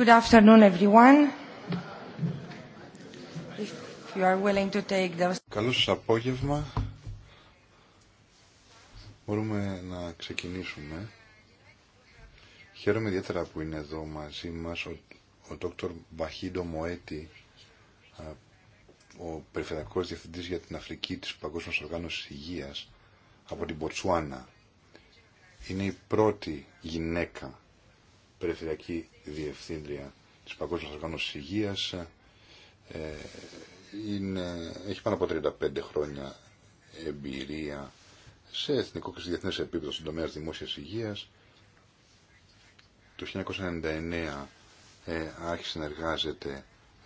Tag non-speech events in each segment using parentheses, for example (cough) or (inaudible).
Good afternoon, everyone. you are willing to take Καλό σας απόγευμα. Μπορούμε να ξεκινήσουμε. Χαίρομαι ιδιαίτερα που είναι εδώ μαζί μας ο, ο Dr. Μπαχίντο Μοέτη, ο Περιφερειακός Διευθυντής για την Αφρική της Παγκόσμιας Οργάνωσης Υγείας από την Ποτσουάνα. Είναι η πρώτη γυναίκα περιφερειακή διευθύντρια της Παγκόσμιας Οργάνωσης Υγείας. Ε, είναι, έχει πάνω από 35 χρόνια εμπειρία σε εθνικό και σε διεθνές επίπεδο στον τομέα της δημόσιας υγείας. Το 1999 ε, άρχισε να εργάζεται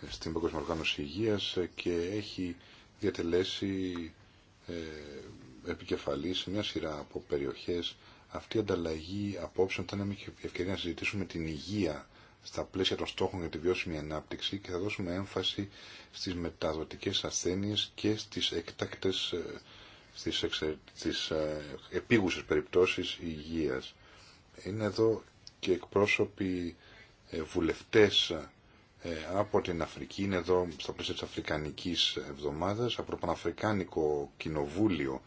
στην Παγκόσμια Οργάνωση Υγείας και έχει διατελέσει ε, επικεφαλή σε μια σειρά από περιοχές. Αυτή η ανταλλαγή απόψε ήταν μια ευκαιρία να συζητήσουμε την υγεία στα πλαίσια των στόχων για τη βιώσιμη ανάπτυξη και θα δώσουμε έμφαση στις μεταδοτικές ασθένειες και στις εκτάκτες, ε, στις, εξε, στις ε, επίγουσες περιπτώσεις υγείας. Είναι εδώ και εκπρόσωποι ε, βουλευτές από την Αφρική, είναι εδώ στα πλαίσια της Αφρικανικής Εβδομάδας, από το Παναφρικάνικο Κοινοβούλιο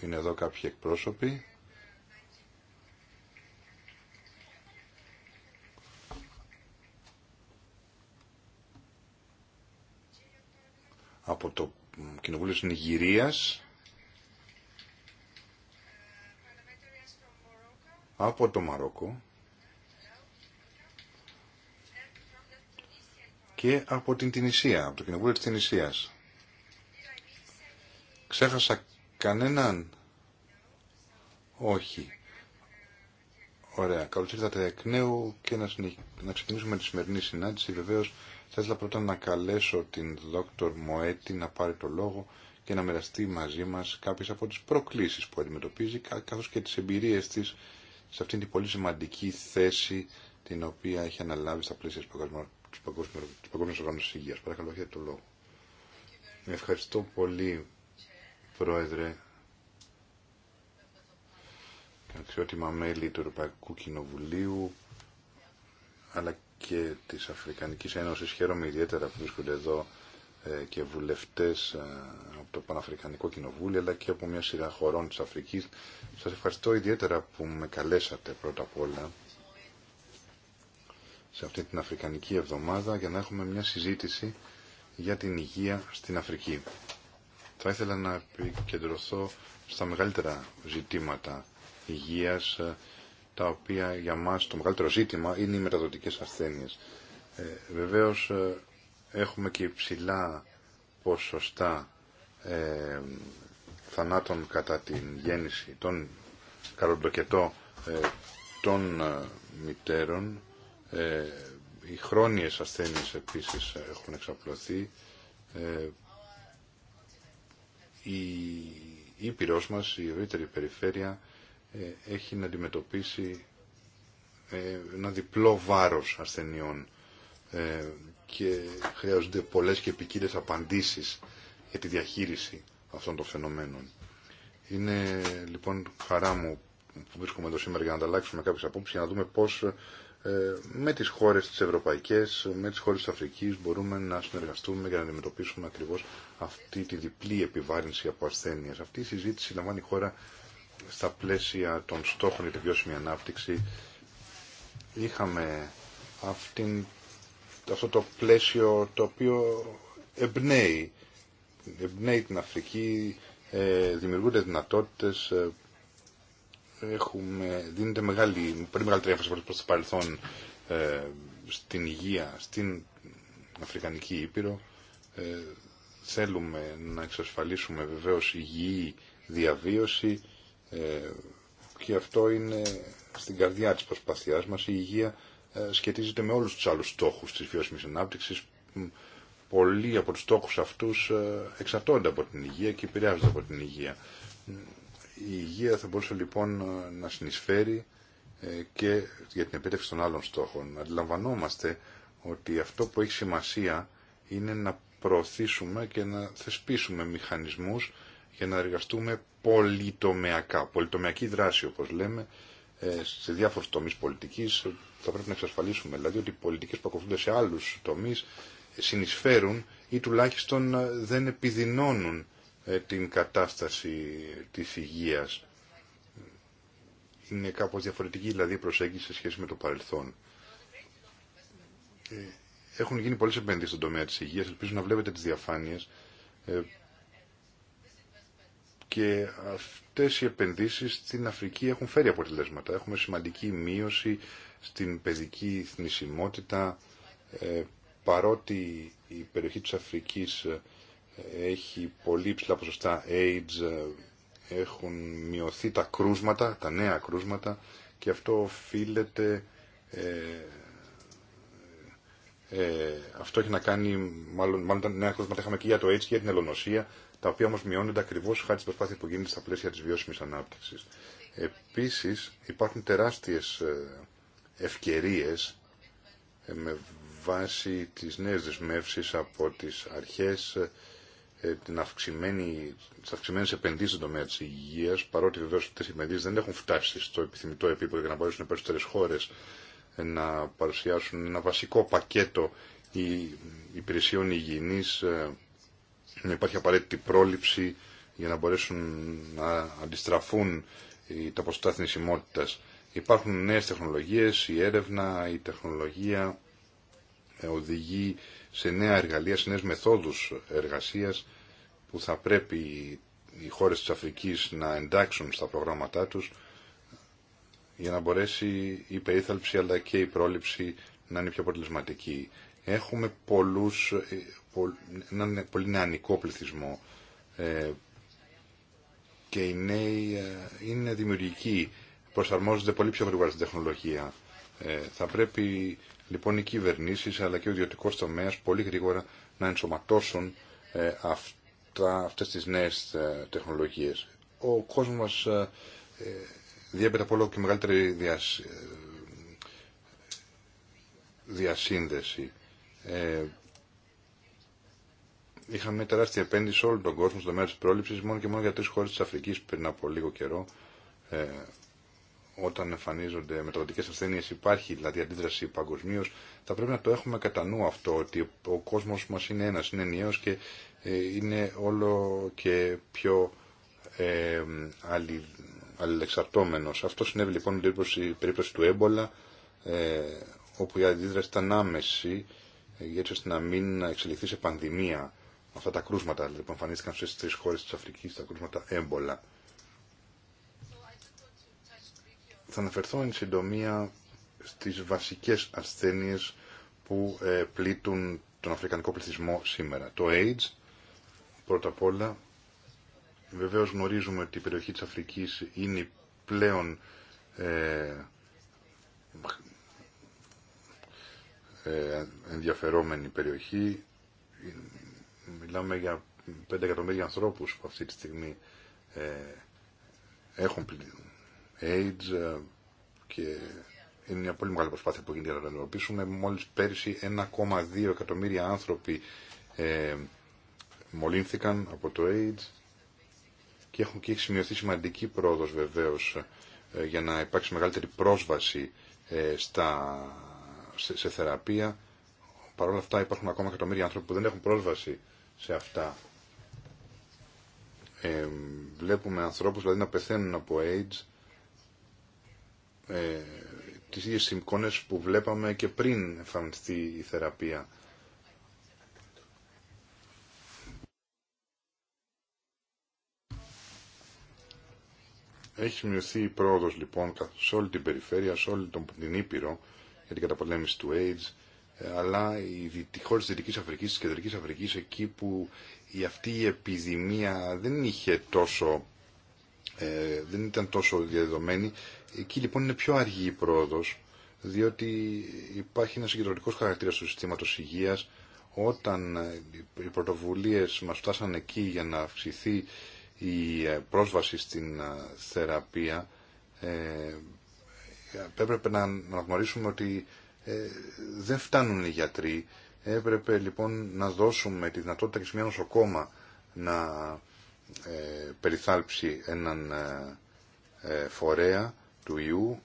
είναι εδώ κάποιοι εκπρόσωποι από το Κοινοβούλιο της Νιγηρίας, από το Μαρόκο και από την Τινησία, από το Κοινοβούλιο της Τινησίας. Ξέχασα κανέναν. Όχι. Ωραία. Καλώς ήρθατε εκ νέου και να, ξεκινήσουμε τη σημερινή συνάντηση. Βεβαίως θα ήθελα πρώτα να καλέσω την Δόκτωρ Μοέτη να πάρει το λόγο και να μοιραστεί μαζί μας κάποιες από τις προκλήσεις που αντιμετωπίζει καθώς και τις εμπειρίες της σε αυτήν την πολύ σημαντική θέση την οποία έχει αναλάβει στα πλαίσια της Παγκόσμιας Οργάνωσης Υγείας. Παρακαλώ, έχετε το λόγο. Ευχαριστώ πολύ, Πρόεδρε, αξιότιμα μέλη του Ευρωπαϊκού Κοινοβουλίου, αλλά και της Αφρικανικής Ένωσης. Χαίρομαι ιδιαίτερα που βρίσκονται εδώ ε, και βουλευτές ε, από το Παναφρικανικό Κοινοβούλιο αλλά και από μια σειρά χωρών της Αφρικής. Σας ευχαριστώ ιδιαίτερα που με καλέσατε πρώτα απ' όλα σε αυτή την Αφρικανική εβδομάδα για να έχουμε μια συζήτηση για την υγεία στην Αφρική. Θα ήθελα να επικεντρωθώ στα μεγαλύτερα ζητήματα υγείας, τα οποία για μας το μεγαλύτερο ζήτημα είναι οι μεταδοτικές ασθένειες. Ε, βεβαίως ε, έχουμε και υψηλά ποσοστά ε, θανάτων κατά την γέννηση των καροντοκετό ε, των μητέρων. Ε, οι χρόνιες ασθένειες επίσης έχουν εξαπλωθεί. η Ήπειρός μας, η ευρύτερη περιφέρεια, ε, έχει να αντιμετωπίσει ε, ένα διπλό βάρος ασθενειών ε, και χρειάζονται πολλές και επικίνδυνες απαντήσεις για τη διαχείριση αυτών των φαινομένων. Είναι λοιπόν χαρά μου που βρίσκομαι εδώ σήμερα για να ανταλλάξουμε κάποιες απόψεις για να δούμε πώς με τις χώρες της Ευρωπαϊκές, με τις χώρες της Αφρικής μπορούμε να συνεργαστούμε για να αντιμετωπίσουμε ακριβώς αυτή τη διπλή επιβάρυνση από ασθένειες. Αυτή η συζήτηση λαμβάνει η χώρα στα πλαίσια των στόχων για τη βιώσιμη ανάπτυξη είχαμε αυτήν, αυτό το πλαίσιο το οποίο εμπνέει, εμπνέει την Αφρική, ε, δημιουργούνται δυνατότητες, ε, έχουμε, δίνεται μεγάλη, πολύ μεγάλη τρέφαση προς το παρελθόν ε, στην υγεία, στην Αφρικανική Ήπειρο. θέλουμε να εξασφαλίσουμε βεβαίως υγιή διαβίωση, ε, και αυτό είναι στην καρδιά της προσπάθειάς μας. Η υγεία ε, σχετίζεται με όλους τους άλλους στόχους της βιώσιμης ανάπτυξης. Πολλοί από τους στόχους αυτούς ε, εξαρτώνται από την υγεία και επηρεάζονται από την υγεία. Η υγεία θα μπορούσε λοιπόν να συνεισφέρει και για την επίτευξη των άλλων στόχων. Αντιλαμβανόμαστε ότι αυτό που έχει σημασία είναι να προωθήσουμε και να θεσπίσουμε μηχανισμούς για να εργαστούμε πολυτομεακά, πολυτομεακή δράση όπως λέμε, ε, σε διάφορους τομείς πολιτικής. Θα πρέπει να εξασφαλίσουμε δηλαδή ότι οι πολιτικές που ακολουθούνται σε άλλους τομείς συνεισφέρουν ή τουλάχιστον ε, δεν επιδεινώνουν ε, την κατάσταση της υγείας. Είναι κάπως διαφορετική δηλαδή η προσέγγιση σε σχέση με το παρελθόν. Έχουν γίνει πολλές επενδύσεις στον τομέα της υγείας. Ελπίζω να βλέπετε τις διαφάνειες και αυτές οι επενδύσεις στην Αφρική έχουν φέρει αποτελέσματα. Έχουμε σημαντική μείωση στην παιδική θνησιμότητα, ε, παρότι η περιοχή της Αφρικής ε, έχει πολύ ψηλά ποσοστά AIDS, ε, έχουν μειωθεί τα κρούσματα, τα νέα κρούσματα και αυτό οφείλεται, ε, αυτό έχει να κάνει, μάλλον, μάλλον τα νέα κρούσματα είχαμε και για το AIDS και για την ελονοσία τα οποία όμω μειώνονται ακριβώ χάρη στην προσπάθεια που γίνεται στα πλαίσια τη βιώσιμη ανάπτυξη. Επίση, υπάρχουν τεράστιε ευκαιρίε ε, με βάση τι νέε δεσμεύσει από τι αρχέ, ε, τι αυξημένε επενδύσει στον τομέα τη υγεία, παρότι βεβαίω αυτέ οι επενδύσει δεν έχουν φτάσει στο επιθυμητό επίπεδο για να μπορέσουν περισσότερε χώρε ε, να παρουσιάσουν ένα βασικό πακέτο υπηρεσιών υγιεινής να υπάρχει απαραίτητη πρόληψη για να μπορέσουν να αντιστραφούν τα ποσοστά θνησιμότητας. Υπάρχουν νέες τεχνολογίες, η έρευνα, η τεχνολογία ε, οδηγεί σε νέα εργαλεία, σε νέες μεθόδους εργασίας που θα πρέπει οι χώρες της Αφρικής να εντάξουν στα προγράμματά τους για να μπορέσει η περίθαλψη αλλά και η πρόληψη να είναι πιο αποτελεσματική. Έχουμε πολλούς, ε, έναν πολύ νεανικό πληθυσμό ε, και οι νέοι ε, είναι δημιουργικοί, προσαρμόζονται πολύ πιο γρήγορα στην τεχνολογία. Ε, θα πρέπει λοιπόν οι κυβερνήσει, αλλά και ο ιδιωτικό τομέα πολύ γρήγορα να ενσωματώσουν ε, αυτά, αυτές τις νέες τεχνολογίες. Ο κόσμος μας ε, διέπεται από όλο και μεγαλύτερη διασύνδεση. Είχαμε μια τεράστια επένδυση σε όλο τον κόσμο στο μέρο τη πρόληψη, μόνο και μόνο για τρει χώρε τη Αφρική πριν από λίγο καιρό. Ε, όταν εμφανίζονται μεταβατικέ ασθένειε, υπάρχει δηλαδή αντίδραση παγκοσμίω. Θα πρέπει να το έχουμε κατά νου αυτό, ότι ο κόσμο μα είναι ένα, είναι ενιαίο και ε, είναι όλο και πιο ε, αλλη, Αυτό συνέβη λοιπόν με την περίπτωση, του έμπολα, ε, όπου η αντίδραση ήταν άμεση, ε, έτσι ώστε να μην εξελιχθεί σε πανδημία αυτά τα κρούσματα που λοιπόν, εμφανίστηκαν στι τρει χώρε τη Αφρική, της τα κρούσματα έμπολα. Θα αναφερθώ εν συντομία στις βασικές ασθένειες που ε, πλήττουν τον αφρικανικό πληθυσμό σήμερα. Το AIDS, πρώτα απ' όλα, βεβαίως γνωρίζουμε ότι η περιοχή της Αφρικής είναι πλέον ε, ε ενδιαφερόμενη περιοχή Μιλάμε για 5 εκατομμύρια ανθρώπους που αυτή τη στιγμή ε, έχουν AIDS ε, και είναι μια πολύ μεγάλη προσπάθεια που γίνεται να το αντιμετωπίσουμε. Μόλις πέρυσι 1,2 εκατομμύρια άνθρωποι ε, μολύνθηκαν από το AIDS και έχουν και έχει σημειωθεί σημαντική πρόοδος βεβαίως ε, για να υπάρξει μεγαλύτερη πρόσβαση στα, σε, σε θεραπεία. Παρ' όλα αυτά υπάρχουν ακόμα εκατομμύρια άνθρωποι που δεν έχουν πρόσβαση σε αυτά. Ε, βλέπουμε ανθρώπους δηλαδή να πεθαίνουν από AIDS ε, τις ίδιες εικόνες που βλέπαμε και πριν εμφανιστεί η θεραπεία. Έχει μειωθεί η πρόοδος λοιπόν σε όλη την περιφέρεια, σε όλη την Ήπειρο για την καταπολέμηση του AIDS ε, αλλά οι χώρες της Δυτικής Αφρικής, της Κεντρικής Αφρικής, εκεί που η, αυτή η επιδημία δεν είχε τόσο, ε, δεν ήταν τόσο διαδεδομένη, εκεί λοιπόν είναι πιο αργή η πρόοδος, διότι υπάρχει ένα συγκεντρωτικός χαρακτήρας του συστήματος υγείας, όταν ε, οι πρωτοβουλίες μας φτάσαν εκεί για να αυξηθεί η πρόσβαση στην θεραπεία, ε, έπρεπε να αναγνωρίσουμε ότι ε, δεν φτάνουν οι γιατροί. Έπρεπε λοιπόν να δώσουμε τη δυνατότητα και σε μια νοσοκόμα να ε, περιθάλψει έναν ε, φορέα του ιού.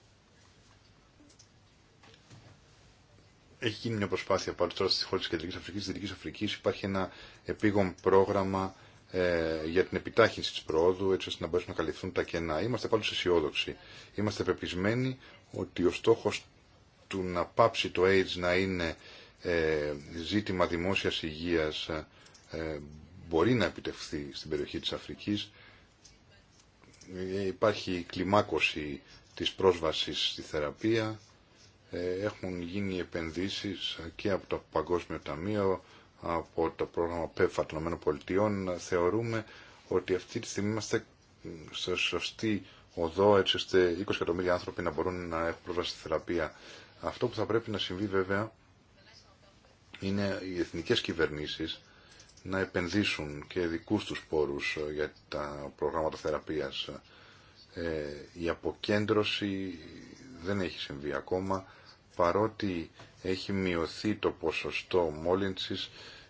Έχει γίνει μια προσπάθεια Πάλι τώρα στις χώρες της Κεντρικής Αφρικής, της Δυτικής Αφρικής. Υπάρχει ένα επίγον πρόγραμμα ε, για την επιτάχυνση της προόδου, έτσι ώστε να μπορέσουν να καλυφθούν τα κενά. Είμαστε πάντως αισιόδοξοι. Είμαστε πεπισμένοι ότι ο στόχος του να πάψει το AIDS να είναι ε, ζήτημα δημόσιας υγείας ε, μπορεί να επιτευχθεί στην περιοχή της Αφρικής. Ε, υπάρχει κλιμάκωση της πρόσβασης στη θεραπεία. Ε, έχουν γίνει επενδύσεις και από το Παγκόσμιο Ταμείο, από το πρόγραμμα ΠΕΦΑ των ΗΠΑ. Θεωρούμε ότι αυτή τη στιγμή είμαστε σε σωστή οδό έτσι ώστε 20 εκατομμύρια άνθρωποι να μπορούν να έχουν πρόσβαση στη θεραπεία αυτό που θα πρέπει να συμβεί βέβαια είναι οι εθνικές κυβερνήσεις να επενδύσουν και δικούς τους πόρους ε, για τα προγράμματα θεραπείας. Ε, η αποκέντρωση δεν έχει συμβεί ακόμα, παρότι έχει μειωθεί το ποσοστό μόλυνσης,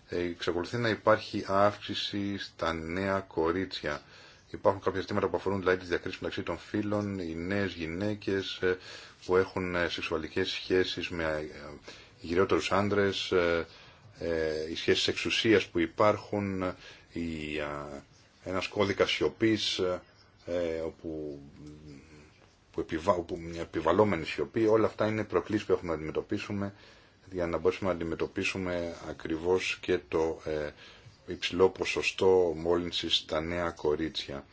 ε, εξακολουθεί να υπάρχει αύξηση στα νέα κορίτσια Υπάρχουν κάποια ζητήματα που αφορούν δηλαδή διακρίση μεταξύ των φίλων, οι νέε γυναίκε ε, που έχουν ε, σεξουαλικέ σχέσει με ε, γυραιότερου άντρε, οι σχέσει εξουσία που υπάρχουν, ένα κώδικα σιωπή όπου που, μια επιβαλόμενη σιωπή, όλα αυτά είναι προκλήσει που έχουμε να αντιμετωπίσουμε για να μπορέσουμε να αντιμετωπίσουμε ακριβώς και το υψηλό ποσοστό μόλυνσης στα νέα κορίτσια.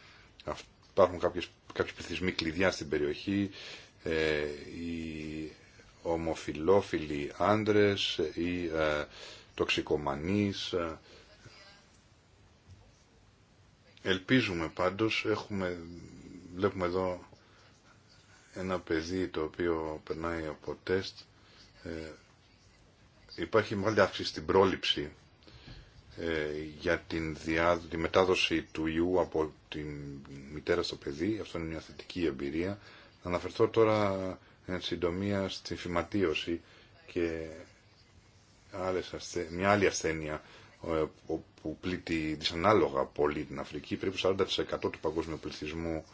Υπάρχουν κάποιες, κάποιοι πληθυσμοί κλειδιά στην περιοχή, ε, οι ομοφιλόφιλοι άντρες, ή ε, τοξικομανείς. Ε. Ελπίζουμε πάντως, έχουμε, βλέπουμε εδώ ένα παιδί το οποίο περνάει από τεστ. Ε, υπάρχει μεγάλη αύξηση στην πρόληψη ε, για την τη μετάδοση του ιού από τη μητέρα στο παιδί. Αυτό είναι μια θετική εμπειρία. Θα αναφερθώ τώρα εν συντομία στη φυματίωση και μια άλλη ασθένεια ε, που πλήττει δυσανάλογα πολύ την Αφρική. Περίπου 40% του παγκόσμιου πληθυσμού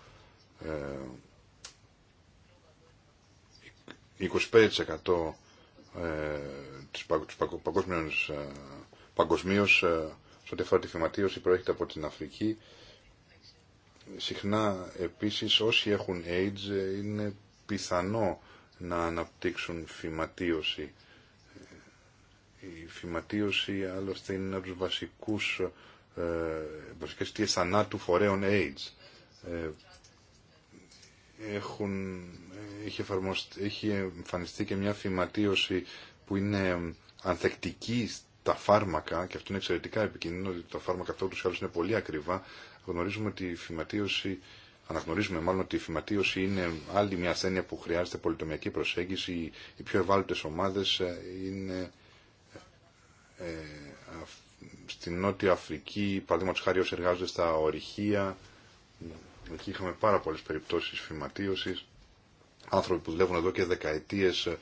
25% του παγκόσμιου Παγκοσμίω, ε, σε ό,τι αφορά τη φυματίωση, προέρχεται από την Αφρική. Συχνά, επίσης, όσοι έχουν AIDS ε, είναι πιθανό να αναπτύξουν φυματίωση. Ε, η φυματίωση, άλλωστε, είναι ένα από του βασικούς ε, βασικές θανάτου φορέων AIDS. έχουν, έχει, έχει εμφανιστεί και μια φυματίωση που είναι ανθεκτική τα φάρμακα, και αυτό είναι εξαιρετικά επικίνδυνο, ότι τα φάρμακα αυτά ούτως ή είναι πολύ ακριβά, γνωρίζουμε ότι η φυματίωση, αναγνωρίζουμε μάλλον ότι η φυματίωση είναι άλλη μια ασθένεια που χρειάζεται πολυτομιακή προσέγγιση. Οι πιο ευάλωτες ομάδες ε, είναι ε, ε στην Νότια Αφρική, παραδείγματο χάρη όσοι εργάζονται στα ορυχεία, εκεί είχαμε πάρα πολλέ περιπτώσει φυματίωση Άνθρωποι που δουλεύουν εδώ και δεκαετίε. Ε,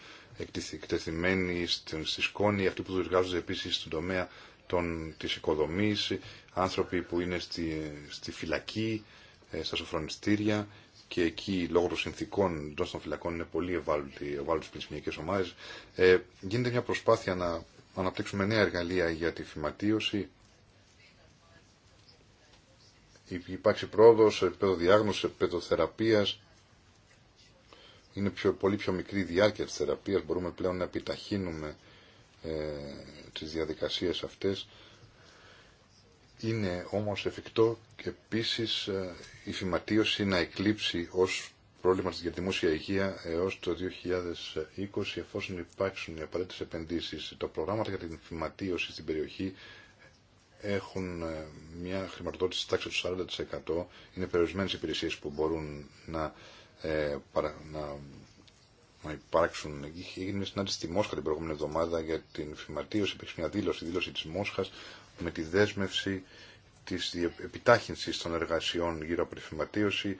εκτεθειμένοι στη σκόνη, αυτοί που δουλεύουν επίσης στον τομέα των, της οικοδομής, άνθρωποι που είναι στη, στη φυλακή, ε, στα σοφρονιστήρια και εκεί λόγω των συνθήκων εντό των φυλακών είναι πολύ ευάλωτοι, ευάλωτοι πληθυσμιακές ομάδες. Ε, γίνεται μια προσπάθεια να αναπτύξουμε νέα εργαλεία για τη φυματίωση. Υπάρχει πρόοδος σε επίπεδο διάγνωσης, επίπεδο θεραπείας είναι πιο, πολύ πιο μικρή η διάρκεια της θεραπείας, μπορούμε πλέον να επιταχύνουμε ε, τις διαδικασίες αυτές. Είναι όμως εφικτό και επίσης ε, η φυματίωση να εκλείψει ως πρόβλημα για τη δημόσια υγεία έως το 2020 εφόσον υπάρξουν οι απαραίτητες επενδύσεις. Τα προγράμματα για την φυματίωση στην περιοχή έχουν ε, μια χρηματοδότηση τάξη του 40%. Είναι περιορισμένες υπηρεσίες που μπορούν να ε, παρα, να, να υπάρξουν. Έγινε μια συνάντηση στη Μόσχα την προηγούμενη εβδομάδα για την φυματίωση. Υπήρξε μια δήλωση, δήλωση τη Μόσχα με τη δέσμευση τη επιτάχυνση των εργασιών γύρω από τη φυματίωση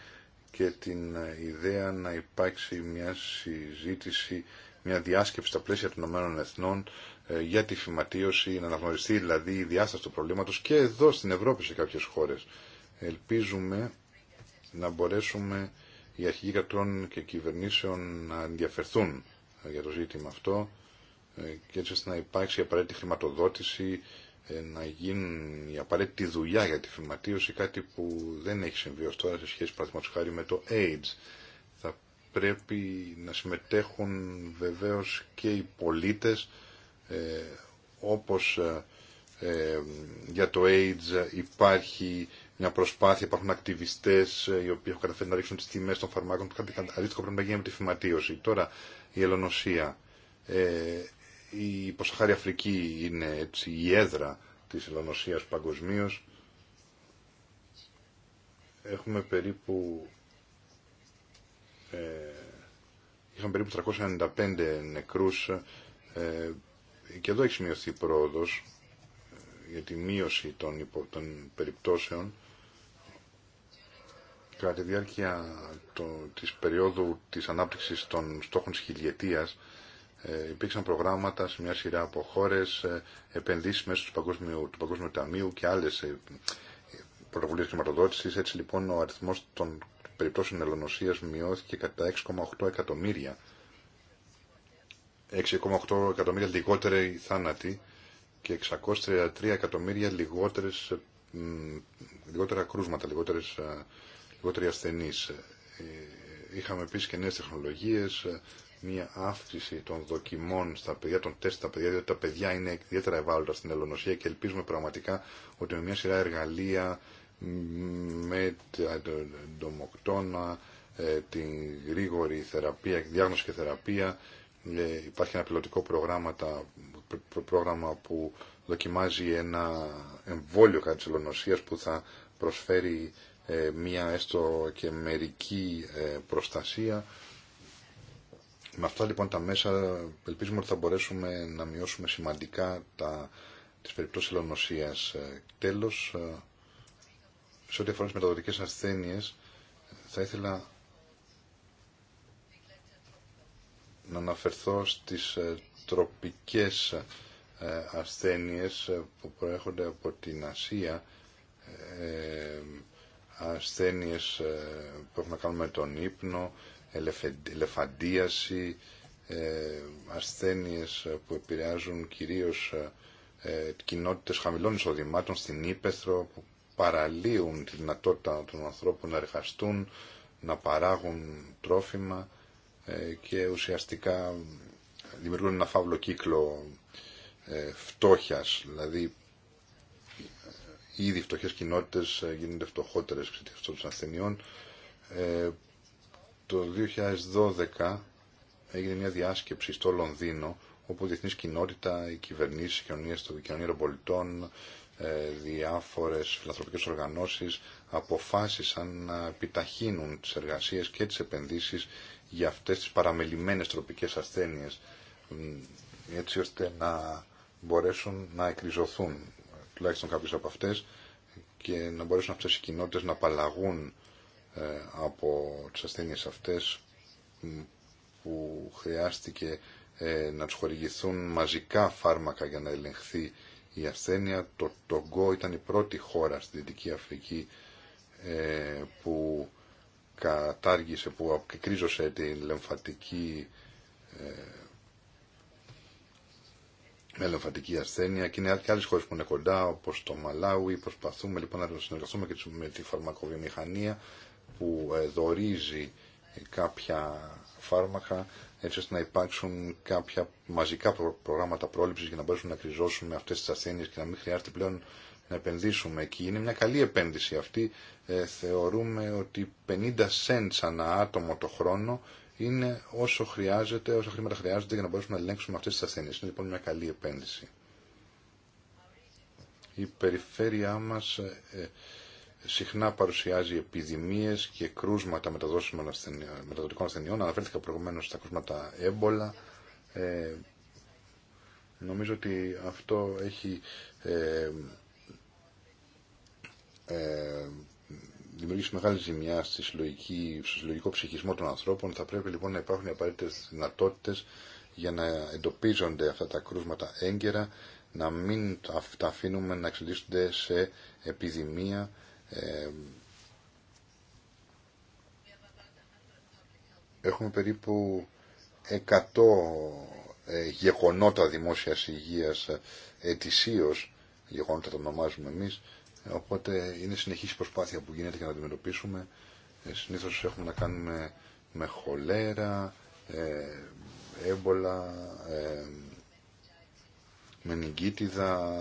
και την ε, ιδέα να υπάρξει μια συζήτηση, μια διάσκεψη στα πλαίσια των Ηνωμένων Εθνών ε, για τη φυματίωση, να αναγνωριστεί δηλαδή η διάσταση του προβλήματος και εδώ στην Ευρώπη σε κάποιες χώρες. Ελπίζουμε να μπορέσουμε οι αρχηγοί κρατών και κυβερνήσεων να ενδιαφερθούν για το ζήτημα αυτό ε, και έτσι ώστε να υπάρξει η απαραίτητη χρηματοδότηση, ε, να γίνει η απαραίτητη δουλειά για τη φυματίωση, κάτι που δεν έχει συμβεί ως τώρα σε σχέση παραδείγματος χάρη με το AIDS. Θα πρέπει να συμμετέχουν βεβαίως και οι πολίτες ε, όπως για το AIDS υπάρχει μια προσπάθεια, υπάρχουν ακτιβιστέ ε, οι οποίοι έχουν καταφέρει να ρίξουν τι τιμέ των φαρμάκων που κάτι αντίστοιχο πρέπει να γίνει με τη φυματίωση. Τώρα η Ελλονοσία Ε, η Ποσαχάρη Αφρική είναι έτσι, η έδρα της Ελλονοσία παγκοσμίω. Έχουμε περίπου ε, είχαμε περίπου 395 νεκρούς ε, και εδώ έχει σημειωθεί πρόοδος ε, για τη μείωση των περιπτώσεων Κατά τη διάρκεια το, της περίοδου της ανάπτυξης των στόχων της χιλιετίας ε, υπήρξαν προγράμματα σε μια σειρά από χώρες, ε, επενδύσεις μέσω του Παγκόσμιου, του Παγκόσμιου Ταμείου και άλλες ε, πρωτοβουλίες χρηματοδότησης. Έτσι λοιπόν ο αριθμός των περιπτώσεων ελονοσίας μειώθηκε κατά 6,8 εκατομμύρια. 6,8 εκατομμύρια λιγότεροι θάνατοι και 633 εκατομμύρια λιγότερες, ε, λιγότερα κρούσματα, λιγότερες ε, λιγότεροι ασθενεί. Ε, είχαμε επίσης και νέες τεχνολογίες, ε, μία αύξηση των δοκιμών στα παιδιά, των τεστ στα παιδιά, διότι τα παιδιά είναι ιδιαίτερα ευάλωτα στην ελονοσία και ελπίζουμε πραγματικά ότι με μια σειρά εργαλεία, με τον ντομοκτώνα, ε, την γρήγορη θεραπεία, διάγνωση και θεραπεία, υπάρχει ένα πιλωτικό πρόγραμμα που δοκιμάζει ένα εμβόλιο κατά της ελονοσίας που θα προσφέρει ε, μια έστω και μερική ε, προστασία. Με αυτά λοιπόν τα μέσα ελπίζουμε ότι θα μπορέσουμε να μειώσουμε σημαντικά τα, τις περιπτώσεις ελονοσίας. Ε, τέλος, σε ό,τι αφορά τις μεταδοτικές ασθένειες, θα ήθελα να αναφερθώ στις τροπικές ασθένειες που προέρχονται από την Ασία ασθένειες ε, που έχουν να κάνουν με τον ύπνο, ελεφαντίαση, ε, ασθένειες ε, που επηρεάζουν κυρίως κοινότητες χαμηλών εισοδημάτων στην ύπεθρο, που παραλύουν τη δυνατότητα των ανθρώπων να εργαστούν, να παράγουν τρόφιμα και ουσιαστικά δημιουργούν ένα φαύλο κύκλο φτώχειας. Δηλαδή ήδη φτωχέ κοινότητε ε, γίνονται φτωχότερε εξαιτία αυτών των ασθενειών. Ε, το 2012 έγινε μια διάσκεψη στο Λονδίνο όπου η διεθνή κοινότητα, οι κυβερνήσει, οι κοινωνίε των πολιτών, ε, διάφορες φιλανθρωπικέ οργανώσεις αποφάσισαν να επιταχύνουν τι εργασίε και τι επενδύσεις για αυτές τις παραμελημένε τροπικές ασθένειε, έτσι ώστε να μπορέσουν να εκριζωθούν τουλάχιστον κάποιες από αυτές και να μπορέσουν αυτές οι κοινότητες να απαλλαγούν ε, από τις ασθένειες αυτές που χρειάστηκε ε, να τους χορηγηθούν μαζικά φάρμακα για να ελεγχθεί η ασθένεια. Το Τογκό ήταν η πρώτη χώρα στη Δυτική Αφρική ε, που κατάργησε, που κρίζωσε την λεμφατική με ελαφατική ασθένεια και είναι και άλλε χώρε που είναι κοντά, όπω το Μαλάουι. Προσπαθούμε λοιπόν να συνεργαστούμε και με τη φαρμακοβιομηχανία που ε, δορίζει κάποια φάρμακα έτσι ώστε να υπάρξουν κάποια μαζικά προγράμματα πρόληψη για να μπορέσουν να κρυζώσουμε αυτέ τι ασθένειε και να μην χρειάζεται πλέον να επενδύσουμε εκεί. Είναι μια καλή επένδυση αυτή. Ε, θεωρούμε ότι 50 cents ανά άτομο το χρόνο είναι όσο χρειάζεται, όσα χρήματα χρειάζονται για να μπορέσουμε να ελέγξουμε αυτές τις ασθένειες. Είναι λοιπόν μια καλή επένδυση. Η περιφέρειά μας ε, ε, συχνά παρουσιάζει επιδημίες και κρούσματα μεταδόσιμων ασθενειών, μεταδοτικών ασθενειών. Αναφέρθηκα προηγουμένως στα κρούσματα έμπολα. Ε, νομίζω ότι αυτό έχει ε, ε δημιουργήσει μεγάλη ζημιά στη συλλογική, στο συλλογικό ψυχισμό των ανθρώπων. Θα πρέπει λοιπόν να υπάρχουν οι απαραίτητε δυνατότητε για να εντοπίζονται αυτά τα κρούσματα έγκαιρα, να μην τα αφήνουμε να εξελίσσονται σε επιδημία. Ε, έχουμε περίπου 100 ε, γεγονότα δημόσιας υγείας ετησίως, γεγονότα το ονομάζουμε εμείς, Οπότε είναι συνεχής η προσπάθεια που γίνεται για να αντιμετωπίσουμε. Ε, συνήθως έχουμε να κάνουμε με χολέρα, ε, έμπολα, ε, μενιγκίτιδα,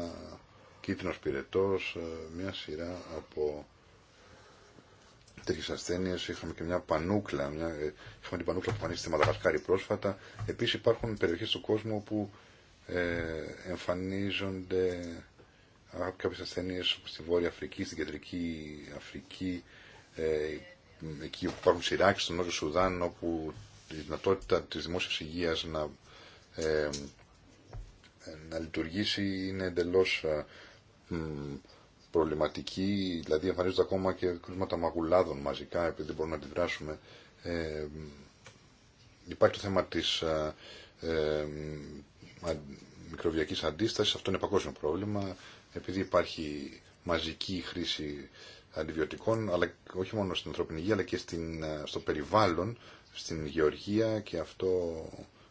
κίτρινος πυρετός, ε, μια σειρά από τέτοιε ασθένειε. Είχαμε και μια πανούκλα, μια, ε, είχαμε την πανούκλα που πανίστηκε στη Μαδαγασκάρη πρόσφατα. Επίση υπάρχουν περιοχέ του κόσμου όπου εμφανίζονται κάποιες ασθένειες όπως στη Βόρεια Αφρική, στην Κεντρική Αφρική, ε, εκεί όπου υπάρχουν σειράκες στον Νότιο Σουδάν, όπου η δυνατότητα της δημόσιας υγείας να, ε, να λειτουργήσει είναι εντελώς ε, προβληματική, δηλαδή εμφανίζονται ακόμα και κρούσματα μαγουλάδων μαζικά επειδή δεν μπορούμε να αντιδράσουμε. Ε, υπάρχει το θέμα της ε, ε μικροβιακής αντίστασης, αυτό είναι παγκόσμιο πρόβλημα επειδή υπάρχει μαζική χρήση αντιβιωτικών, αλλά όχι μόνο στην ανθρώπινη υγεία, αλλά και στην, στο περιβάλλον, στην γεωργία και αυτό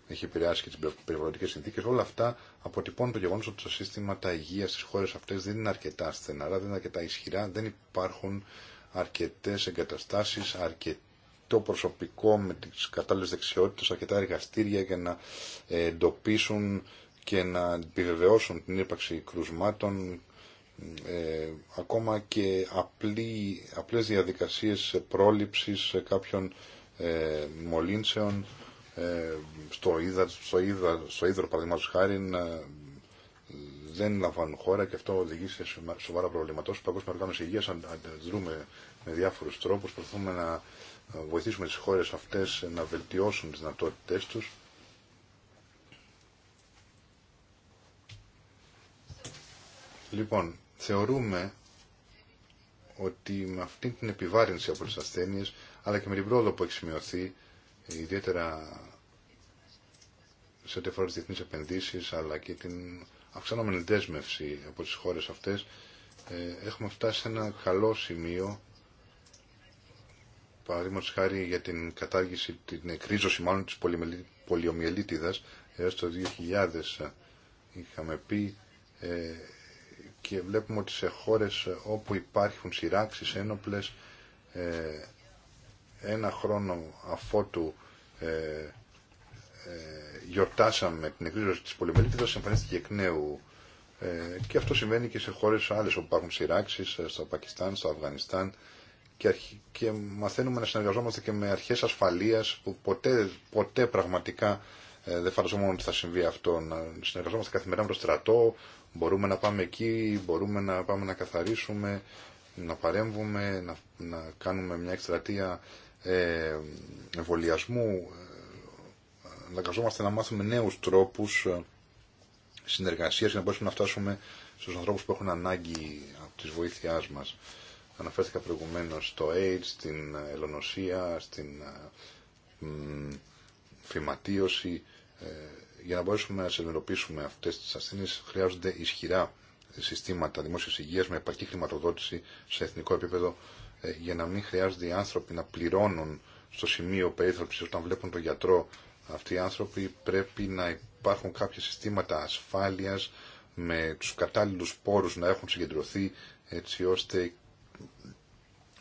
έχει επηρεάσει και τι περιβαλλοντικέ συνθήκε. Όλα αυτά αποτυπώνουν το γεγονό ότι το σύστημα τα υγεία στι χώρε αυτέ δεν είναι αρκετά στεναρά, δεν είναι αρκετά ισχυρά, δεν υπάρχουν αρκετέ εγκαταστάσει, αρκετό προσωπικό με τι κατάλληλε δεξιότητε, αρκετά εργαστήρια για να ε, εντοπίσουν και να επιβεβαιώσουν την ύπαρξη κρουσμάτων ε, ακόμα και απλή, απλές διαδικασίες πρόληψης κάποιων ε, μολύνσεων ε, στο, είδα, στο, είδα, στο ίδρο παραδείγματος χάρη δεν λαμβάνουν χώρα και αυτό οδηγεί σε σοβαρά προβλήματα. Όσο παγκόσμια οργάνωση υγείας αντιδρούμε με διάφορους τρόπους, προσπαθούμε να βοηθήσουμε τι χώρε αυτέ να βελτιώσουν τι δυνατότητε του. Λοιπόν, θεωρούμε ότι με αυτή την επιβάρυνση από τις ασθένειες, αλλά και με την πρόοδο που έχει σημειωθεί, ιδιαίτερα σε ό,τι αφορά διεθνείς επενδύσεις, αλλά και την αυξανόμενη δέσμευση από τις χώρες αυτές, ε, έχουμε φτάσει σε ένα καλό σημείο, παραδείγματο χάρη για την κατάργηση, την εκρίζωση μάλλον της πολυομιελίτιδας έως το 2000 είχαμε πει, ε, και βλέπουμε ότι σε χώρες όπου υπάρχουν σειράξεις ένοπλες ε, ένα χρόνο αφότου ε, ε, γιορτάσαμε την εκρίζωση της πολυμελίτιδας εμφανίστηκε εκ νέου ε, και αυτό συμβαίνει και σε χώρες άλλες όπου υπάρχουν σειράξεις ε, στο Πακιστάν, στο Αφγανιστάν και, και μαθαίνουμε να συνεργαζόμαστε και με αρχές ασφαλείας που ποτέ, ποτέ πραγματικά ε, δεν φανταζόμουν μόνο ότι θα συμβεί αυτό. Να συνεργαζόμαστε καθημερινά με το στρατό, μπορούμε να πάμε εκεί, μπορούμε να πάμε να καθαρίσουμε, να παρέμβουμε, να, κάνουμε μια εκστρατεία ε, εμβολιασμού. Αναγκαζόμαστε ε, να μάθουμε νέους τρόπους ε, συνεργασίας για να μπορέσουμε να φτάσουμε στους ανθρώπους που έχουν ανάγκη από τη βοήθειάς μας. Αναφέρθηκα προηγουμένως στο AIDS, στην ελονοσία, στην φυματίωση. Ε, για να μπορέσουμε να συνειδητοποιήσουμε αυτές τις ασθένειες χρειάζονται ισχυρά συστήματα δημόσιας υγείας με επαρκή χρηματοδότηση σε εθνικό επίπεδο ε, για να μην χρειάζονται οι άνθρωποι να πληρώνουν στο σημείο περίθαλψης όταν βλέπουν τον γιατρό αυτοί οι άνθρωποι πρέπει να υπάρχουν κάποια συστήματα ασφάλειας με τους κατάλληλους πόρους να έχουν συγκεντρωθεί έτσι ώστε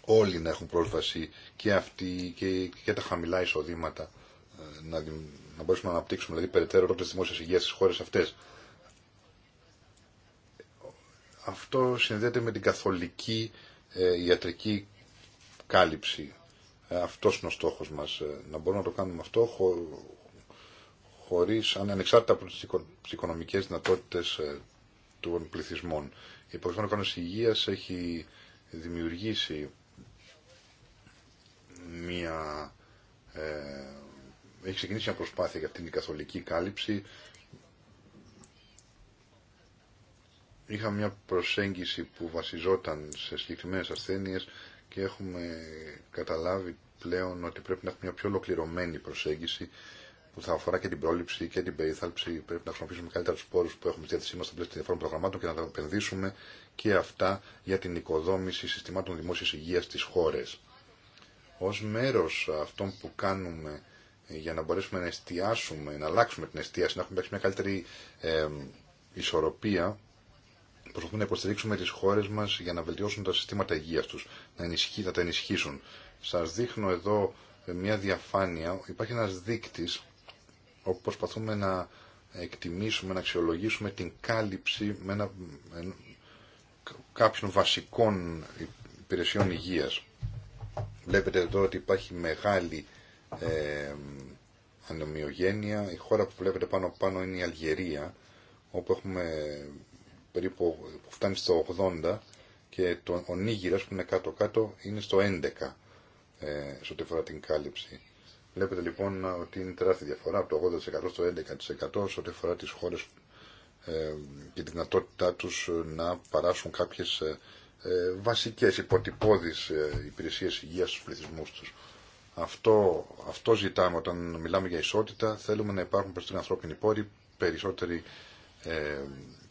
όλοι να έχουν πρόσβαση και αυτοί και, και τα χαμηλά εισοδήματα ε, να, να μπορέσουμε να αναπτύξουμε δηλαδή περαιτέρω ρόλο τη δημόσια υγεία στι χώρε αυτέ. Αυτό συνδέεται με την καθολική ε, ιατρική κάλυψη. Ε, αυτός είναι ο στόχος μας. Ε, να μπορούμε να το κάνουμε αυτό χωρίς, ανεξάρτητα από τις οικονομικές δυνατότητες ε, των πληθυσμών. Η Υπουργή Οργάνωση υγεία έχει δημιουργήσει μια έχει ξεκινήσει μια προσπάθεια για αυτήν την καθολική κάλυψη. Είχαμε μια προσέγγιση που βασιζόταν σε συγκεκριμένε ασθένειες και έχουμε καταλάβει πλέον ότι πρέπει να έχουμε μια πιο ολοκληρωμένη προσέγγιση που θα αφορά και την πρόληψη και την περίθαλψη. Πρέπει να χρησιμοποιήσουμε καλύτερα του πόρου που έχουμε στη διάθεσή μα στα πλαίσια των διαφόρων προγραμμάτων και να τα επενδύσουμε και αυτά για την οικοδόμηση συστημάτων δημόσια υγεία στι χώρε. Ω μέρο αυτών που κάνουμε για να μπορέσουμε να εστιάσουμε, να αλλάξουμε την εστίαση, να έχουμε μια καλύτερη ισορροπία, προσπαθούμε να υποστηρίξουμε τι χώρες μας για να βελτιώσουν τα συστήματα υγείας τους, να, να τα ενισχύσουν. Σας δείχνω εδώ μια διαφάνεια, υπάρχει ένα δείκτη όπου προσπαθούμε να εκτιμήσουμε, να αξιολογήσουμε την κάλυψη με ένα, κάποιων βασικών υπηρεσιών υγείας. Βλέπετε εδώ ότι υπάρχει μεγάλη ε, Η χώρα που βλέπετε πάνω πάνω είναι η Αλγερία, όπου έχουμε περίπου, που φτάνει στο 80 και το, ο Νίγηρας που είναι κάτω-κάτω είναι στο 11 ε, σε ό,τι αφορά την κάλυψη. Βλέπετε λοιπόν ότι είναι τεράστια διαφορά από το 80% στο 11% σε ό,τι αφορά τις χώρες ε, και τη δυνατότητά τους να παράσουν κάποιες ε, ε βασικές υποτυπώδεις ε, υπηρεσίες υγείας στους πληθυσμούς τους. Αυτό, αυτό ζητάμε όταν μιλάμε για ισότητα. Θέλουμε να υπάρχουν περισσότεροι ανθρώπινοι πόροι, περισσότεροι ε,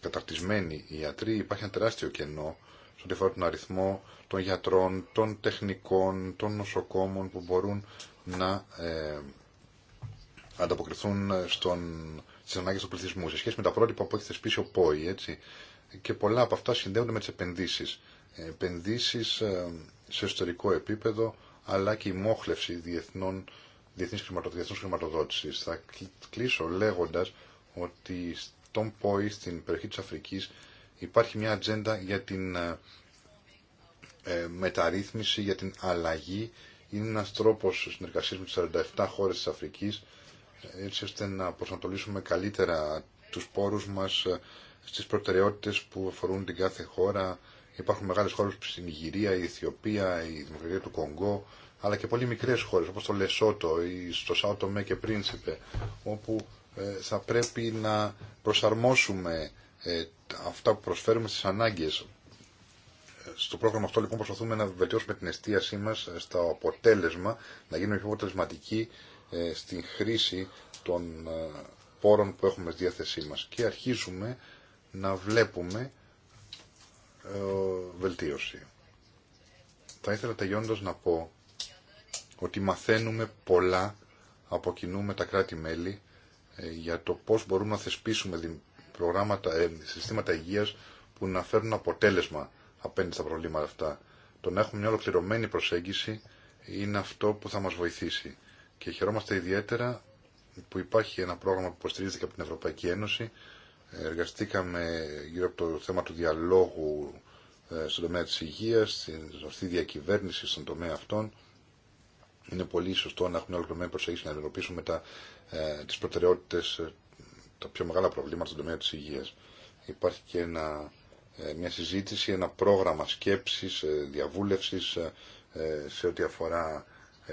καταρτισμένοι ιατροί. Υπάρχει ένα τεράστιο κενό στον τον αριθμό των γιατρών, των τεχνικών, των νοσοκόμων που μπορούν να ε, ανταποκριθούν στι ανάγκε του πληθυσμού. Σε σχέση με τα πρότυπα που έχει θεσπίσει ο ΠΟΗ, έτσι, και πολλά από αυτά συνδέονται με τι επενδύσει. Επενδύσεις ε, ε, σε εσωτερικό επίπεδο αλλά και η μόχλευση διεθνών, διεθνής χρηματοδότησης. Θα κλείσω λέγοντας ότι στον ΠΟΗ, στην περιοχή της Αφρικής, υπάρχει μια ατζέντα για την ε, μεταρρύθμιση, για την αλλαγή. Είναι ένας τρόπος συνεργασίας με τις 47 χώρες της Αφρικής, έτσι ώστε να προσανατολίσουμε καλύτερα τους πόρους μας ε, στις προτεραιότητες που αφορούν την κάθε χώρα, Υπάρχουν χώρε όπω στην Ιγυρία, η Αιθιοπία, η Δημοκρατία του Κονγκό, αλλά και πολύ μικρέ χώρε, όπω το Λεσότο ή στο Σάουτο και Πρίνσιπε, όπου ε, θα πρέπει να προσαρμόσουμε ε, αυτά που προσφέρουμε στι ανάγκε ε, Στο πρόγραμμα αυτό λοιπόν προσπαθούμε να βελτιώσουμε την εστίασή μα στο αποτέλεσμα, να γίνουμε πιο αποτελεσματικοί στην χρήση των πόρων που έχουμε στη διάθεσή μα Και αρχίζουμε να βλέπουμε ε, βελτίωση. Θα ήθελα τελειώντα να πω ότι μαθαίνουμε πολλά από κοινού με τα κράτη-μέλη ε, για το πώς μπορούμε να θεσπίσουμε προγράμματα, ε, συστήματα υγείας που να φέρουν αποτέλεσμα απέναντι στα προβλήματα αυτά. Το να έχουμε μια ολοκληρωμένη προσέγγιση είναι αυτό που θα μας βοηθήσει. Και χαιρόμαστε ιδιαίτερα που υπάρχει ένα πρόγραμμα που υποστηρίζεται και από την Ευρωπαϊκή Ένωση εργαστήκαμε γύρω από το θέμα του διαλόγου ε, στον τομέα της υγείας, στην σωστή διακυβέρνηση στον τομέα αυτών. Είναι πολύ σωστό να έχουμε ολοκληρωμένη προσέγγιση να αντιμετωπίσουμε τα, ε, τις προτεραιότητες, ε, τα πιο μεγάλα προβλήματα στον τομέα της υγείας. Υπάρχει και ένα, μια συζήτηση, ένα πρόγραμμα σκέψης, ε, σε ό,τι αφορά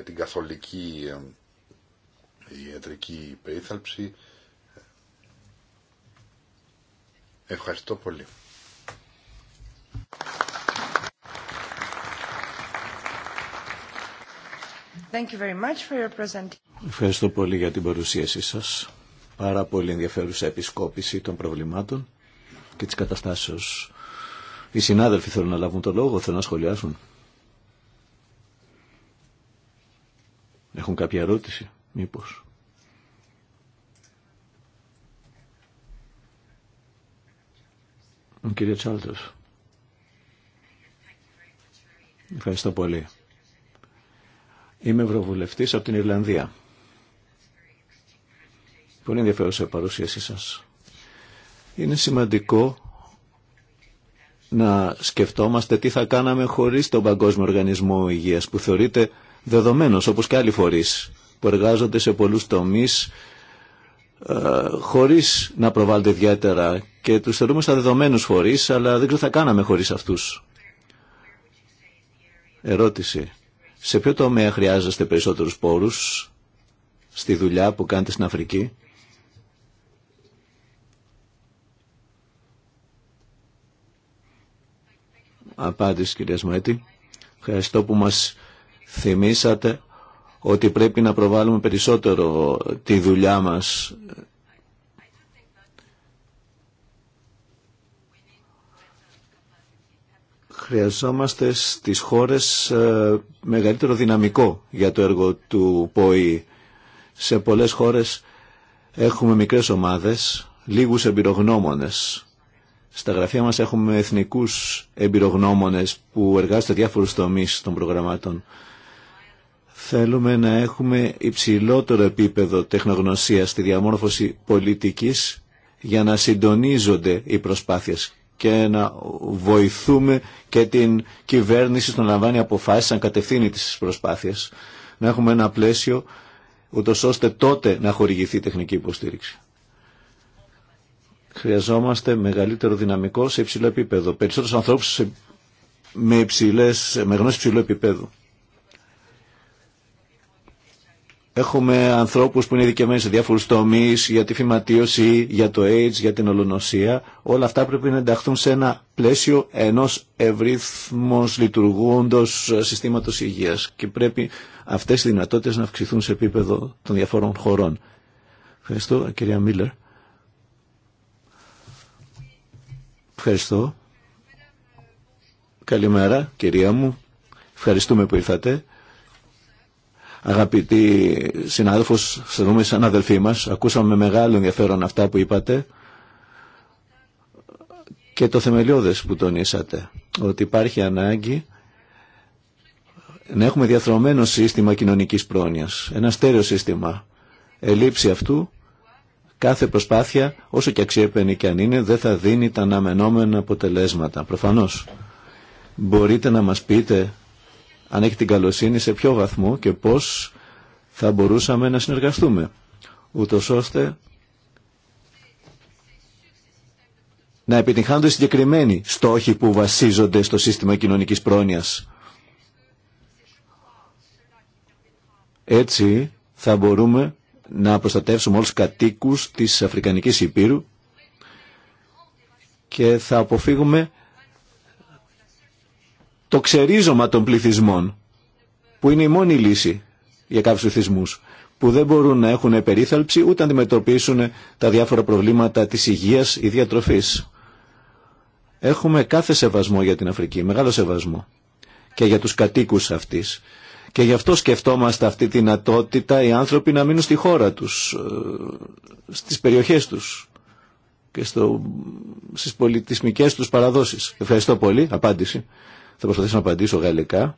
την καθολική ιατρική περίθαλψη. Ευχαριστώ πολύ. Thank you very much for your Ευχαριστώ πολύ για την παρουσίασή σας. Πάρα πολύ ενδιαφέρουσα επισκόπηση των προβλημάτων και της καταστάσεως. Οι συνάδελφοι θέλουν να λάβουν το λόγο, θέλουν να σχολιάσουν. Έχουν κάποια ερώτηση, μήπως. Κύριε Τσάλτος. Ευχαριστώ πολύ. Είμαι ευρωβουλευτής από την Ιρλανδία. Πολύ ενδιαφέρουσα η παρουσίασή σας. Είναι σημαντικό να σκεφτόμαστε τι θα κάναμε χωρίς τον Παγκόσμιο Οργανισμό Υγείας που θεωρείται δεδομένος όπως και άλλοι φορείς που εργάζονται σε πολλούς τομείς ε, χωρίς να προβάλλονται ιδιαίτερα και τους θεωρούμε στα δεδομένους φορείς, αλλά δεν ξέρω θα κάναμε χωρίς αυτούς. Ερώτηση. Σε ποιο τομέα χρειάζεστε περισσότερους πόρους στη δουλειά που κάνετε στην Αφρική. Απάντηση κυρία Σμαέτη. Ευχαριστώ που μας θυμήσατε ότι πρέπει να προβάλλουμε περισσότερο τη δουλειά μας χρειαζόμαστε στις χώρες ε, μεγαλύτερο δυναμικό για το έργο του ΠΟΗ. Σε πολλές χώρες έχουμε μικρές ομάδες, λίγους εμπειρογνώμονες. Στα γραφεία μας έχουμε εθνικούς εμπειρογνώμονες που εργάζονται διάφορους τομείς των προγραμμάτων. Θέλουμε να έχουμε υψηλότερο επίπεδο τεχνογνωσίας στη διαμόρφωση πολιτικής για να συντονίζονται οι προσπάθειες και να βοηθούμε και την κυβέρνηση να λαμβάνει αποφάσεις να κατευθύνει τις προσπάθειες. Να έχουμε ένα πλαίσιο ούτως ώστε τότε να χορηγηθεί τεχνική υποστήριξη. Χρειαζόμαστε μεγαλύτερο δυναμικό σε υψηλό επίπεδο, περισσότερους ανθρώπους με, υψηλές, με γνώση υψηλού επίπεδου. Έχουμε ανθρώπους που είναι ειδικευμένοι σε διάφορους τομείς για τη φυματίωση, για το AIDS, για την ολονοσία. Όλα αυτά πρέπει να ενταχθούν σε ένα πλαίσιο ενός ευρύθμως λειτουργούντος συστήματος υγείας και πρέπει αυτές οι δυνατότητες να αυξηθούν σε επίπεδο των διαφόρων χωρών. Ευχαριστώ, κυρία Μίλλερ. Ευχαριστώ. Καλημέρα, κυρία μου. Ευχαριστούμε που ήρθατε. Αγαπητοί συνάδελφος, σαν αδελφοί μας, ακούσαμε με μεγάλο ενδιαφέρον αυτά που είπατε και το θεμελιώδες που τονίσατε, ότι υπάρχει ανάγκη να έχουμε διαθρωμένο σύστημα κοινωνικής πρόνοιας, ένα στέρεο σύστημα. Ελήψη αυτού, κάθε προσπάθεια, όσο και αξιέπαινη και αν είναι, δεν θα δίνει τα αναμενόμενα αποτελέσματα. Προφανώς, μπορείτε να μας πείτε αν έχει την καλοσύνη, σε ποιο βαθμό και πώς θα μπορούσαμε να συνεργαστούμε, ούτω ώστε να επιτυγχάνονται συγκεκριμένοι στόχοι που βασίζονται στο σύστημα κοινωνικής πρόνοιας. Έτσι θα μπορούμε να προστατεύσουμε όλους τους κατοίκους της Αφρικανικής Υπήρου και θα αποφύγουμε το ξερίζωμα των πληθυσμών, που είναι η μόνη λύση για κάποιου πληθυσμούς, που δεν μπορούν να έχουν περίθαλψη ούτε να αντιμετωπίσουν τα διάφορα προβλήματα της υγείας ή διατροφή. Έχουμε κάθε σεβασμό για την Αφρική, μεγάλο σεβασμό και για τους κατοίκους αυτής. Και γι' αυτό σκεφτόμαστε αυτή τη δυνατότητα οι άνθρωποι να μείνουν στη χώρα τους, ε, στις περιοχές τους και στο, στις πολιτισμικές τους παραδόσεις. Ευχαριστώ πολύ. Απάντηση. Θα προσπαθήσω να απαντήσω γαλλικά.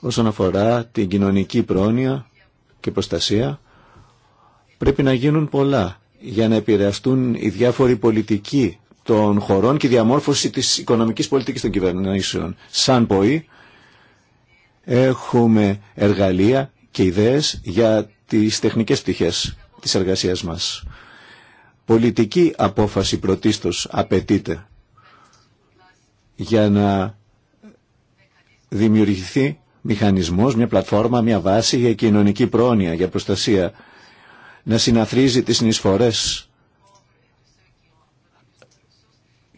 Όσον αφορά την κοινωνική πρόνοια και προστασία, πρέπει να γίνουν πολλά για να επηρεαστούν οι διάφοροι πολιτικοί των χωρών και η διαμόρφωση της οικονομικής πολιτικής των κυβερνήσεων. Σαν ΠΟΗ έχουμε εργαλεία και ιδέες για τις τεχνικές πτυχές της εργασίας μας. Πολιτική απόφαση πρωτίστως απαιτείται για να δημιουργηθεί μηχανισμός, μια πλατφόρμα, μια βάση για κοινωνική πρόνοια, για προστασία, να συναθρίζει τις συνεισφορές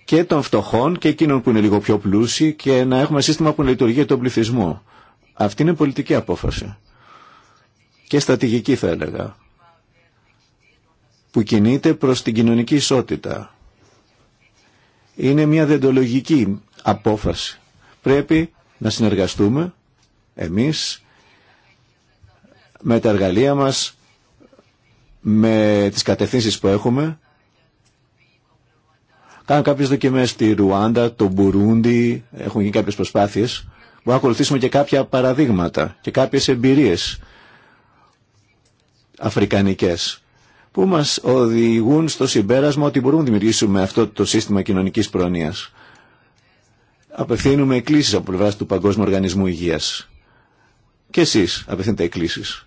και των φτωχών και εκείνων που είναι λίγο πιο πλούσιοι και να έχουμε σύστημα που λειτουργεί τον πληθυσμό. Αυτή είναι πολιτική απόφαση και στρατηγική θα έλεγα που κινείται προς την κοινωνική ισότητα. Είναι μια δεντολογική απόφαση. Πρέπει να συνεργαστούμε εμείς με τα εργαλεία μας, με τις κατευθύνσεις που έχουμε. Κάνουν κάποιες δοκιμές στη Ρουάντα, το Μπουρούντι, έχουν γίνει κάποιες προσπάθειες. Μπορούμε να ακολουθήσουμε και κάποια παραδείγματα και κάποιες εμπειρίες αφρικανικές που μας οδηγούν στο συμπέρασμα ότι μπορούμε να δημιουργήσουμε αυτό το σύστημα κοινωνικής πρόνοιας απευθύνουμε εκκλήσεις από πλευράς του Παγκόσμιου Οργανισμού Υγείας. Και εσείς απευθύνετε εκκλήσεις.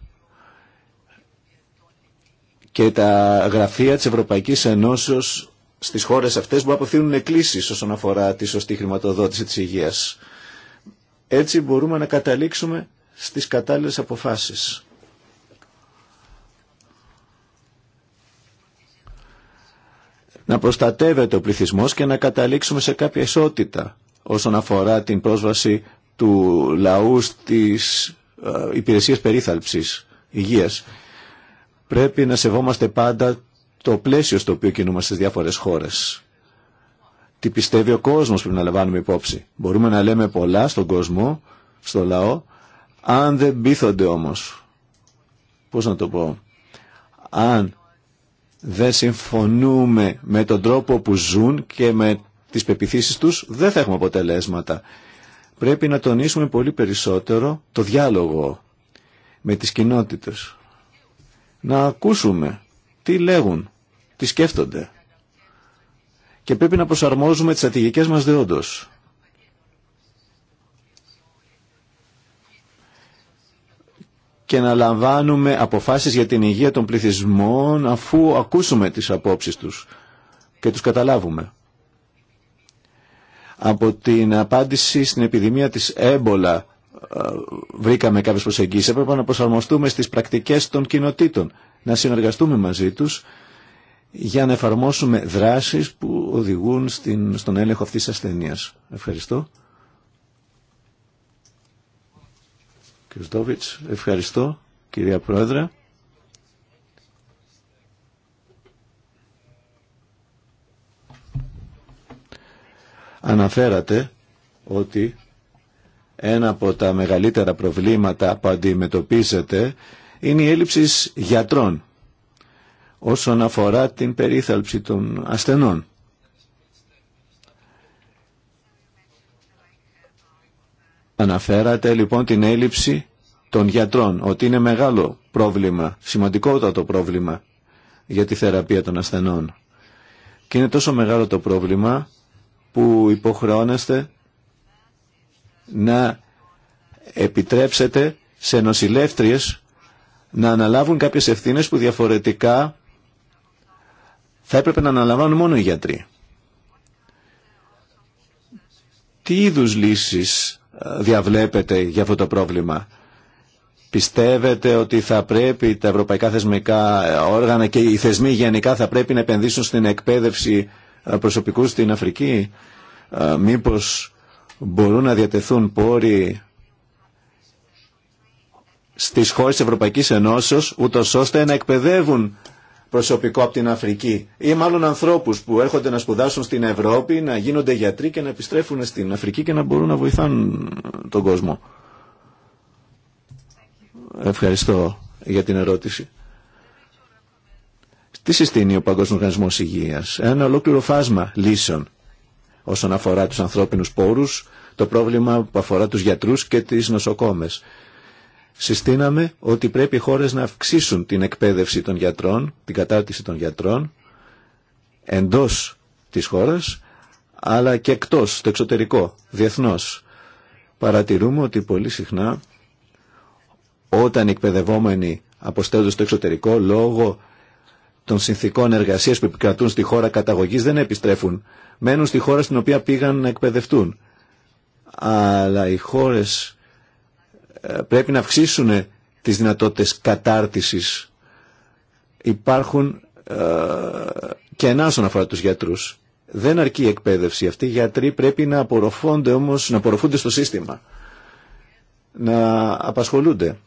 Και τα γραφεία της Ευρωπαϊκής Ενώσεως στις χώρες αυτές που απευθύνουν εκκλήσεις όσον αφορά τη σωστή χρηματοδότηση της υγείας. Έτσι μπορούμε να καταλήξουμε στις κατάλληλες αποφάσεις. Να προστατεύεται ο πληθυσμός και να καταλήξουμε σε κάποια ισότητα όσον αφορά την πρόσβαση του λαού στις ε, υπηρεσίες περίθαλψης υγείας. Πρέπει να σεβόμαστε πάντα το πλαίσιο στο οποίο κινούμαστε στις διάφορες χώρες. Τι πιστεύει ο κόσμος πρέπει να λαμβάνουμε υπόψη. Μπορούμε να λέμε πολλά στον κόσμο, στο λαό, αν δεν πείθονται όμως. Πώς να το πω. Αν δεν συμφωνούμε με τον τρόπο που ζουν και με τις πεπιθήσεις τους, δεν θα έχουμε αποτελέσματα. Πρέπει να τονίσουμε πολύ περισσότερο το διάλογο με τις κοινότητες. Να ακούσουμε τι λέγουν, τι σκέφτονται. Και πρέπει να προσαρμόζουμε τις στρατηγικές μας δεόντως. και να λαμβάνουμε αποφάσεις για την υγεία των πληθυσμών αφού ακούσουμε τις απόψεις τους και τους καταλάβουμε. Από την απάντηση στην επιδημία της έμπολα ε, βρήκαμε κάποιες προσεγγίσεις. Έπρεπε να προσαρμοστούμε στις πρακτικές των κοινοτήτων, να συνεργαστούμε μαζί τους για να εφαρμόσουμε δράσεις που οδηγούν στην, στον έλεγχο αυτής της ασθενείας. Ευχαριστώ. Ευχαριστώ, κυρία Πρόεδρε. Αναφέρατε ότι ένα από τα μεγαλύτερα προβλήματα που αντιμετωπίζετε είναι η έλλειψη γιατρών όσον αφορά την περίθαλψη των ασθενών. Αναφέρατε λοιπόν την έλλειψη των γιατρών, ότι είναι μεγάλο πρόβλημα, σημαντικότατο πρόβλημα για τη θεραπεία των ασθενών. Και είναι τόσο μεγάλο το πρόβλημα που υποχρεώνεστε να επιτρέψετε σε νοσηλεύτριες να αναλάβουν κάποιες ευθύνες που διαφορετικά θα έπρεπε να αναλαμβάνουν μόνο οι γιατροί. Τι είδους λύσεις διαβλέπετε για αυτό το πρόβλημα. Πιστεύετε ότι θα πρέπει τα ευρωπαϊκά θεσμικά ε, όργανα και οι θεσμοί γενικά θα πρέπει να επενδύσουν στην εκπαίδευση ε, προσωπικού στην Αφρική. Ε, μήπως μπορούν να διατεθούν πόροι στις χώρες της Ευρωπαϊκής Ενώσεως, ούτως ώστε να εκπαιδεύουν προσωπικό από την Αφρική ή μάλλον ανθρώπους που έρχονται να σπουδάσουν στην Ευρώπη, να γίνονται γιατροί και να επιστρέφουν στην Αφρική και να μπορούν να βοηθάν ε, τον κόσμο. Ευχαριστώ για την ερώτηση. Τι συστήνει ο Παγκόσμιος Οργανισμός Υγείας. Ένα ολόκληρο φάσμα λύσεων όσον αφορά τους ανθρώπινους πόρους, το πρόβλημα που αφορά τους γιατρούς και τις νοσοκόμες. Συστήναμε ότι πρέπει οι χώρες να αυξήσουν την εκπαίδευση των γιατρών, την κατάρτιση των γιατρών, εντός της χώρας, αλλά και εκτός, στο εξωτερικό, διεθνώς. Παρατηρούμε ότι πολύ συχνά όταν οι εκπαιδευόμενοι αποστέλλονται στο εξωτερικό λόγω των συνθήκων εργασία που επικρατούν στη χώρα καταγωγής δεν επιστρέφουν. Μένουν στη χώρα στην οποία πήγαν να εκπαιδευτούν. Αλλά οι χώρες ε, πρέπει να αυξήσουν ε, τις δυνατότητε κατάρτιση. Υπάρχουν και ε, κενά όσον αφορά τους γιατρούς. Δεν αρκεί η εκπαίδευση. Αυτοί οι γιατροί πρέπει να απορροφούνται όμως, να απορροφούνται στο σύστημα. Να απασχολούνται.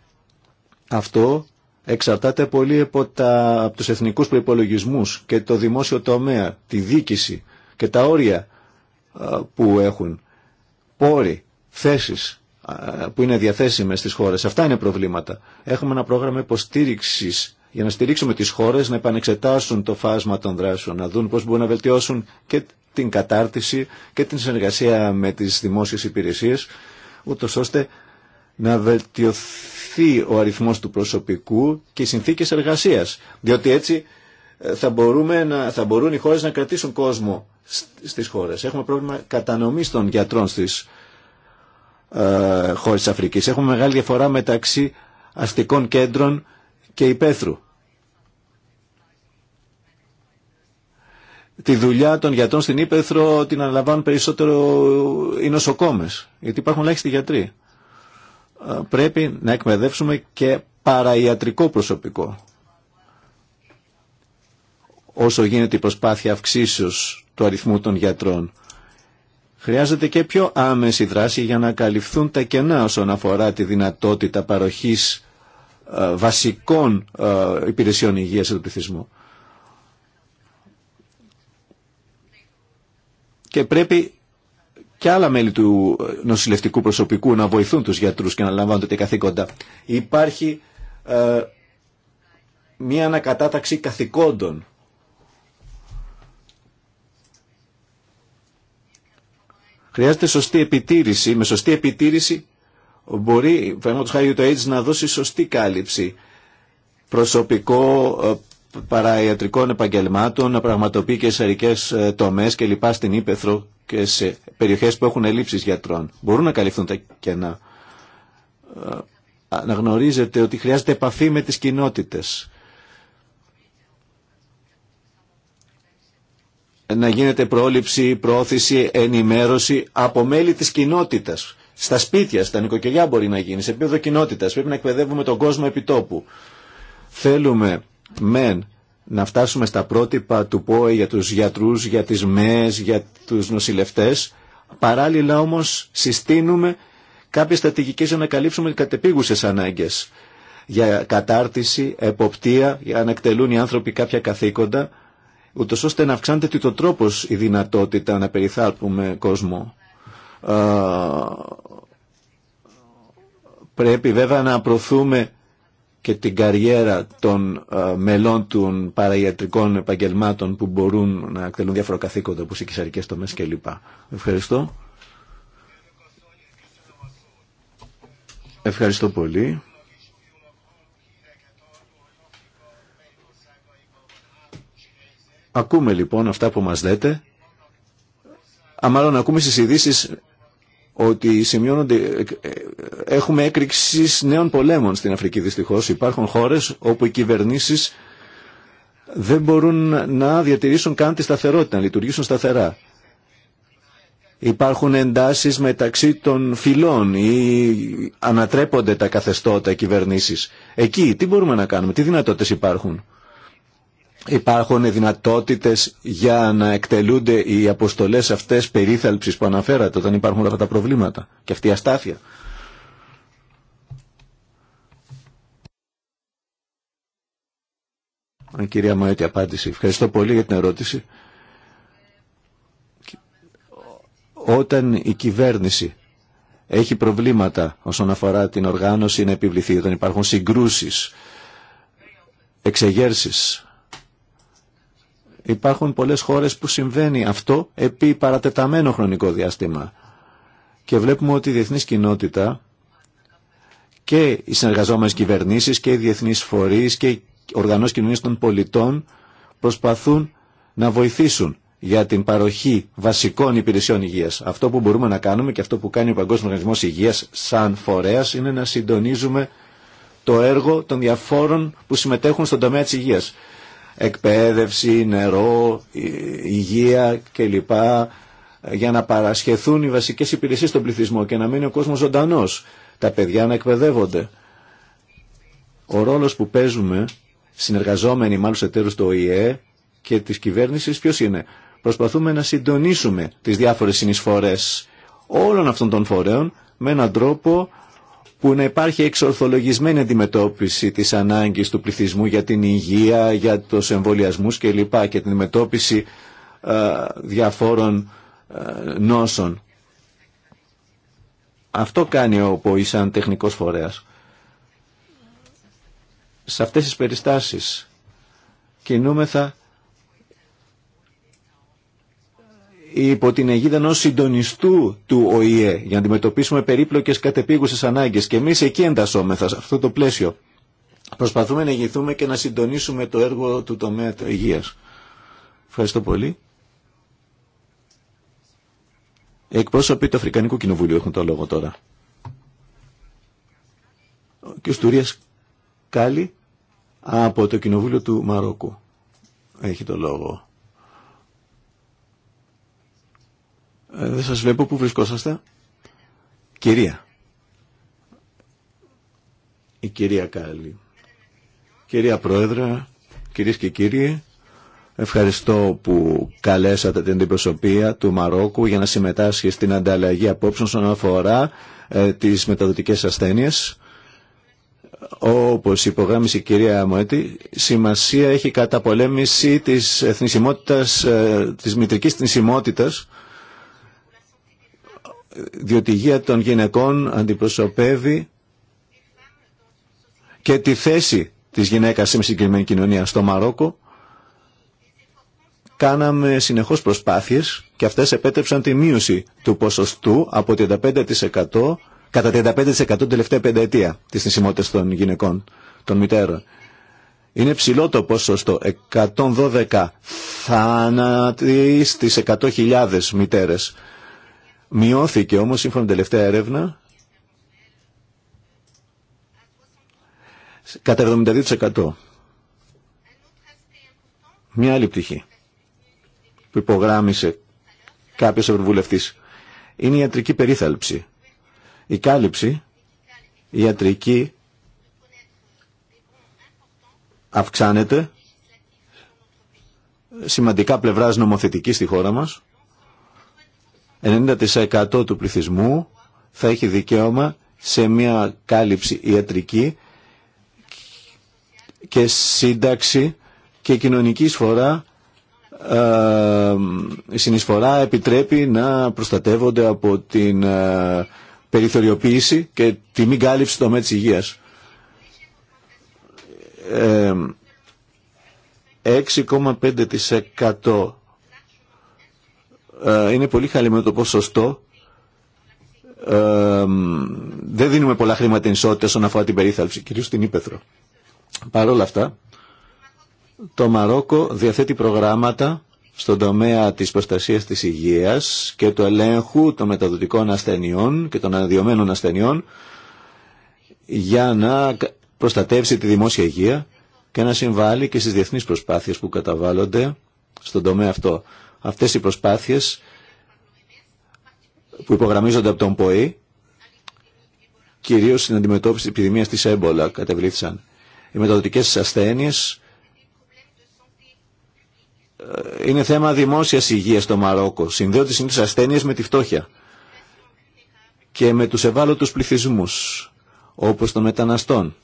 Αυτό εξαρτάται πολύ από, τα, από τους εθνικούς προϋπολογισμούς και το δημόσιο τομέα, τη δίκηση και τα όρια που έχουν, πόροι, θέσεις που είναι διαθέσιμες στις χώρες. Αυτά είναι προβλήματα. Έχουμε ένα πρόγραμμα υποστήριξη για να στηρίξουμε τις χώρες να επανεξετάσουν το φάσμα των δράσεων, να δουν πώς μπορούν να βελτιώσουν και την κατάρτιση και την συνεργασία με τις δημόσιες υπηρεσίες, ούτως ώστε να βελτιωθεί μειωθεί ο αριθμός του προσωπικού και οι συνθήκες εργασίας. Διότι έτσι ε, θα, μπορούμε να, θα μπορούν οι χώρες να κρατήσουν κόσμο στις χώρες. Έχουμε πρόβλημα κατανομής των γιατρών στις ε, χώρες της Αφρικής. Έχουμε μεγάλη διαφορά μεταξύ αστικών κέντρων και υπαίθρου. Τη δουλειά των γιατρών στην Ήπεθρο την αναλαμβάνουν περισσότερο οι νοσοκόμες, γιατί υπάρχουν ελάχιστοι γιατροί. Ε, πρέπει να εκπαιδεύσουμε και παραϊατρικό προσωπικό. Όσο γίνεται η προσπάθεια αυξήσεως του αριθμού των γιατρών. Χρειάζεται και πιο άμεση δράση για να καλυφθούν τα κενά όσον αφορά τη δυνατότητα παροχής ε, βασικών ε, υπηρεσιών υγείας του πληθυσμού. Και πρέπει και άλλα μέλη του νοσηλευτικού προσωπικού να βοηθούν τους γιατρούς και να λαμβάνονται τα καθήκοντα. Υπάρχει ε, μία ανακατάταξη καθηκόντων. Χρειάζεται σωστή επιτήρηση. Με σωστή επιτήρηση μπορεί, παραδείγματος χάρη το AIDS, να δώσει σωστή κάλυψη. Προσωπικό ε, ιατρικών επαγγελμάτων να πραγματοποιεί και σε τομέ και λοιπά στην Ήπεθρο και σε περιοχέ που έχουν ελλείψει γιατρών. Μπορούν να καλυφθούν τα κενά. Ε, γνωρίζετε ότι χρειάζεται επαφή με τι κοινότητε. να γίνεται πρόληψη, πρόθεση, ενημέρωση από μέλη της κοινότητας. Στα σπίτια, στα νοικοκυριά μπορεί να γίνει, σε επίπεδο κοινότητας. Πρέπει να εκπαιδεύουμε τον κόσμο επιτόπου. Θέλουμε μεν να φτάσουμε στα πρότυπα του ΠΟΕ για τους γιατρούς, για τις ΜΕΣ, για τους νοσηλευτές. Παράλληλα όμως συστήνουμε κάποιες στρατηγικές για να καλύψουμε κατεπίγουσες ανάγκες για κατάρτιση, εποπτεία, για να εκτελούν οι άνθρωποι κάποια καθήκοντα, ούτως ώστε να αυξάνεται το τρόπος η δυνατότητα να περιθάλπουμε κόσμο. Ε, πρέπει βέβαια να προωθούμε και την καριέρα των ε, μελών των παραγιατρικών επαγγελμάτων που μπορούν να εκτελούν διάφορα καθήκοντα όπως οι κυσαρικές τομές κλπ. Ευχαριστώ. Ευχαριστώ πολύ. Ακούμε λοιπόν αυτά που μας λέτε. Αμάλλον ακούμε στις ειδήσει ότι σημειώνονται, έχουμε έκρηξη νέων πολέμων στην Αφρική δυστυχώς. Υπάρχουν χώρες όπου οι κυβερνήσεις δεν μπορούν να διατηρήσουν καν τη σταθερότητα, να λειτουργήσουν σταθερά. Υπάρχουν εντάσεις μεταξύ των φυλών ή ανατρέπονται τα καθεστώτα, κυβερνήσεις. Εκεί τι μπορούμε να κάνουμε, τι δυνατότητες υπάρχουν. Υπάρχουν δυνατότητες για να εκτελούνται οι αποστολές αυτές περίθαλψης που αναφέρατε όταν υπάρχουν όλα αυτά τα προβλήματα και αυτή η αστάθεια. Αν κυρία Μαέτη απάντηση. Ευχαριστώ πολύ για την ερώτηση. Όταν η κυβέρνηση έχει προβλήματα όσον αφορά την οργάνωση να επιβληθεί, όταν υπάρχουν συγκρούσεις, εξεγέρσεις, Υπάρχουν πολλές χώρες που συμβαίνει αυτό επί παρατεταμένο χρονικό διάστημα. Και βλέπουμε ότι η διεθνής κοινότητα και οι συνεργαζόμενες κυβερνήσεις και οι διεθνείς φορείς και οι οργανώσεις κοινωνίας των πολιτών προσπαθούν να βοηθήσουν για την παροχή βασικών υπηρεσιών υγείας. Αυτό που μπορούμε να κάνουμε και αυτό που κάνει ο Παγκόσμιος Οργανισμός Υγείας σαν φορέας είναι να συντονίζουμε το έργο των διαφόρων που συμμετέχουν στον τομέα της υγείας εκπαίδευση, νερό, υγεία κλπ. για να παρασχεθούν οι βασικές υπηρεσίες στον πληθυσμό και να μείνει ο κόσμος ζωντανός. Τα παιδιά να εκπαιδεύονται. Ο ρόλος που παίζουμε συνεργαζόμενοι μάλλον σε του του ΟΗΕ και της κυβέρνησης ποιος είναι. Προσπαθούμε να συντονίσουμε τις διάφορες συνεισφορές όλων αυτών των φορέων με έναν τρόπο που να υπάρχει εξορθολογισμένη αντιμετώπιση της ανάγκης του πληθυσμού για την υγεία, για τους εμβολιασμού κλπ. και την αντιμετώπιση ε, διαφόρων ε, νόσων. Αυτό κάνει ο ΠΟΗ σαν τεχνικός φορέας. Σε αυτές τις περιστάσεις κινούμεθα υπό την αιγίδα ενό συντονιστού του ΟΗΕ για να αντιμετωπίσουμε περίπλοκες κατεπίγουσες ανάγκες και εμεί εκεί εντασσόμεθα σε αυτό το πλαίσιο. Προσπαθούμε να ηγηθούμε και να συντονίσουμε το έργο του τομέα Υγεία. Ευχαριστώ πολύ. Εκπρόσωποι του Αφρικανικού Κοινοβουλίου έχουν το λόγο τώρα. Ο κ. Τουρίας Κάλι από το Κοινοβούλιο του Μαρόκου έχει το λόγο. Ε, δεν σας βλέπω που βρισκόσαστε. Κυρία. Η κυρία Κάλλη. Κυρία Πρόεδρα, κυρίες και κύριοι, ευχαριστώ που καλέσατε την αντιπροσωπεία του Μαρόκου για να συμμετάσχει στην ανταλλαγή απόψεων στον αφορά ε, τις μεταδοτικές ασθένειες. Όπως υπογράμμισε η κυρία Μωέτη, σημασία έχει καταπολέμηση της τη, ε, της μητρικής διότι η υγεία των γυναικών αντιπροσωπεύει και τη θέση της γυναίκας σε συγκεκριμένη κοινωνία στο Μαρόκο. Κάναμε συνεχώς προσπάθειες και αυτές επέτρεψαν τη μείωση του ποσοστού από 35% κατά 35% την τελευταία πενταετία της νησιμότητας των γυναικών, των μητέρων. Είναι ψηλό το ποσοστό, 112 θάνατοι στις 100.000 μητέρες. Μειώθηκε όμως σύμφωνα με την τελευταία έρευνα κατά 72%. Μια άλλη πτυχή που υπογράμμισε κάποιος ευρωβουλευτής είναι η ιατρική περίθαλψη. Η κάλυψη η ιατρική αυξάνεται σημαντικά πλευράς νομοθετική στη χώρα μας 90% του πληθυσμού θα έχει δικαίωμα σε μια κάλυψη ιατρική και σύνταξη και κοινωνική σφορά ε, η συνεισφορά επιτρέπει να προστατεύονται από την ε, περιθωριοποίηση και τη μη κάλυψη των τομέα υγείας. 6,5% ε, ε, είναι πολύ χαλημένο το ποσοστό. Ε, δεν δίνουμε πολλά χρήματα ενισότητα όσον αφορά την περίθαλψη, κυρίως στην Ήπεθρο. Παρ' όλα αυτά, το Μαρόκο διαθέτει προγράμματα στον τομέα της προστασίας της υγείας και του ελέγχου των μεταδοτικών ασθενειών και των αδειωμένων ασθενειών για να προστατεύσει τη δημόσια υγεία και να συμβάλλει και στις διεθνείς προσπάθειες που καταβάλλονται στον τομέα αυτό. Αυτές οι προσπάθειες που υπογραμμίζονται από τον ΠΟΗ, κυρίως στην αντιμετώπιση της επιδημίας της έμπολα κατεβλήθησαν. Οι μεταδοτικές ασθένειες ε, είναι θέμα δημόσιας υγείας στο Μαρόκο. Συνδέονται συνήθως ασθένειες με τη φτώχεια και με τους ευάλωτους πληθυσμούς, όπως των μεταναστών,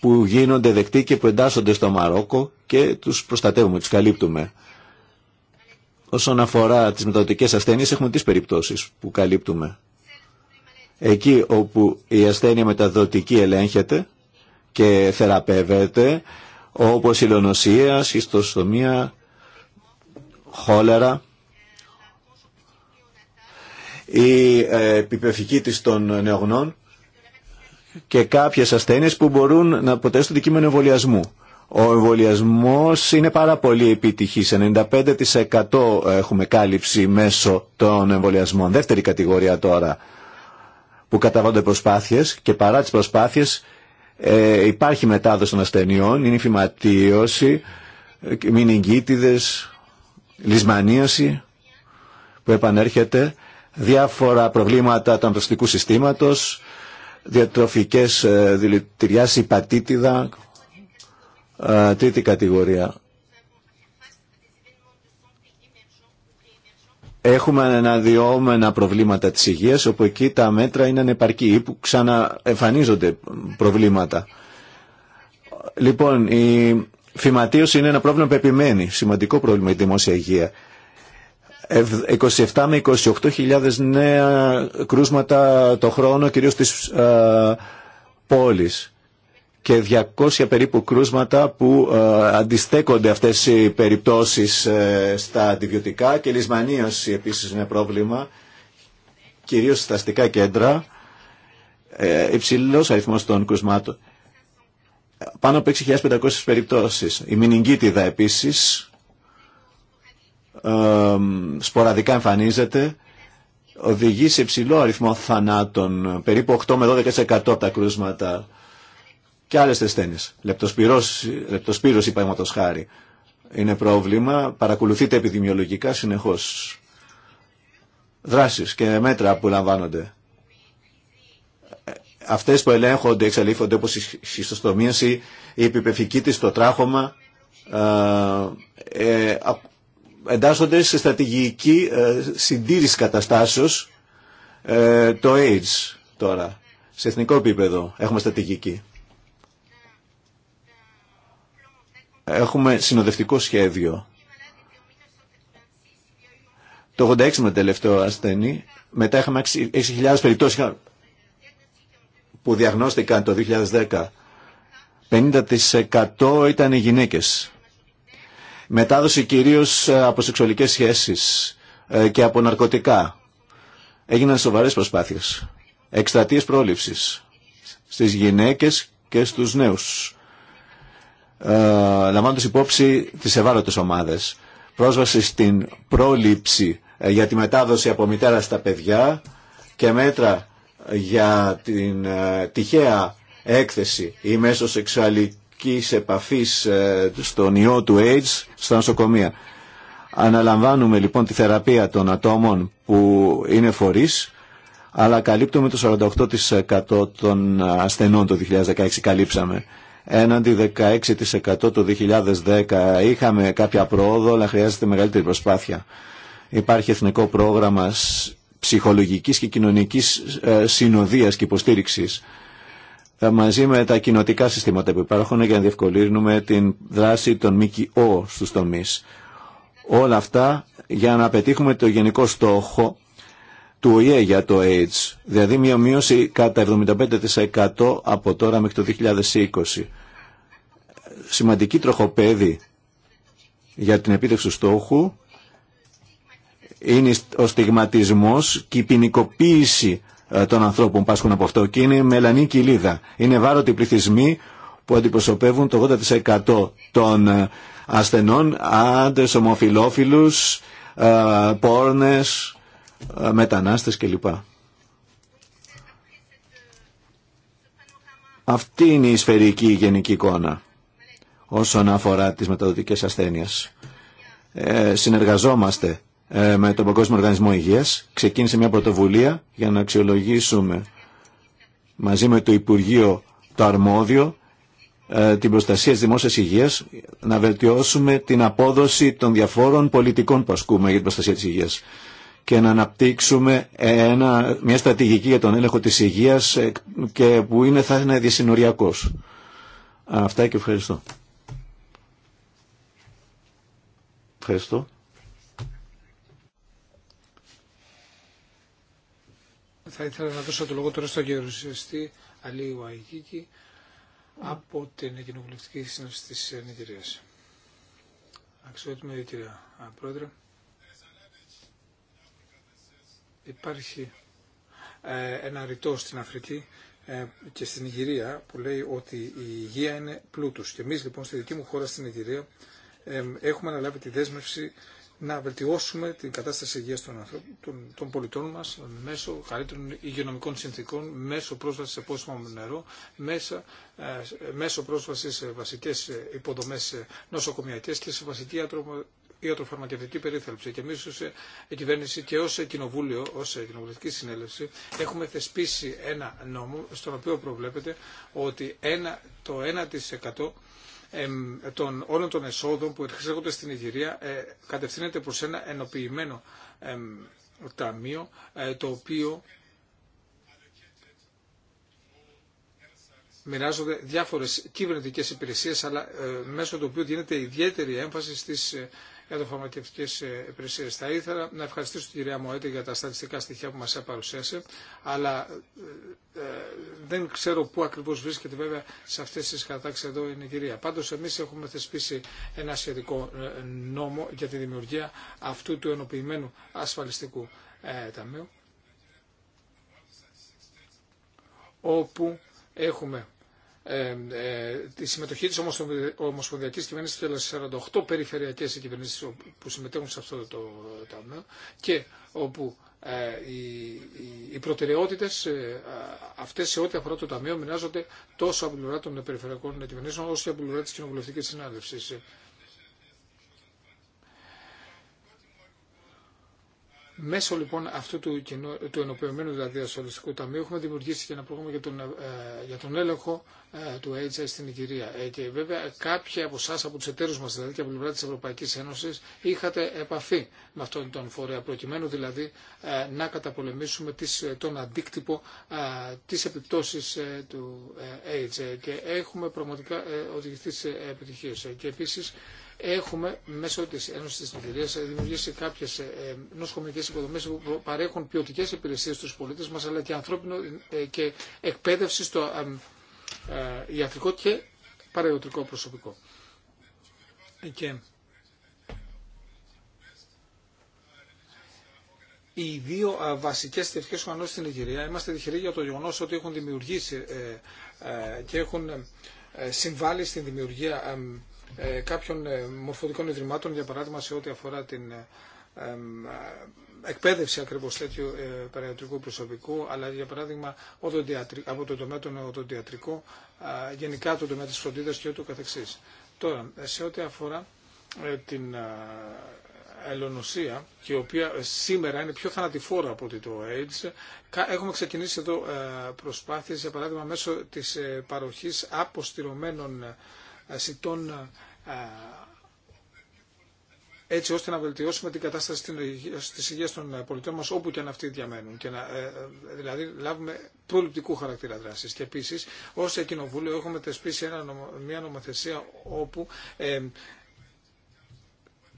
που γίνονται δεκτοί και που εντάσσονται στο Μαρόκο και τους προστατεύουμε, τους καλύπτουμε. Όσον αφορά τις μεταδοτικές ασθένειες έχουμε τις περιπτώσεις που καλύπτουμε. Εκεί όπου η ασθένεια μεταδοτική ελέγχεται και θεραπεύεται, όπως η λονοσία, σχιστοστομία, χόλερα, η ε, επιπεφική της των νεογνών και κάποιες ασθένειες που μπορούν να αποτελέσουν το εμβολιασμού. Ο εμβολιασμό είναι πάρα πολύ επιτυχής. 95% έχουμε κάλυψη μέσω των εμβολιασμών. Δεύτερη κατηγορία τώρα που καταβάλλονται προσπάθειες και παρά τις προσπάθειες ε, υπάρχει μετάδοση των ασθενειών, είναι η φυματίωση, ε, μηνυγκίτιδε, λησμανίωση που επανέρχεται, διάφορα προβλήματα του ανθρωπιστικού συστήματος, διατροφικές ε, δηλητηριάσει, υπατήτηδα τρίτη κατηγορία. Έχουμε αναδυόμενα προβλήματα της υγείας, όπου εκεί τα μέτρα είναι ανεπαρκή ή που ξαναεμφανίζονται προβλήματα. Λοιπόν, η φυματίωση είναι ένα πρόβλημα που επιμένει, σημαντικό πρόβλημα η δημόσια υγεία. 27 με 28.000 νέα κρούσματα το χρόνο, κυρίως της πόλης και 200 περίπου κρούσματα που ε, αντιστέκονται αυτές οι περιπτώσεις ε, στα αντιβιωτικά και η λησμανίωση επίσης είναι πρόβλημα, κυρίως στα αστικά κέντρα, ε, υψηλός αριθμός των κρούσματων. Πάνω από 6.500 περιπτώσεις. Η μηνυγκίτιδα επίσης ε, σποραδικά εμφανίζεται οδηγεί σε υψηλό αριθμό θανάτων, περίπου 8 με 12% από τα κρούσματα και άλλε ασθένειε. Λεπτοσπύρωση, παραδείγματο χάρη, είναι πρόβλημα. Παρακολουθείτε επιδημιολογικά συνεχώς. Δράσεις και μέτρα που λαμβάνονται. Αυτές που ελέγχονται, εξαλείφονται όπω η χιστοστομίαση, η επιπεφική της, το τράχωμα, ε, ε εντάσσονται σε στρατηγική ε, συντήρηση καταστάσεως ε, το AIDS τώρα. Σε εθνικό επίπεδο έχουμε στρατηγική. Έχουμε συνοδευτικό σχέδιο. Το 86 με τελευταίο ασθενή. Μετά είχαμε 6.000 περιπτώσεις που διαγνώστηκαν το 2010. 50% ήταν οι γυναίκες. Μετάδοση κυρίως ε, από σεξουαλικές σχέσεις ε, και από ναρκωτικά. Έγιναν σοβαρές προσπάθειες. Εκστρατείες πρόληψης στις γυναίκες και στους νέους. Ε, λαμβάνοντας υπόψη τις ευάλωτες ομάδες. Πρόσβαση στην πρόληψη ε, για τη μετάδοση από μητέρα στα παιδιά και μέτρα για την ε, τυχαία έκθεση ή μέσω σεξουαλικής επαφής στον ιό του AIDS στα νοσοκομεία. Αναλαμβάνουμε λοιπόν τη θεραπεία των ατόμων που είναι φορείς αλλά καλύπτουμε το 48% των ασθενών το 2016 καλύψαμε έναντι 16% το 2010. Είχαμε κάποια πρόοδο, αλλά χρειάζεται μεγαλύτερη προσπάθεια. Υπάρχει εθνικό πρόγραμμα ψυχολογικής και κοινωνικής ε, συνοδείας και υποστήριξης μαζί με τα κοινοτικά συστήματα που υπάρχουν για να διευκολύνουμε την δράση των ΜΚΟ στους τομείς. Όλα αυτά για να πετύχουμε το γενικό στόχο του ΟΗΕ για το AIDS, δηλαδή μια μείωση κατά 75% από τώρα μέχρι το 2020 σημαντική τροχοπέδη για την επίτευξη του στόχου είναι ο στιγματισμός και η ποινικοποίηση ε, των ανθρώπων που πάσχουν από αυτό και είναι η μελανή κοιλίδα. Είναι βάρωτοι πληθυσμοί που αντιπροσωπεύουν το 80% των ε, ασθενών, άντρες, ομοφιλόφιλους, ε, πόρνες, μετανάστες κλπ. Αυτή είναι η σφαιρική γενική εικόνα όσον αφορά τις μεταδοτικές ασθένειες. Ε, συνεργαζόμαστε ε, με τον Παγκόσμιο Οργανισμό Υγείας. Ξεκίνησε μια πρωτοβουλία για να αξιολογήσουμε μαζί με το Υπουργείο το αρμόδιο ε, την προστασία της δημόσιας υγείας, να βελτιώσουμε την απόδοση των διαφόρων πολιτικών που ασκούμε για την προστασία της υγείας και να αναπτύξουμε ένα, μια στρατηγική για τον έλεγχο της υγείας και που είναι, θα είναι δυσυνοριακός. Αυτά και ευχαριστώ. Ευχαριστώ. Θα ήθελα να δώσω το λόγο τώρα στον κύριο Ρουσιαστή Αλή Ουαϊκίκη από την Κοινοβουλευτική Σύνοψη της Νιγηρίας. Αξιότιμη κυρία Πρόεδρε. Υπάρχει ε, ένα ρητό στην Αφρική ε, και στην Ιγυρία που λέει ότι η υγεία είναι πλούτος. Και εμείς λοιπόν στη δική μου χώρα στην Ιγυρία έχουμε αναλάβει τη δέσμευση να βελτιώσουμε την κατάσταση υγείας των, ανθρώπων, των, των πολιτών μας μέσω καλύτερων υγειονομικών συνθήκων, μέσω πρόσβασης σε πόσιμο νερό, μέσα, ε, μέσω πρόσβασης σε βασικές ε, υποδομές ε, νοσοκομιακές και σε βασική ιατροφαρμακευτική περίθαλψη. Και εμείς ως κυβέρνηση και ως κοινοβούλιο, ως κοινοβουλευτική συνέλευση, έχουμε θεσπίσει ένα νόμο στον οποίο προβλέπεται ότι ένα, το 1% των όλων των εσόδων που εξέρχονται στην Ιγυρία ε, κατευθύνεται προς ένα ενοποιημένο ταμείο ε, το οποίο μοιράζονται διάφορες κυβερνητικές υπηρεσίες αλλά ε, μέσω του οποίου δίνεται ιδιαίτερη έμφαση στις για φαρμακευτικέ ε, υπηρεσίε. Θα ήθελα να ευχαριστήσω την κυρία Μοέτη για τα στατιστικά στοιχεία που μας παρουσίασε, αλλά ε, ε, δεν ξέρω πού ακριβώς βρίσκεται βέβαια σε αυτές τις κατάξεις εδώ η κυρία. Πάντως εμείς έχουμε θεσπίσει ένα σχετικό νόμο για τη δημιουργία αυτού του ενοποιημένου ασφαλιστικού ταμείου, όπου έχουμε ε, ε, τη συμμετοχή τη ομοσπονδιακή κυβέρνηση και 48 περιφερειακέ κυβερνήσει που συμμετέχουν σε αυτό το ταμείο και όπου ε, οι προτεραιότητες αυτές σε ό,τι αφορά το ταμείο μοιράζονται τόσο από πλευρά των περιφερειακών κυβερνήσεων όσο και από πλευρά της κοινοβουλευτική συνάδευσης. Μέσω λοιπόν αυτού του, κοινο, του ενοποιημένου δηλαδή ασφαλιστικού ταμείου έχουμε δημιουργήσει και ένα πρόγραμμα για τον, ε, για τον έλεγχο ε, του AIDS στην Ιγυρία. Ε, και βέβαια κάποιοι από εσά, από του εταίρου μα δηλαδή και από την πλευρά τη Ευρωπαϊκή Ένωση, είχατε επαφή με αυτόν τον φορέα, προκειμένου δηλαδή ε, να καταπολεμήσουμε τις, τον αντίκτυπο τη επιπτώσει του AIDS. και έχουμε πραγματικά οδηγηθεί σε επιτυχίε. και επίση έχουμε μέσω της Ένωσης της Νιγηρίας δημιουργήσει κάποιες ε, ε, νοσοκομικές υποδομές που παρέχουν ποιοτικέ υπηρεσίες στους πολίτες μας αλλά και ανθρώπινο ε, και εκπαίδευση στο ιατρικό και παραγωγικό προσωπικό. Και οι δύο βασικέ θετικέ οργανώσει στην Νιγηρία είμαστε τυχεροί για το γεγονό ότι έχουν δημιουργήσει και έχουν συμβάλει στην δημιουργία ε, κάποιων ε, μορφωτικών ιδρυμάτων, για παράδειγμα σε ό,τι αφορά την ε, εκπαίδευση ακριβώς τέτοιου παραγωγικού προσωπικού, αλλά για παράδειγμα από το τομέα των οδοντιατρικών, γενικά το τομέα της φροντίδας και ούτω καθεξής. Τώρα, σε ό,τι αφορά την ελονοσία, η οποία σήμερα είναι πιο θανατηφόρα από ότι το AIDS, έχουμε ξεκινήσει εδώ προσπάθειες, για παράδειγμα, μέσω της παροχής αποστηρωμένων έτσι ώστε να βελτιώσουμε την κατάσταση τη υγεία των πολιτών μα όπου και αν αυτοί διαμένουν. Και να, ε, δηλαδή, λάβουμε προληπτικού χαρακτήρα δράση. Και επίση, ω Κοινοβούλιο, έχουμε θεσπίσει μια νομοθεσία όπου ε,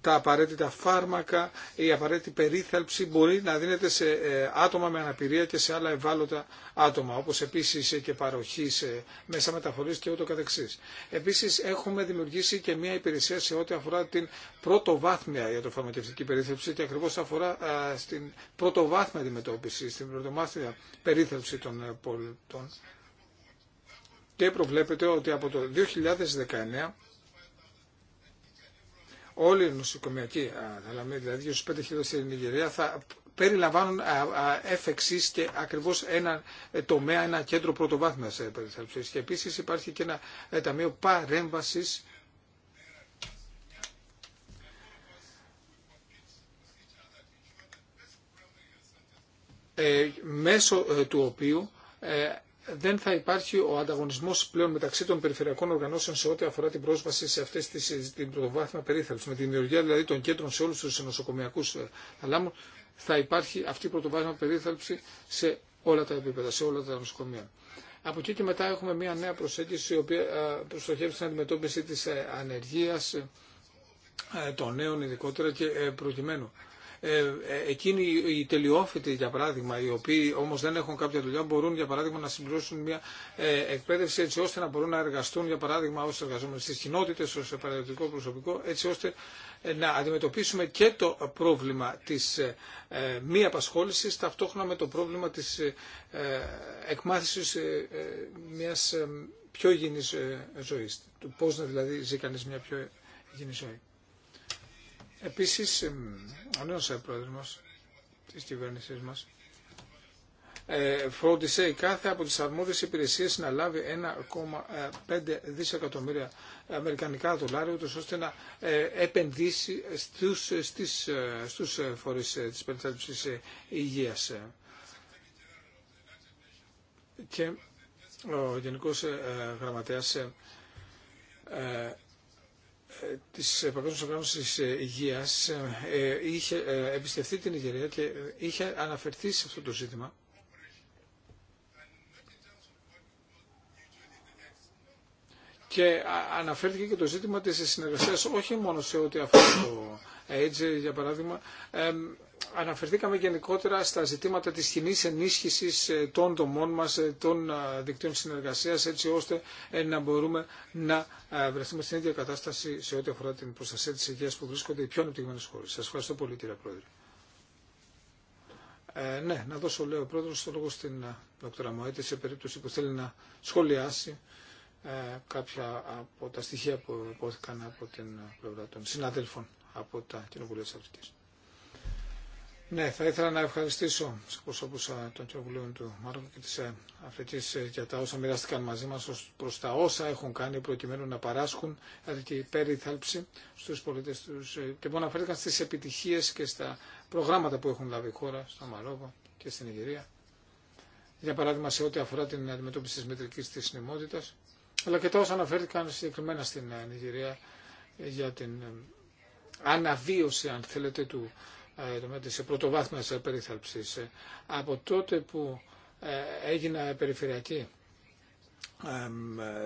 τα απαραίτητα φάρμακα, η απαραίτητη περίθαλψη μπορεί να δίνεται σε ε, άτομα με αναπηρία και σε άλλα ευάλωτα άτομα, όπως επίσης και παροχή σε μέσα μεταφορής και ούτω καθεξής. Επίσης έχουμε δημιουργήσει και μια υπηρεσία σε ό,τι αφορά την πρωτοβάθμια ιατροφαρμακευτική περίθαλψη και ακριβώς αφορά στην πρωτοβάθμια αντιμετώπιση, στην πρωτοβάθμια περίθαλψη των ε, πολιτών. Και προβλέπεται ότι από το 2019 όλοι οι νοσοκομιακοί δηλαδή 25.000 στην Νιγηρία, θα περιλαμβάνουν εφεξή και ακριβώς ένα ε, τομέα, ένα κέντρο πρωτοβάθμιας ε, περιθαλψής. Και επίσης υπάρχει και ένα ε, ταμείο παρέμβασης μέσω του οποίου δεν θα υπάρχει ο ανταγωνισμό πλέον μεταξύ των περιφερειακών οργανώσεων σε ό,τι αφορά την πρόσβαση σε αυτή την πρωτοβάθμια περίθαλψη. Με τη δημιουργία δηλαδή των κέντρων σε όλου του νοσοκομιακού ε, θαλάμου, θα υπάρχει αυτή η πρωτοβάθμια περίθαλψη σε όλα τα επίπεδα, σε όλα τα νοσοκομεία. Από εκεί και μετά έχουμε μια νέα προσέγγιση η οποία ε, προστοχεύει στην αντιμετώπιση τη ε, ανεργία των νέων ειδικότερα και προκειμένου ε, ε, εκείνοι οι τελειόφοιτοι για παράδειγμα, οι οποίοι όμως δεν έχουν κάποια δουλειά, μπορούν για παράδειγμα να συμπληρώσουν μια ε, εκπαίδευση έτσι ώστε να μπορούν να εργαστούν για παράδειγμα ως εργαζόμενοι στις κοινότητες, ως παραδοτικό προσωπικό, έτσι ώστε να αντιμετωπίσουμε και το πρόβλημα της μη απασχόλησης ταυτόχρονα με το πρόβλημα της εκμάθησης μιας πιο υγιεινής ζωής. Πώς να δηλαδή ζει κανείς μια πιο υγιεινή ζωή. Επίσης, ο νέος πρόεδρος της κυβέρνησής μας ε, φρόντισε κάθε από τις αρμόδιες υπηρεσίες να λάβει 1,5 δισεκατομμύρια αμερικανικά δολάρια ούτως ώστε να ε, επενδύσει στους, στις, ε, στους φορείς της υγείας. Και ο Γενικός Γραμματέας Τη παγκόσμια Οργάνωση υγεία ε, είχε ε, εμπιστευτεί την Ιγερία και είχε αναφερθεί σε αυτό το ζήτημα. Και αναφέρθηκε και το ζήτημα της συνεργασίας όχι μόνο σε ό,τι αφορά το AIDS, για παράδειγμα, ε, αναφερθήκαμε γενικότερα στα ζητήματα της κοινή ενίσχυσης ε, των δομών μας, ε, των ε, δικτύων συνεργασίας, έτσι ώστε να μπορούμε να βρεθούμε στην ίδια κατάσταση σε ό,τι αφορά την προστασία της υγείας που βρίσκονται οι πιο ανεπτυγμένες χώρες. Σας ευχαριστώ πολύ κύριε Πρόεδρε. Ε, ναι, να δώσω λέω πρόεδρος το λόγο στην δόκτωρα Μοέτη σε περίπτωση που θέλει να σχολιάσει ε, κάποια από τα στοιχεία που υπόθηκαν από την πλευρά των συναδέλφων από τα κοινοβουλία της Αφρικής. Ναι, θα ήθελα να ευχαριστήσω του προσώπους των κοινοβουλίων του Μάρκου και τη Αφρική ε, για τα όσα μοιράστηκαν μαζί μα προ τα όσα έχουν κάνει προκειμένου να παράσχουν η περιθάλψη στου πολίτε του ε, και που αναφέρθηκαν στι επιτυχίε και στα προγράμματα που έχουν λάβει η χώρα στο Μαρόκο και στην Ιγυρία. Για παράδειγμα, σε ό,τι αφορά την αντιμετώπιση τη μετρική τη νημότητα, αλλά και τα όσα αναφέρθηκαν συγκεκριμένα στην ε, Ιγυρία για την αναβίωση, αν θέλετε, του σε της πρωτοβάθμιας περίθαλψης. Ε, από τότε που ε, έγινα περιφερειακή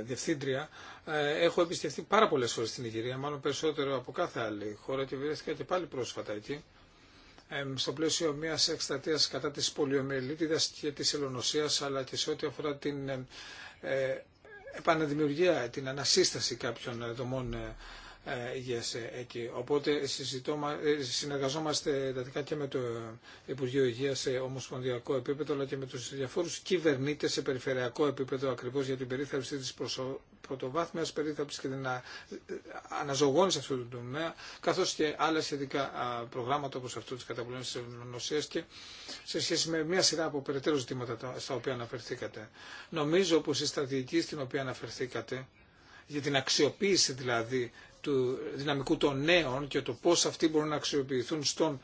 διευθύντρια, ε, έχω επισκεφθεί πάρα πολλές φορές στην Ιγυρία, μάλλον περισσότερο από κάθε άλλη χώρα και βρέθηκα και πάλι πρόσφατα εκεί στο πλαίσιο μια κατά της πολιομελίτιδας και της ελονοσίας αλλά και σε ό,τι αφορά την επαναδημιουργία, την ανασύσταση κάποιων δομών ε, υγείας ε, εκεί. Οπότε ε, συνεργαζόμαστε εντατικά και με το Υπουργείο Υγεία σε ομοσπονδιακό επίπεδο αλλά και με του διαφόρους κυβερνήτε σε περιφερειακό επίπεδο ακριβώ για την περίθαλψη τη πρωτοβάθμια πρωτοβάθμιας περίθαλψης και την αναζωογόνηση αυτού του τομέα καθώ και άλλα σχετικά προγράμματα όπω αυτό τη καταπολέμηση τη ελληνονοσίας και σε σχέση με μια σειρά από περαιτέρω ζητήματα στα οποία αναφερθήκατε. Νομίζω πω η στρατηγική στην οποία αναφερθήκατε για την αξιοποίηση δηλαδή του δυναμικού των νέων και το πώς αυτοί μπορούν να αξιοποιηθούν στον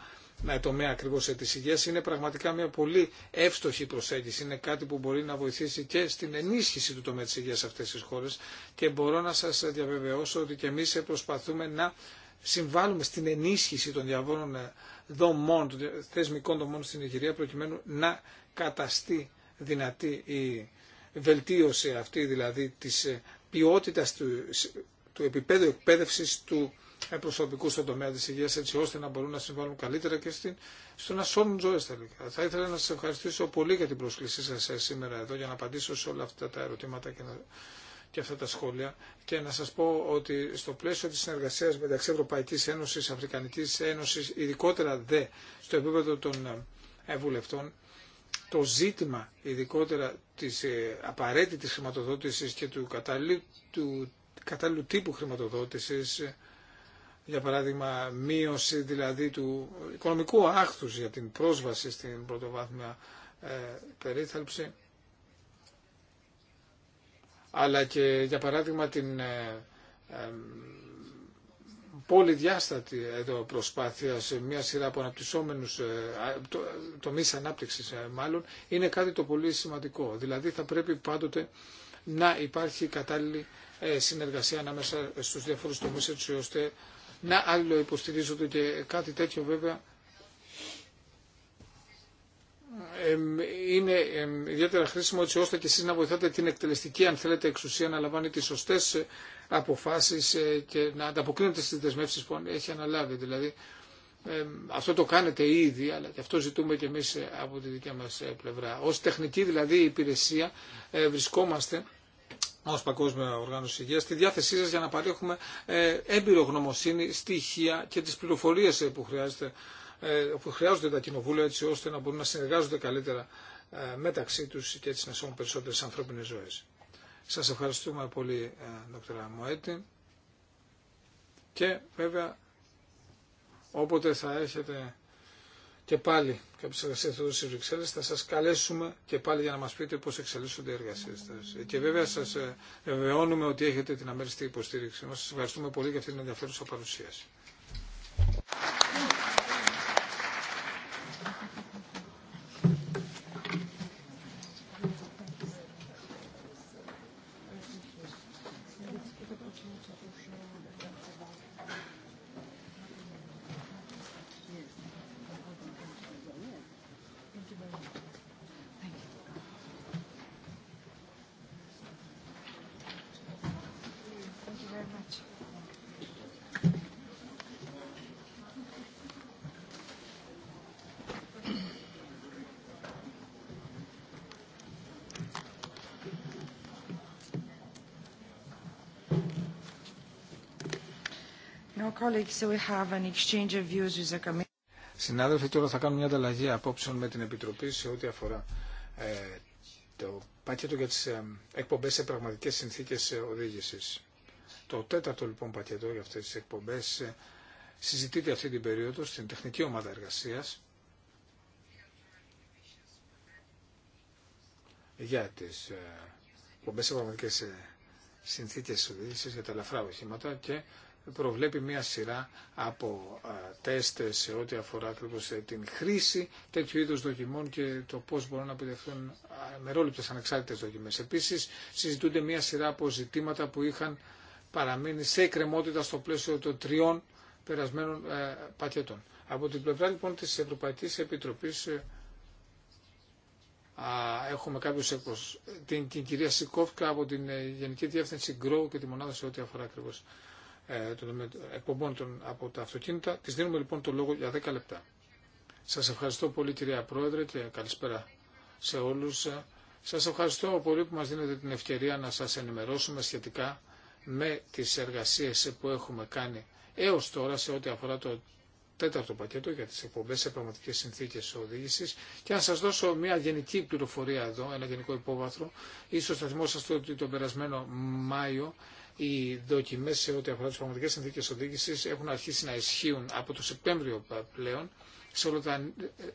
ε, τομέα ακριβώ τη υγεία είναι πραγματικά μια πολύ εύστοχη προσέγγιση. Είναι κάτι που μπορεί να βοηθήσει και στην ενίσχυση του τομέα τη υγεία σε αυτέ τι χώρε και μπορώ να σα διαβεβαιώσω ότι και εμεί ε, προσπαθούμε να συμβάλλουμε στην ενίσχυση των διαβόλων ε, δομών, των θεσμικών δομών στην Ιγυρία προκειμένου να καταστεί δυνατή η βελτίωση αυτή δηλαδή της ποιότητας του του επίπεδου εκπαίδευση του ε, προσωπικού στον τομέα τη υγεία, έτσι ώστε να μπορούν να συμβάλλουν καλύτερα και στην, στο να σώνουν ζωέ τελικά. Θα ήθελα να σα ευχαριστήσω πολύ για την πρόσκλησή σα ε, σήμερα εδώ για να απαντήσω σε όλα αυτά τα ερωτήματα και, να, και αυτά τα σχόλια και να σα πω ότι στο πλαίσιο τη συνεργασία μεταξύ Ευρωπαϊκή Ένωση, Αφρικανική Ένωση, ειδικότερα δε στο επίπεδο των ε, βουλευτών, το ζήτημα ειδικότερα της απαραίτητης χρηματοδότηση και του κατάλληλου κατάλληλου τύπου χρηματοδότησης, για παράδειγμα μείωση δηλαδή του οικονομικού άχθους για την πρόσβαση στην πρωτοβάθμια ε, περίθαλψη, αλλά και για παράδειγμα την ε, πολυδιάστατη εδώ προσπάθεια σε μια σειρά από αναπτυσσόμενους ε, τομείς ανάπτυξης μάλλον είναι κάτι το πολύ σημαντικό. Δηλαδή θα πρέπει πάντοτε να υπάρχει κατάλληλη ε, συνεργασία ανάμεσα στους διαφορούς τομείς έτσι ώστε να άλλο υποστηρίζονται και κάτι τέτοιο βέβαια είναι ιδιαίτερα χρήσιμο έτσι ώστε και εσείς να βοηθάτε την εκτελεστική αν θέλετε εξουσία να λαμβάνει τις σωστές ε, αποφάσεις ε, και να ανταποκρίνεται στις δεσμεύσεις που έχει αναλάβει. Δηλαδή αυτό το κάνετε ήδη αλλά και αυτό ζητούμε και εμείς από τη δική μας πλευρά. Ως τεχνική δηλαδή υπηρεσία βρισκόμαστε ω Παγκόσμια Οργάνωση Υγεία στη διάθεσή σα για να παρέχουμε ε, έμπειρο γνωμοσύνη, στοιχεία και τι πληροφορίε ε, που, ε, που χρειάζονται τα κοινοβούλια έτσι ώστε να μπορούν να συνεργάζονται καλύτερα μεταξύ του και έτσι να σώμουν περισσότερε ανθρώπινε ζωέ. Σα ευχαριστούμε πολύ, Δ. Μοέτη. Και βέβαια, όποτε θα έχετε και πάλι κάποιε εργασίε εδώ στι Βρυξέλλε, θα σα καλέσουμε και πάλι για να μα πείτε πώ εξελίσσονται οι εργασίε σα. Και βέβαια σα ε, βεβαιώνουμε ότι έχετε την αμέριστη υποστήριξη μα. Σα ευχαριστούμε πολύ για αυτή την ενδιαφέρουσα παρουσίαση. Συνάδελφοι, τώρα θα κάνουμε μια ανταλλαγή απόψεων με την Επιτροπή σε ό,τι αφορά ε, το πακέτο για τις ε, εκπομπές σε πραγματικές συνθήκες ε, οδήγησης. Το τέταρτο λοιπόν πακέτο για αυτές τις εκπομπές ε, συζητείται αυτή την περίοδο στην τεχνική ομάδα εργασίας για τις ε, εκπομπές σε πραγματικές συνθήκες οδήγησης για τα ελαφρά οχήματα και προβλέπει μια σειρά από τεστ σε ό,τι αφορά ακριβώ την χρήση τέτοιου είδου δοκιμών και το πώ μπορούν να επιτευχθούν μερόληπτε ανεξάρτητε δοκιμέ. Επίση, συζητούνται μια σειρά από ζητήματα που είχαν παραμείνει σε εκκρεμότητα στο πλαίσιο των τριών περασμένων πακέτων. Από την πλευρά λοιπόν της Ευρωπαϊκής Επιτροπής ε, έχουμε κάποιους την, κυρία Σικόφκα από την ε, Γενική Διεύθυνση Grow και τη μονάδα σε ό,τι αφορά ακριβώς ε, των εκπομπών των, από τα αυτοκίνητα. Της δίνουμε λοιπόν το λόγο για 10 λεπτά. Σας ευχαριστώ πολύ κυρία Πρόεδρε και καλησπέρα σε όλους. Σας ευχαριστώ πολύ που μας δίνετε την ευκαιρία να σας ενημερώσουμε σχετικά με τις εργασίες που έχουμε κάνει έως τώρα σε ό,τι αφορά το τέταρτο πακέτο για τις εκπομπές σε πραγματικές συνθήκες οδήγησης και να σας δώσω μια γενική πληροφορία εδώ, ένα γενικό υπόβαθρο. Ίσως θα θυμόσαστε ότι τον περασμένο Μάιο οι δοκιμές σε ό,τι αφορά τις πραγματικές συνθήκες οδήγησης έχουν αρχίσει να ισχύουν από το Σεπτέμβριο πλέον σε, τα,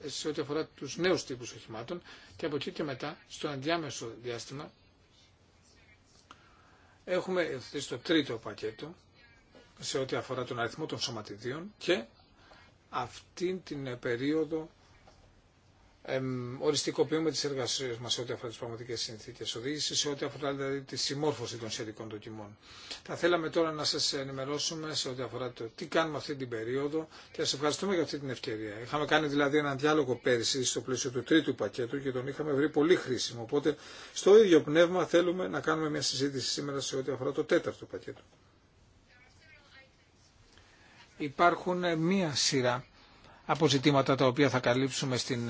σε ό,τι αφορά τους νέους τύπους οχημάτων και από εκεί και μετά στο ενδιάμεσο διάστημα έχουμε στο τρίτο πακέτο σε ό,τι αφορά τον αριθμό των σωματιδίων και αυτή την περίοδο οριστικοποιούμε τι εργασίες μα σε ό,τι αφορά τι πραγματικέ συνθήκε οδήγηση, σε ό,τι αφορά δηλαδή, τη συμμόρφωση των σχετικών δοκιμών. Θα θέλαμε τώρα να σα ενημερώσουμε σε ό,τι αφορά το τι κάνουμε αυτή την περίοδο και σα ευχαριστούμε για αυτή την ευκαιρία. Είχαμε κάνει δηλαδή έναν διάλογο πέρυσι στο πλαίσιο του τρίτου πακέτου και τον είχαμε βρει πολύ χρήσιμο. Οπότε στο ίδιο πνεύμα θέλουμε να κάνουμε μια συζήτηση σήμερα σε ό,τι αφορά το τέταρτο πακέτο. Υπάρχουν μία σειρά από ζητήματα τα οποία θα καλύψουμε στην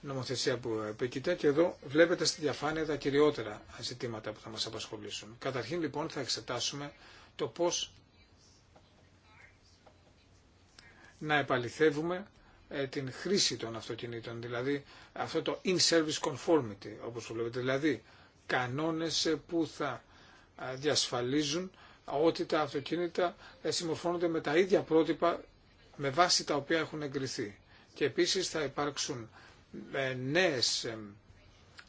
νομοθεσία που επικοιτά και εδώ βλέπετε στη διαφάνεια τα κυριότερα ζητήματα που θα μας απασχολήσουν. Καταρχήν λοιπόν θα εξετάσουμε το πώς να επαληθεύουμε ε, την χρήση των αυτοκινήτων, δηλαδή αυτό το in-service conformity όπως το βλέπετε, δηλαδή κανόνες που θα ε, διασφαλίζουν ότι τα αυτοκίνητα ε, συμμορφώνονται με τα ίδια πρότυπα με βάση τα οποία έχουν εγκριθεί. Και επίσης θα υπάρξουν νέες ε,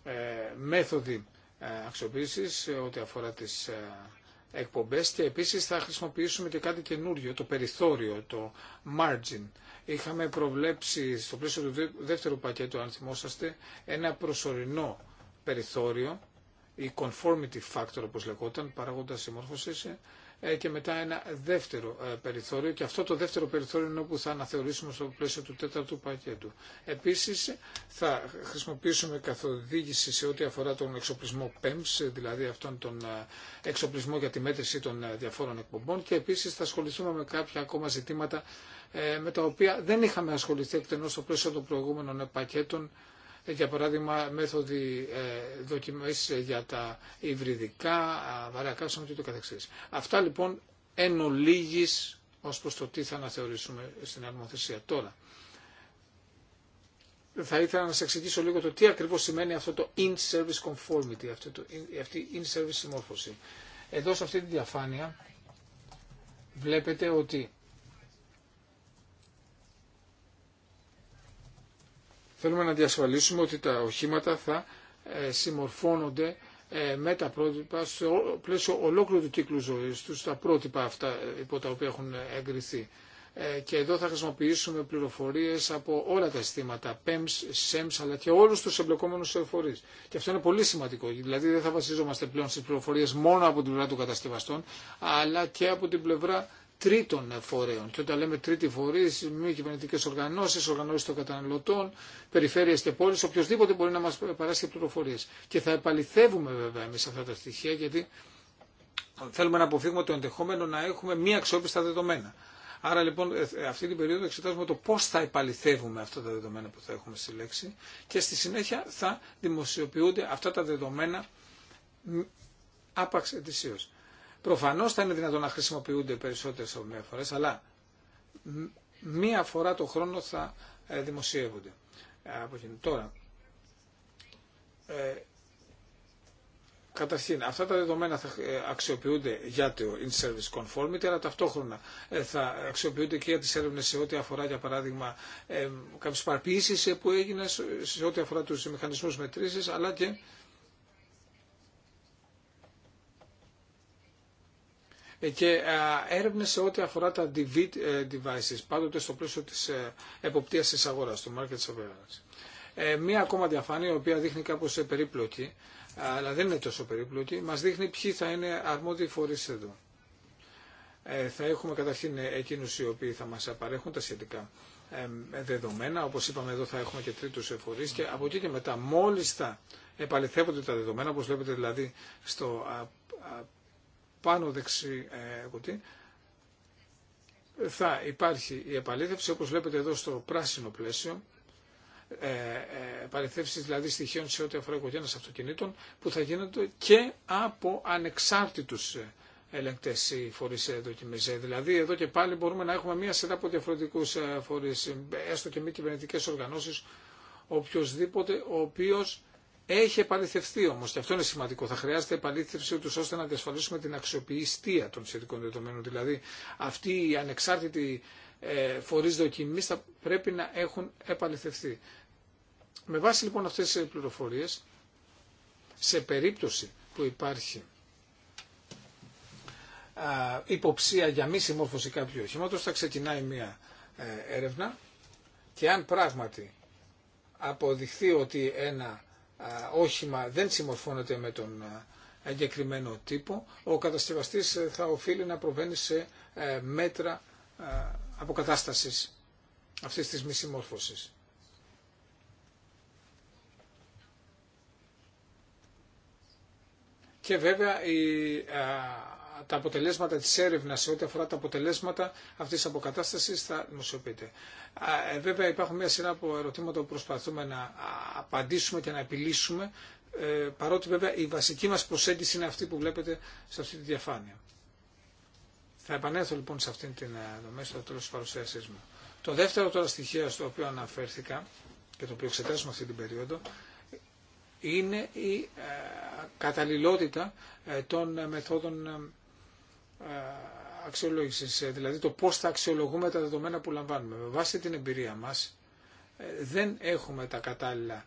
ε, μέθοδοι ε, αξιοποίησης ό,τι αφορά τις εκπομπές και επίσης θα χρησιμοποιήσουμε και κάτι καινούριο, το περιθώριο, το margin. Είχαμε προβλέψει στο πλαίσιο του δεύτερου πακέτου, αν θυμόσαστε, ένα προσωρινό περιθώριο, η conformity factor όπως λεγόταν, παράγοντας συμμόρφωσης, ε, και μετά ένα δεύτερο ε, περιθώριο και αυτό το δεύτερο περιθώριο είναι όπου θα αναθεωρήσουμε στο πλαίσιο του τέταρτου πακέτου. Επίσης θα χρησιμοποιήσουμε καθοδήγηση σε ό,τι αφορά τον εξοπλισμό PEMS, δηλαδή αυτόν τον ε, εξοπλισμό για τη μέτρηση των διαφόρων εκπομπών και επίσης θα ασχοληθούμε με κάποια ακόμα ζητήματα με τα οποία δεν είχαμε ασχοληθεί εκτενώς στο πλαίσιο των προηγούμενων πακέτων για παράδειγμα μέθοδοι ε, δοκιμές για τα υβριδικά, βαριακά και το καθεξής. Αυτά λοιπόν εν ολίγης ως προς το τι θα αναθεωρήσουμε στην αρμοθεσία τώρα. Θα ήθελα να σας εξηγήσω λίγο το τι ακριβώς σημαίνει αυτό το in-service conformity, αυτή η in-service συμμόρφωση. Εδώ σε αυτή τη διαφάνεια βλέπετε ότι Θέλουμε να διασφαλίσουμε ότι τα οχήματα θα ε, συμμορφώνονται ε, με τα πρότυπα στο πλαίσιο ολόκληρου του κύκλου ζωής τους, τα πρότυπα αυτά ε, υπό τα οποία έχουν εγκριθεί. Και εδώ θα χρησιμοποιήσουμε πληροφορίες από όλα τα αισθήματα, PEMS, SEMS, αλλά και όλους τους εμπλεκόμενους εφορεί. Και αυτό είναι πολύ σημαντικό, δηλαδή δεν θα βασίζομαστε πλέον στις πληροφορίες μόνο από την πλευρά των κατασκευαστών, αλλά και από την πλευρά τρίτων φορέων. Και όταν λέμε τρίτη φορή, μη κυβερνητικέ οργανώσει, οργανώσει των καταναλωτών, περιφέρειε και πόλει, οποιοδήποτε μπορεί να μα παράσχει πληροφορίε. Και θα επαληθεύουμε βέβαια εμεί αυτά τα στοιχεία, γιατί θέλουμε να αποφύγουμε το ενδεχόμενο να έχουμε μη αξιόπιστα δεδομένα. Άρα λοιπόν ε, ε, αυτή την περίοδο εξετάζουμε το πώς θα επαληθεύουμε αυτά τα δεδομένα που θα έχουμε συλλέξει και στη συνέχεια θα δημοσιοποιούνται αυτά τα δεδομένα άπαξ ετησίω. Προφανώ θα είναι δυνατόν να χρησιμοποιούνται περισσότερε φορά, αλλά μία φορά το χρόνο θα ε, δημοσιεύονται. Ε, Τώρα, ε, Καταρχήν, αυτά τα δεδομένα θα ε, αξιοποιούνται για το in-service conformity, αλλά ταυτόχρονα θα αξιοποιούνται και για τις έρευνε σε ό,τι αφορά, για παράδειγμα, κάποιε παρποιήσεις που έγιναν σε ό,τι αφορά του μηχανισμού μετρήσεις, αλλά και Ε, και έρευνε σε ό,τι αφορά τα ε, devices, πάντοτε στο πλαίσιο της ε, εποπτείας της αγοράς, του market surveillance. μία ακόμα διαφάνεια, η οποία δείχνει κάπως περίπλοκη, αλλά δεν είναι τόσο περίπλοκη, μας δείχνει ποιοι θα είναι αρμόδιοι φορείς εδώ. θα έχουμε καταρχήν εκείνους οι οποίοι θα μας απαρέχουν τα σχετικά δεδομένα, όπως είπαμε εδώ θα έχουμε και τρίτους φορείς και από εκεί και μετά μόλις θα επαληθεύονται τα δεδομένα, όπως βλέπετε δηλαδή στο πάνω δεξί ε, κουτί θα υπάρχει η επαλήθευση όπως βλέπετε εδώ στο πράσινο πλαίσιο ε, ε, επαλήθευση δηλαδή στοιχείων σε ό,τι αφορά οικογένειας αυτοκινήτων που θα γίνονται και από ανεξάρτητους ελεγκτέ ή φορεί δοκιμή. Δηλαδή, εδώ και πάλι μπορούμε να έχουμε μία σειρά από διαφορετικού φορεί, έστω και μη κυβερνητικέ οργανώσει, οποιοδήποτε ο οποίο έχει επαληθευτεί όμω και αυτό είναι σημαντικό. Θα χρειάζεται επαλήθευση του ώστε να διασφαλίσουμε την αξιοπιστία των σχετικών δεδομένων. Δηλαδή αυτοί οι ανεξάρτητοι ε, φορεί δοκιμή θα πρέπει να έχουν επαληθευτεί. Με βάση λοιπόν αυτέ τι πληροφορίε, σε περίπτωση που υπάρχει υποψία για μη συμμόρφωση κάποιου οχήματο, θα ξεκινάει μία ε, έρευνα και αν πράγματι αποδειχθεί ότι ένα όχημα δεν συμμορφώνεται με τον εγκεκριμένο τύπο, ο κατασκευαστής ε, θα οφείλει να προβαίνει σε ε, μέτρα αποκατάστασης αυτής της μη συμμόρφωσης. Και βέβαια η τα αποτελέσματα της έρευνας σε ό,τι αφορά τα αποτελέσματα αυτής της αποκατάστασης θα δημοσιοποιείται. Ε, βέβαια υπάρχουν μια σειρά από ερωτήματα που προσπαθούμε να απαντήσουμε και να επιλύσουμε ε, παρότι βέβαια η βασική μας προσέγγιση είναι αυτή που βλέπετε σε αυτή τη διαφάνεια. Θα επανέλθω λοιπόν σε αυτήν την ε, δομή στο τέλος της παρουσίασής μου. Το δεύτερο τώρα στοιχείο στο οποίο αναφέρθηκα και το οποίο εξετάζουμε αυτή την περίοδο είναι η καταλληλότητα των μεθόδων ε, αξιολόγησης, ε, δηλαδή το πώς θα αξιολογούμε τα δεδομένα που λαμβάνουμε. Με βάση την εμπειρία μας ε, δεν έχουμε τα κατάλληλα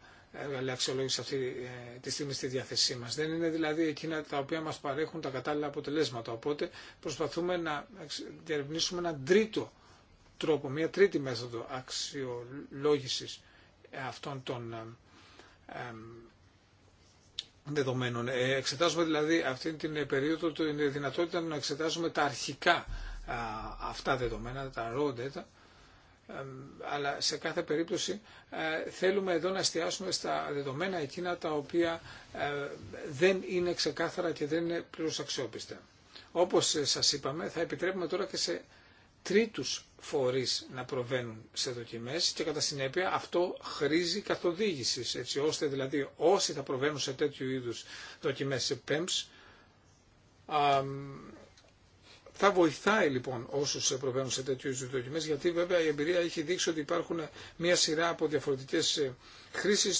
αξιολόγηση αυτή τη στιγμή στη διάθεσή μας. Δεν είναι δηλαδή εκείνα τα οποία μας παρέχουν τα κατάλληλα αποτελέσματα. Οπότε προσπαθούμε να διερευνήσουμε έναν τρίτο τρόπο, μια τρίτη μέθοδο αξιολόγησης αυτών των δεδομένων. Ε, εξετάζουμε δηλαδή αυτή την περίοδο την δυνατότητα να εξετάζουμε τα αρχικά αυτά δεδομένα, τα raw data, αλλά σε κάθε περίπτωση ε, θέλουμε εδώ να εστιάσουμε στα δεδομένα εκείνα τα οποία ε, δεν είναι ξεκάθαρα και δεν είναι πλήρως αξιόπιστα. Όπως σας είπαμε, θα επιτρέπουμε τώρα και σε τρίτους φορείς να προβαίνουν σε δοκιμές και κατά συνέπεια αυτό χρήζει καθοδήγησης έτσι ώστε δηλαδή όσοι θα προβαίνουν σε τέτοιου είδους δοκιμές σε PEMS θα βοηθάει λοιπόν όσου προβαίνουν σε τέτοιου είδου δοκιμέ, γιατί βέβαια η εμπειρία έχει δείξει ότι υπάρχουν μια σειρά από διαφορετικέ ε, χρήσει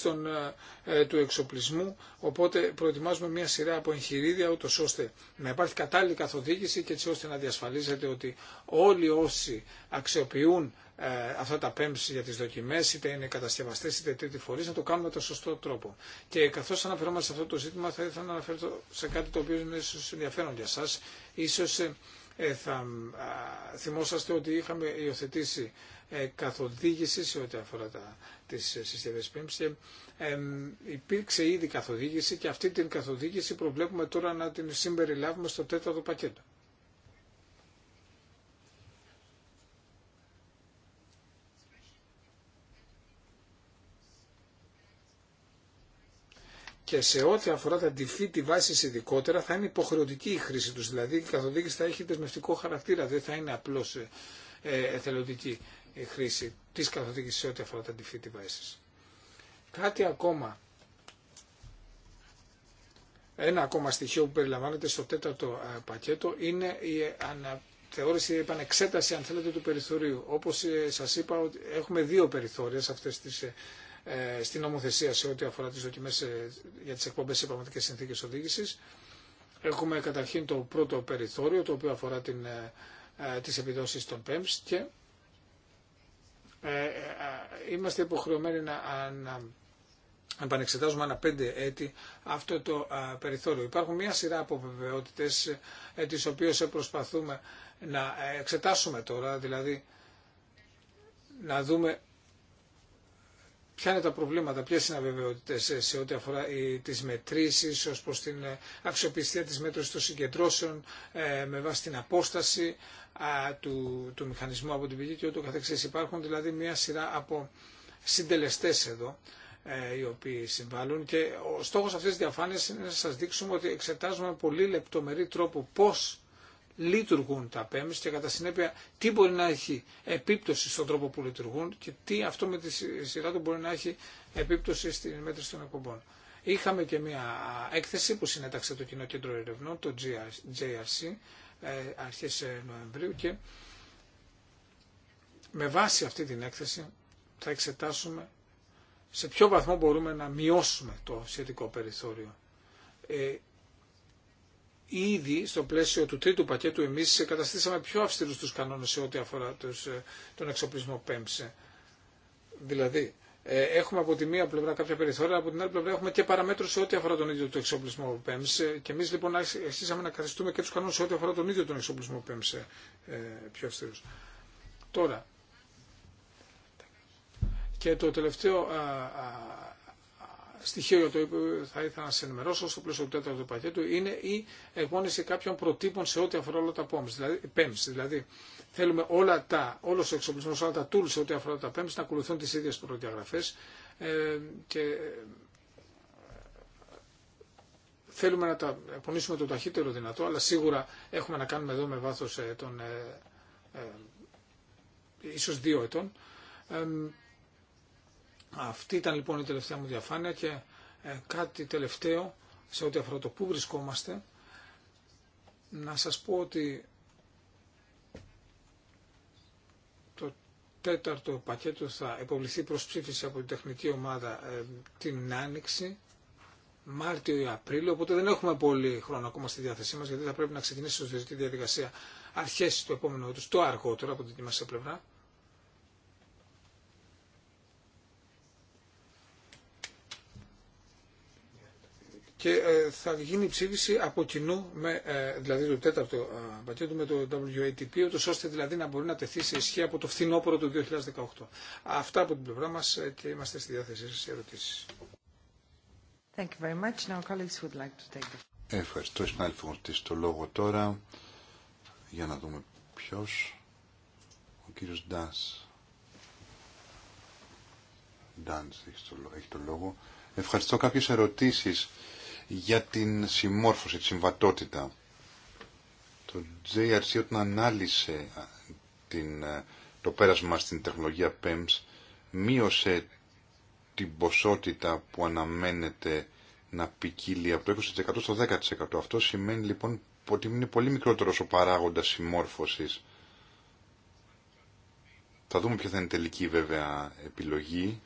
ε, ε, του εξοπλισμού. Οπότε προετοιμάζουμε μια σειρά από εγχειρίδια, ούτω ώστε να υπάρχει κατάλληλη καθοδήγηση και έτσι ώστε να διασφαλίζεται ότι όλοι όσοι αξιοποιούν ε, αυτά τα πέμψη για τι δοκιμέ, είτε είναι κατασκευαστέ είτε τρίτη φορή να το κάνουμε με τον σωστό τρόπο. Και καθώ αναφερόμαστε σε αυτό το ζήτημα, θα ήθελα να αναφέρω σε κάτι το οποίο είναι ίσω ενδιαφέρον για εσά. Ίσως, ε, ε, θα θυμόσαστε ότι είχαμε υιοθετήσει ε, καθοδήγηση σε ό,τι αφορά τα, τις συσκευές PIMS και υπήρξε ήδη καθοδήγηση και αυτή την καθοδήγηση προβλέπουμε τώρα να την συμπεριλάβουμε στο τέταρτο πακέτο. και σε ό,τι αφορά τα τη βάση ειδικότερα θα είναι υποχρεωτική η χρήση τους, δηλαδή η καθοδήγηση θα έχει δεσμευτικό χαρακτήρα, δεν θα είναι απλώς ε, ε, εθελοντική η χρήση της καθοδήγηση σε ό,τι αφορά τα τη βάση. Κάτι ακόμα, ένα ακόμα στοιχείο που περιλαμβάνεται στο τέταρτο ε, πακέτο είναι η αναθεώρηση, θεώρηση, επανεξέταση αν θέλετε του περιθωρίου. Όπως σας είπα έχουμε δύο περιθώρια σε αυτές τις ε, στην νομοθεσία σε ό,τι αφορά τις δοκιμές ε, για τις εκπομπές σε πραγματικές συνθήκες οδήγησης. Έχουμε καταρχήν το πρώτο περιθώριο, το οποίο αφορά την, ε, τις επιδόσεις των ΠΕΜΣ και είμαστε υποχρεωμένοι να, να επανεξετάζουμε ένα πέντε έτη αυτό το περιθώριο. Υπάρχουν μια σειρά από βεβαιότητες τις οποίες προσπαθούμε να εξετάσουμε τώρα, δηλαδή να δούμε ποια είναι τα προβλήματα, ποιε είναι αβεβαιότητε σε ό,τι αφορά τι μετρήσει, ω προ την ε, αξιοπιστία τη μέτρηση των συγκεντρώσεων ε, με βάση την απόσταση του, του μηχανισμού από την πηγή και ούτω καθεξής. Υπάρχουν δηλαδή μια σειρά από συντελεστέ εδώ ε, οι οποίοι συμβάλλουν και ο στόχος αυτής της διαφάνειας είναι να σας δείξουμε ότι εξετάζουμε πολύ λεπτομερή τρόπο πώς λειτουργούν τα PEMS και κατά συνέπεια τι μπορεί να έχει επίπτωση στον τρόπο που λειτουργούν και τι αυτό με τη σειρά του μπορεί να έχει επίπτωση στην μέτρηση των εκπομπών. Είχαμε και μια έκθεση που συνέταξε το Κοινό Κέντρο Ερευνών, το JRC, ε, αρχές ε, Νοεμβρίου και με βάση αυτή την έκθεση θα εξετάσουμε σε ποιο βαθμό μπορούμε να μειώσουμε το σχετικό περιθώριο. Ε, ήδη στο πλαίσιο του τρίτου πακέτου εμείς καταστήσαμε πιο αυστηρούς τους κανόνες σε ό,τι αφορά τους, ε, τον εξοπλισμό πέμψε, Δηλαδή, ε, έχουμε από τη μία πλευρά κάποια περιθώρια, από την άλλη πλευρά έχουμε και παραμέτρους σε ό,τι αφορά τον ίδιο τον εξοπλισμό πέμψε και εμείς λοιπόν αρχίσαμε να καθιστούμε και τους κανόνες σε ό,τι αφορά τον ίδιο τον εξοπλισμό ΠΕΜΣ ε, πιο αυστηρούς. Τώρα, και το τελευταίο στοιχείο για το οποίο θα ήθελα να σα ενημερώσω στο πλαίσιο του τέταρτου πακέτου είναι η εγμόνιση κάποιων προτύπων σε ό,τι αφορά όλα τα POMS, δηλαδή, PEMS. Δηλαδή, θέλουμε όλα τα, όλος ο εξοπλισμός, όλα τα tools σε ό,τι αφορά τα PEMS να ακολουθούν τις ίδιες προδιαγραφές ε, και ε, θέλουμε να τα πονήσουμε το ταχύτερο δυνατό, αλλά σίγουρα έχουμε να κάνουμε εδώ με βάθος ε, των ε, ε, ίσως δύο ετών. Αυτή ήταν λοιπόν η τελευταία μου διαφάνεια και ε, κάτι τελευταίο σε ό,τι αφορά το πού βρισκόμαστε. Να σας πω ότι το τέταρτο πακέτο θα υποβληθεί προς ψήφιση από την τεχνική ομάδα ε, την Άνοιξη. Μάρτιο ή Απρίλιο, οπότε δεν έχουμε πολύ χρόνο ακόμα στη διάθεσή μα, γιατί θα πρέπει να ξεκινήσει η σωστή διαδικασία αρχέ του επόμενου έτου, το αργότερο από την δική μας γιατι θα πρεπει να ξεκινησει η διαδικασια αρχες του επομενου ετους το αργοτερο απο την τιμή πλευρα και ε, θα γίνει η ψήφιση από κοινού, με, ε, δηλαδή το τέταρτο ε, πακέτο με το WATP, ώστε δηλαδή να μπορεί να τεθεί σε ισχύ από το φθινόπωρο του 2018. Αυτά από την πλευρά μας και είμαστε στη διάθεσή σας για ερωτήσεις. Ευχαριστώ. you very much. Now, το λόγο τώρα για να δούμε ποιος ο κύριος Ντάς Ντάνς έχει το λόγο. Ευχαριστώ κάποιες ερωτήσεις για την συμμόρφωση, τη συμβατότητα. Το JRC όταν ανάλυσε την, το πέρασμα στην τεχνολογία PEMS μείωσε την ποσότητα που αναμένεται να ποικίλει από το 20% στο 10%. Αυτό σημαίνει λοιπόν ότι είναι πολύ μικρότερος ο παράγοντας συμμόρφωσης. Θα δούμε ποια θα είναι η τελική βέβαια επιλογή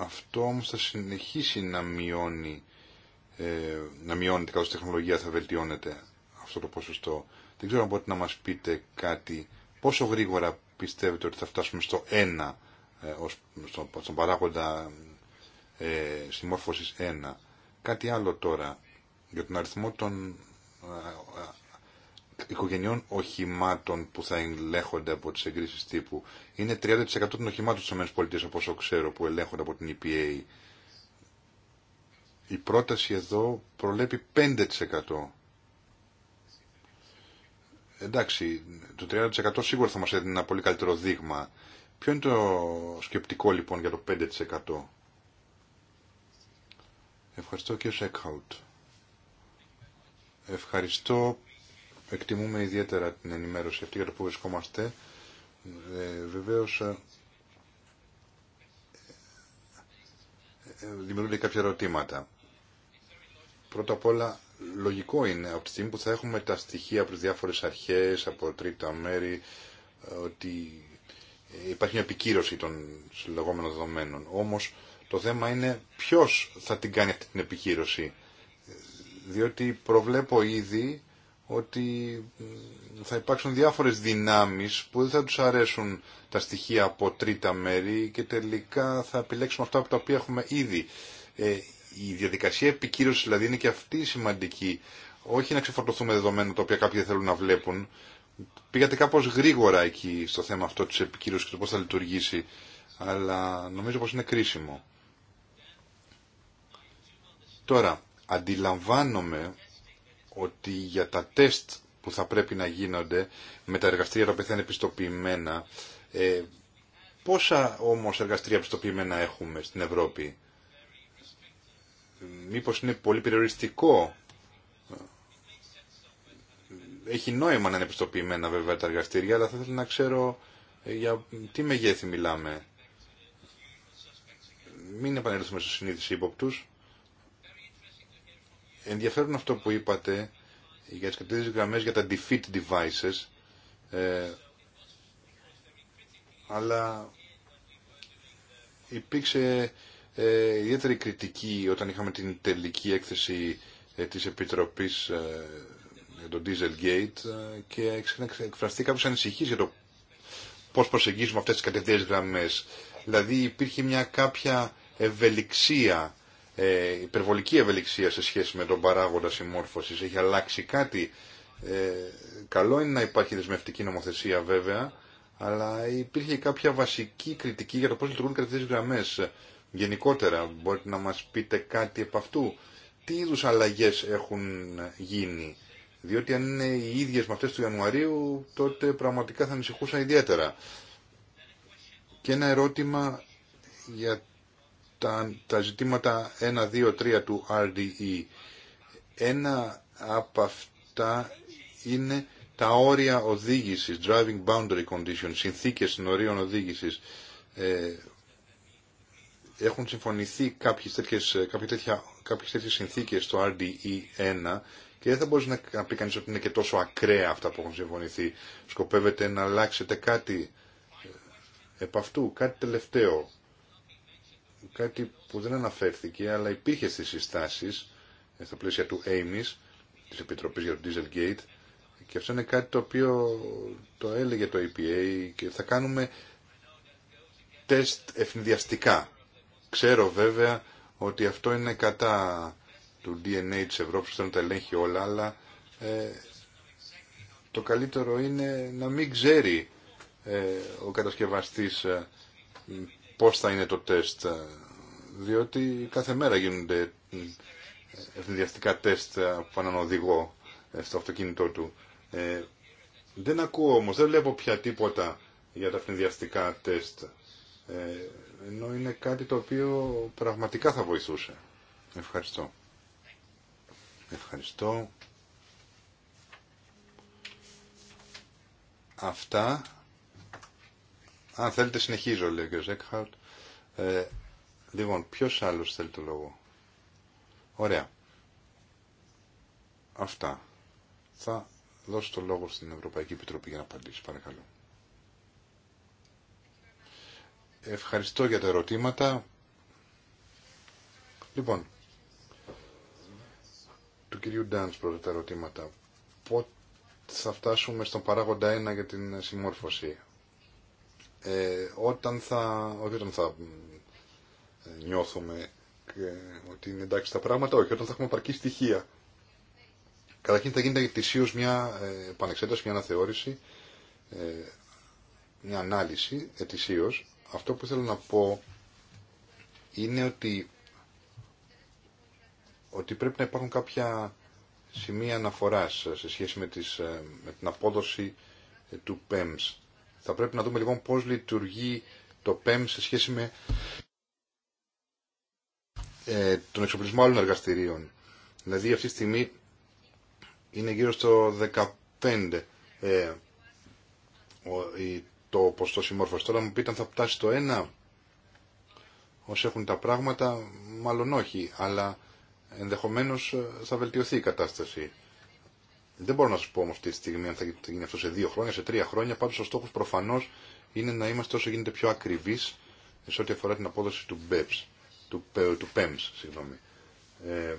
Αυτό όμως θα συνεχίσει να μειώνει ε, να μειώνεται καθώς η τεχνολογία θα βελτιώνεται αυτό το ποσοστό. Δεν ξέρω αν μπορείτε να μας πείτε κάτι πόσο γρήγορα πιστεύετε ότι θα φτάσουμε στο 1 ε, στο, στον παράγοντα ε, συμμόρφωσης 1. Κάτι άλλο τώρα για τον αριθμό των ε, οικογενειών οχημάτων που θα ελέγχονται από τις εγκρίσεις τύπου. Είναι 30% των οχημάτων της ΗΠΑ, όπως ξέρω, που ελέγχονται από την EPA. Η πρόταση εδώ προλέπει 5%. Εντάξει, το 30% σίγουρα θα μας έδινε ένα πολύ καλύτερο δείγμα. Ποιο είναι το σκεπτικό λοιπόν για το 5%? Ευχαριστώ κύριε Σέκχαουτ. Ευχαριστώ εκτιμούμε ιδιαίτερα την ενημέρωση αυτή για το που βρισκόμαστε. Ε, βεβαίως ε, ε δημιουργούνται κάποια ερωτήματα. Πρώτα απ' όλα, λογικό είναι από τη στιγμή που θα έχουμε τα στοιχεία από τις διάφορες αρχές, από τρίτα μέρη, ότι υπάρχει μια επικύρωση των λεγόμενων δεδομένων. Όμως το θέμα είναι ποιος θα την κάνει αυτή την επικύρωση. Διότι προβλέπω ήδη ότι θα υπάρξουν διάφορες δυνάμεις που δεν θα τους αρέσουν τα στοιχεία από τρίτα μέρη και τελικά θα επιλέξουμε αυτά από τα οποία έχουμε ήδη. Ε, η διαδικασία επικύρωσης δηλαδή είναι και αυτή σημαντική. Όχι να ξεφορτωθούμε δεδομένα τα οποία κάποιοι θέλουν να βλέπουν. Πήγατε κάπως γρήγορα εκεί στο θέμα αυτό της επικύρωσης και το πώς θα λειτουργήσει. Αλλά νομίζω πως είναι κρίσιμο. Τώρα, αντιλαμβάνομαι ότι για τα τεστ που θα πρέπει να γίνονται με τα εργαστήρια τα οποία θα είναι επιστοποιημένα. Ε, πόσα όμως εργαστήρια επιστοποιημένα έχουμε στην Ευρώπη. Μήπως είναι πολύ περιοριστικό. Έχει νόημα να είναι επιστοποιημένα βέβαια τα εργαστήρια, αλλά θα ήθελα να ξέρω ε, για τι μεγέθη μιλάμε. Μην επανέλθουμε στους συνήθεις ύποπτους ενδιαφέρον αυτό που είπατε για τις κατευθυντικέ γραμμές για τα defeat devices ε, αλλά υπήρξε ε, ιδιαίτερη κριτική όταν είχαμε την τελική έκθεση ε, της Επιτροπής ε, για τον Dieselgate ε, και εκφραστεί κάποιος ανησυχής για το πώς προσεγγίζουμε αυτές τις κατευθύνσεις γραμμές. Δηλαδή υπήρχε μια κάποια ευελιξία ε, υπερβολική ευελιξία σε σχέση με τον παράγοντα συμμόρφωσης. Έχει αλλάξει κάτι. Ε, καλό είναι να υπάρχει δεσμευτική νομοθεσία βέβαια, αλλά υπήρχε κάποια βασική κριτική για το πώς λειτουργούν κρατικέ γραμμές. Γενικότερα, μπορείτε να μας πείτε κάτι επ' αυτού. Τι είδους αλλαγές έχουν γίνει. Διότι αν είναι οι ίδιες με αυτές του Ιανουαρίου, τότε πραγματικά θα ανησυχούσα ιδιαίτερα. Και ένα ερώτημα για τα, τα ζητήματα 1, 2, 3 του RDE. Ένα από αυτά είναι τα όρια οδήγησης, driving boundary conditions, συνθήκες συνορίων οδήγησης. Ε, έχουν συμφωνηθεί κάποιες τέτοιες, κάποιες, τέτοια, τέτοιες συνθήκες στο RDE1 και δεν θα μπορούσε να πει κανείς ότι είναι και τόσο ακραία αυτά που έχουν συμφωνηθεί. Σκοπεύετε να αλλάξετε κάτι ε, επ' αυτού, κάτι τελευταίο κάτι που δεν αναφέρθηκε, αλλά υπήρχε στις συστάσεις, στα πλαίσια του Amis, της Επιτροπής για το Dieselgate, και αυτό είναι κάτι το οποίο το έλεγε το EPA και θα κάνουμε τεστ ευνηδιαστικά. Ξέρω βέβαια ότι αυτό είναι κατά του DNA της Ευρώπης, θέλουν να τα ελέγχει όλα, αλλά ε, το καλύτερο είναι να μην ξέρει ε, ο κατασκευαστής ε, πώς θα είναι το τεστ. Διότι κάθε μέρα γίνονται ευνηδιαστικά τεστ από έναν οδηγό στο αυτοκίνητό του. Ε, δεν ακούω όμως, δεν βλέπω πια τίποτα για τα ευνηδιαστικά τεστ. Ε, ενώ είναι κάτι το οποίο πραγματικά θα βοηθούσε. Ευχαριστώ. Ευχαριστώ. Αυτά. Αν θέλετε συνεχίζω, λέει ο κ. Ζέκχαρτ. Ε, λοιπόν, ποιος άλλος θέλει το λόγο. Ωραία. Αυτά. Θα δώσω το λόγο στην Ευρωπαϊκή Επιτροπή για να απαντήσει. Παρακαλώ. Ευχαριστώ για τα ερωτήματα. Λοιπόν, του κυρίου Ντάνς πρώτα τα ερωτήματα. Πότε θα φτάσουμε στον παράγοντα 1 για την συμμόρφωση. Ε, όταν θα, όχι όταν θα ε, νιώθουμε ότι είναι εντάξει τα πράγματα, όχι, όταν θα έχουμε επαρκή στοιχεία. Καταρχήν θα γίνεται ετησίω μια ε, μια αναθεώρηση, ε, μια ανάλυση ετησίω. Αυτό που θέλω να πω είναι ότι, ότι πρέπει να υπάρχουν κάποια σημεία αναφοράς σε σχέση με, τις, με την απόδοση του ΠΕΜΣ θα πρέπει να δούμε λοιπόν πώς λειτουργεί το ΠΕΜ e σε σχέση με ε, τον εξοπλισμό άλλων εργαστηρίων. Δηλαδή αυτή τη στιγμή είναι γύρω στο 15 ε, ο, το ποστό συμμόρφωση. Τώρα μου πείτε αν θα πτάσει το 1 όσοι έχουν τα πράγματα, μάλλον όχι, αλλά ενδεχομένως ε, θα βελτιωθεί η κατάσταση. Δεν μπορώ να σα πω όμω τη στιγμή αν θα γίνει αυτό σε δύο χρόνια, σε τρία χρόνια. Πάντω ο στόχο προφανώ είναι να είμαστε όσο γίνεται πιο ακριβεί σε ό,τι αφορά την απόδοση του BEPS, του, του PEMS, συγγνώμη. Ε,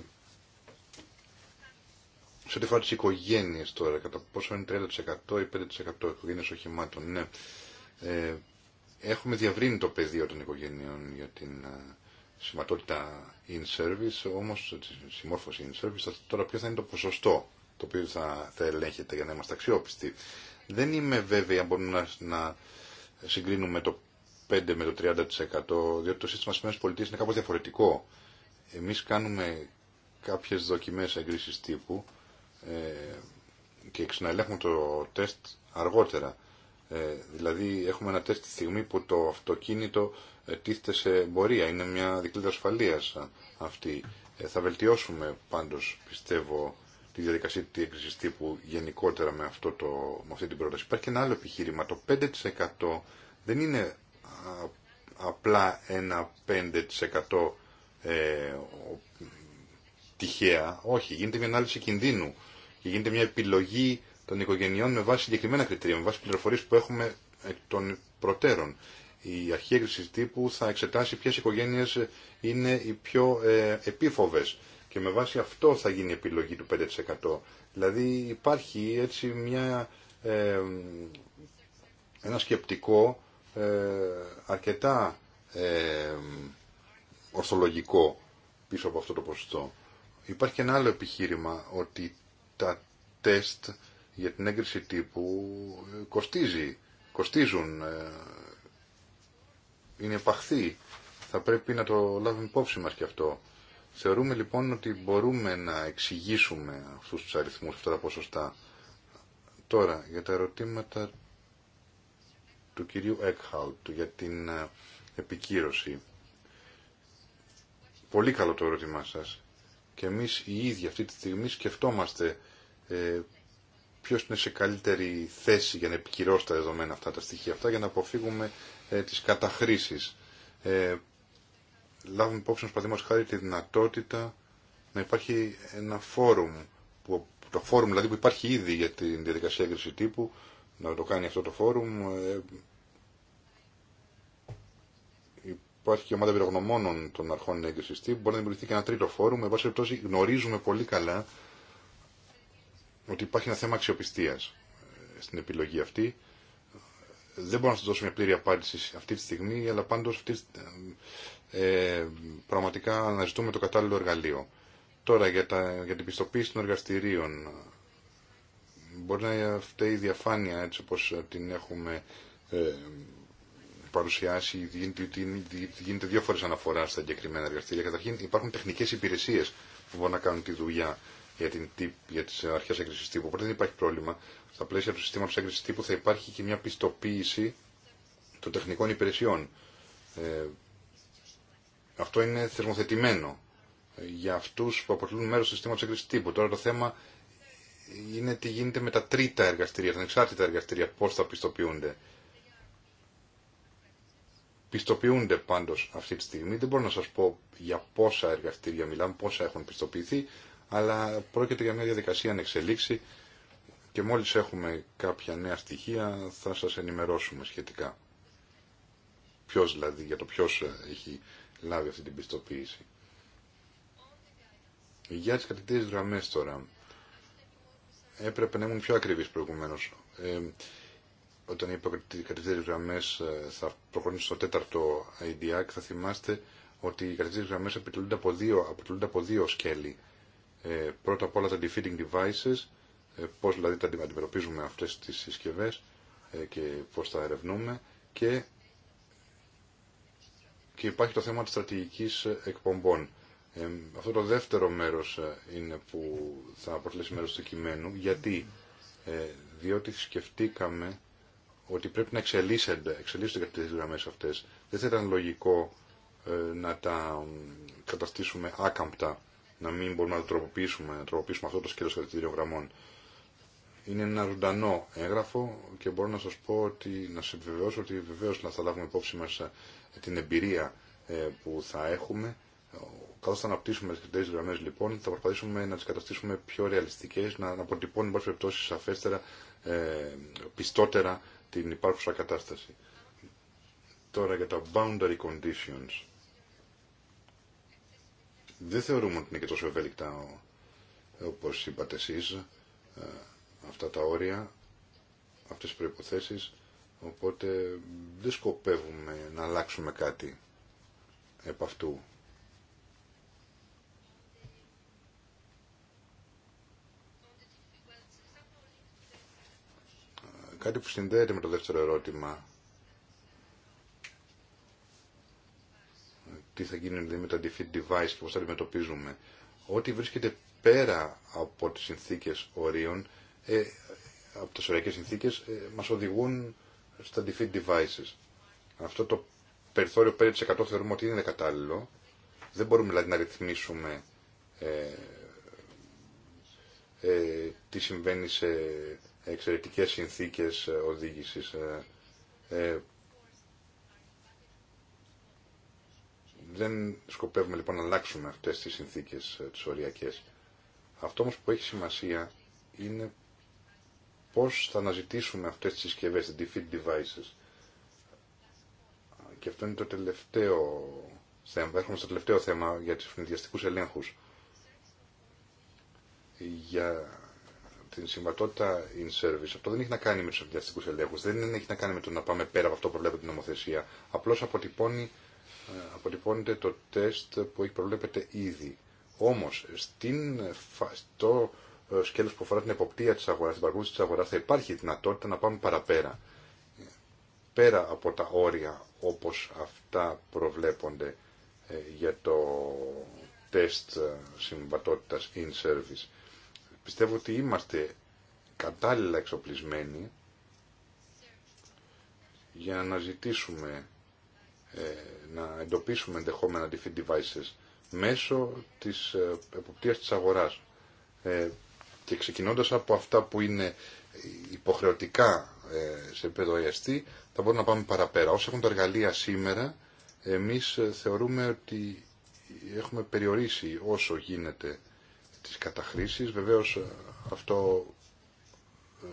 σε ό,τι αφορά τι οικογένειε τώρα, κατά πόσο είναι 30% ή 5% οικογένειε οχημάτων, ναι. Ε, έχουμε διαβρύνει το πεδίο των οικογένειων για την ε, σηματότητα in service, όμως ε, τη συμμόρφωση in service. Τώρα ποιο θα είναι το ποσοστό το οποίο θα, θα ελέγχεται για να είμαστε αξιόπιστοι. Δεν είμαι βέβαιη αν μπορούμε να, να συγκρίνουμε το 5 με το 30% διότι το σύστημα σημαίνει ΗΠΑ είναι κάπως διαφορετικό. Εμείς κάνουμε κάποιες δοκιμές εγκρίσης τύπου ε, και ξαναελέγχουμε το τεστ αργότερα. Ε, δηλαδή έχουμε ένα τεστ τη στιγμή που το αυτοκίνητο ε, τίθεται σε εμπορία. Είναι μια δικλίδα ασφαλείας αυτή. θα βελτιώσουμε πάντως πιστεύω τη διαδικασία τη έγκρισης τύπου γενικότερα με, αυτό το, με αυτή την πρόταση. Υπάρχει και ένα άλλο επιχείρημα. Το 5% δεν είναι απλά ένα 5% ε, τυχαία. Όχι, γίνεται μια ανάλυση κινδύνου και γίνεται μια επιλογή των οικογενειών με βάση συγκεκριμένα κριτήρια, με βάση πληροφορίε που έχουμε εκ των προτέρων. Η αρχή τύπου θα εξετάσει ποιε οικογένειε είναι οι πιο ε, επίφοβες και με βάση αυτό θα γίνει η επιλογή του 5%. Δηλαδή υπάρχει έτσι μια, ε, ένα σκεπτικό ε, αρκετά ε, ορθολογικό πίσω από αυτό το ποσοστό. Υπάρχει και ένα άλλο επιχείρημα ότι τα τεστ για την έγκριση τύπου ε, κοστίζει, κοστίζουν, ε, είναι επαχθή. Θα πρέπει να το λάβουμε υπόψη μας και αυτό. Θεωρούμε λοιπόν ότι μπορούμε να εξηγήσουμε αυτούς τους αριθμούς, αυτά τα ποσοστά. Τώρα, για τα ερωτήματα του κυρίου Εκχάουτ για την ε, επικύρωση. Πολύ καλό το ερώτημά σας. Και εμείς οι ίδιοι αυτή τη στιγμή σκεφτόμαστε ε, ποιος είναι σε καλύτερη θέση για να επικυρώσει τα δεδομένα αυτά τα στοιχεία αυτά για να αποφύγουμε ε, τις καταχρήσεις. Ε, λάβουμε υπόψη μας, παραδείγματος χάρη, τη δυνατότητα να υπάρχει ένα φόρουμ, που, το φόρουμ δηλαδή που υπάρχει ήδη για τη διαδικασία έγκριση τύπου, να το κάνει αυτό το φόρουμ. Ε, υπάρχει και ομάδα πυρογνωμόνων των αρχών έγκριση τύπου, μπορεί να δημιουργηθεί και ένα τρίτο φόρουμ. Εν πάση περιπτώσει, γνωρίζουμε πολύ καλά ότι υπάρχει ένα θέμα αξιοπιστία ε, στην επιλογή αυτή. Δεν μπορώ να σα δώσω μια πλήρη απάντηση αυτή τη στιγμή, αλλά πάντω ε, πραγματικά αναζητούμε το κατάλληλο εργαλείο. Τώρα για, τα, για την πιστοποίηση των εργαστηρίων. Μπορεί να φταίει η διαφάνεια έτσι όπως την έχουμε ε, παρουσιάσει, γίνεται δύο φορές αναφορά στα εγκεκριμένα εργαστήρια. Καταρχήν υπάρχουν τεχνικές υπηρεσίες που μπορούν να κάνουν τη δουλειά για, την, για τις αρχές έγκρισης τύπου. Οπότε δεν υπάρχει πρόβλημα. Στα πλαίσια του συστήματος έγκρισης τύπου θα υπάρχει και μια πιστοποίηση των τεχνικών υπηρεσιών. Ε, αυτό είναι θερμοθετημένο για αυτούς που αποτελούν μέρος του συστήματος έγκρισης τύπου. Τώρα το θέμα είναι τι γίνεται με τα τρίτα εργαστήρια, τα ανεξάρτητα εργαστήρια, πώς θα πιστοποιούνται. Πιστοποιούνται πάντως αυτή τη στιγμή. Δεν μπορώ να σας πω για πόσα εργαστήρια μιλάμε, πόσα έχουν πιστοποιηθεί, αλλά πρόκειται για μια διαδικασία να εξελίξει και μόλις έχουμε κάποια νέα στοιχεία θα σας ενημερώσουμε σχετικά. Ποιος δηλαδή, για το ποιος έχει λάβει αυτή την πιστοποίηση. Για τι κατητήρες γραμμέ τώρα, έπρεπε να ήμουν πιο ακριβή προηγουμένω. Ε, όταν είπα ότι οι κατευθύνσεις γραμμέ ε, θα προχωρήσουν στο τέταρτο IDAC, θα θυμάστε ότι οι κατευθύνσεις γραμμέ αποτελούνται από δύο, δύο σκέλη. Ε, πρώτα απ' όλα τα defeating devices, ε, πώς δηλαδή τα αντιμετωπίζουμε αυτέ τι συσκευέ ε, και πώ τα ερευνούμε και και υπάρχει το θέμα της στρατηγικής ε, εκπομπών. Ε, αυτό το δεύτερο μέρος ε, είναι που θα αποτελέσει μέρος του κειμένου. Γιατί, ε, διότι σκεφτήκαμε ότι πρέπει να εξελίσσονται, εξελίσσονται και τις γραμμές αυτές. Δεν θα ήταν λογικό ε, να τα καταστήσουμε άκαμπτα, να μην μπορούμε να τροποποιήσουμε, να τροποποιήσουμε αυτό το σκέλος κρατητήριων γραμμών. Είναι ένα ζωντανό έγγραφο και μπορώ να σας πω ότι, να σας επιβεβαιώσω ότι βεβαίως να θα λάβουμε υπόψη μας την εμπειρία ε, που θα έχουμε. Καθώ θα αναπτύσσουμε τι κριτέ γραμμέ, λοιπόν, θα προσπαθήσουμε να τι καταστήσουμε πιο ρεαλιστικέ, να αποτυπώνουν, εν περιπτώσει, σαφέστερα, ε, πιστότερα την υπάρχουσα κατάσταση. Τώρα για τα boundary conditions. Δεν θεωρούμε ότι είναι και τόσο ευέλικτα όπω είπατε εσείς ε, αυτά τα όρια, αυτέ τι προποθέσει. Οπότε δεν σκοπεύουμε να αλλάξουμε κάτι επ' αυτού. Κάτι που συνδέεται με το δεύτερο ερώτημα. Τι θα γίνει δηλαδή με τα defeat device και πώς θα αντιμετωπίζουμε. Ό,τι βρίσκεται πέρα από τις συνθήκες ορίων, ε, από τις ωραίες συνθήκες, ε, μας οδηγούν στα defeat devices. Αυτό το περιθώριο 5% θεωρούμε ότι είναι κατάλληλο. Δεν μπορούμε δηλαδή να ρυθμίσουμε ε, ε, τι συμβαίνει σε εξαιρετικές συνθήκες ε, οδήγησης. Ε, ε, δεν σκοπεύουμε λοιπόν να αλλάξουμε αυτές τις συνθήκες ε, τις οριακές. Αυτό όμως που έχει σημασία είναι πώς θα αναζητήσουμε αυτές τις συσκευές, τα defeat devices. Και αυτό είναι το τελευταίο θέμα. Έρχομαι στο τελευταίο θέμα για τους φοινιδιαστικούς ελέγχους. Για την συμβατότητα in service. Αυτό δεν έχει να κάνει με τους αδιαστικού ελέγχους, δεν έχει να κάνει με το να πάμε πέρα από αυτό που προβλέπεται την νομοθεσία. Απλώς αποτυπώνει, ε, αποτυπώνεται το τεστ που έχει προβλέπεται ήδη. Όμω, στο ε, σκέλος που αφορά την εποπτεία της αγοράς, την παρακολούθηση της αγοράς, θα υπάρχει δυνατότητα να πάμε παραπέρα. Πέρα από τα όρια όπως αυτά προβλέπονται ε, για το τεστ ε, συμβατότητας in service. Πιστεύω ότι είμαστε κατάλληλα εξοπλισμένοι για να αναζητήσουμε, να εντοπίσουμε ενδεχόμενα defeat devices μέσω της εποπτείας της αγοράς και ξεκινώντας από αυτά που είναι υποχρεωτικά ε, σε επίπεδο θα μπορούμε να πάμε παραπέρα. Όσο έχουν τα εργαλεία σήμερα εμείς ε, θεωρούμε ότι έχουμε περιορίσει όσο γίνεται τις καταχρήσεις. Βεβαίως ε, αυτό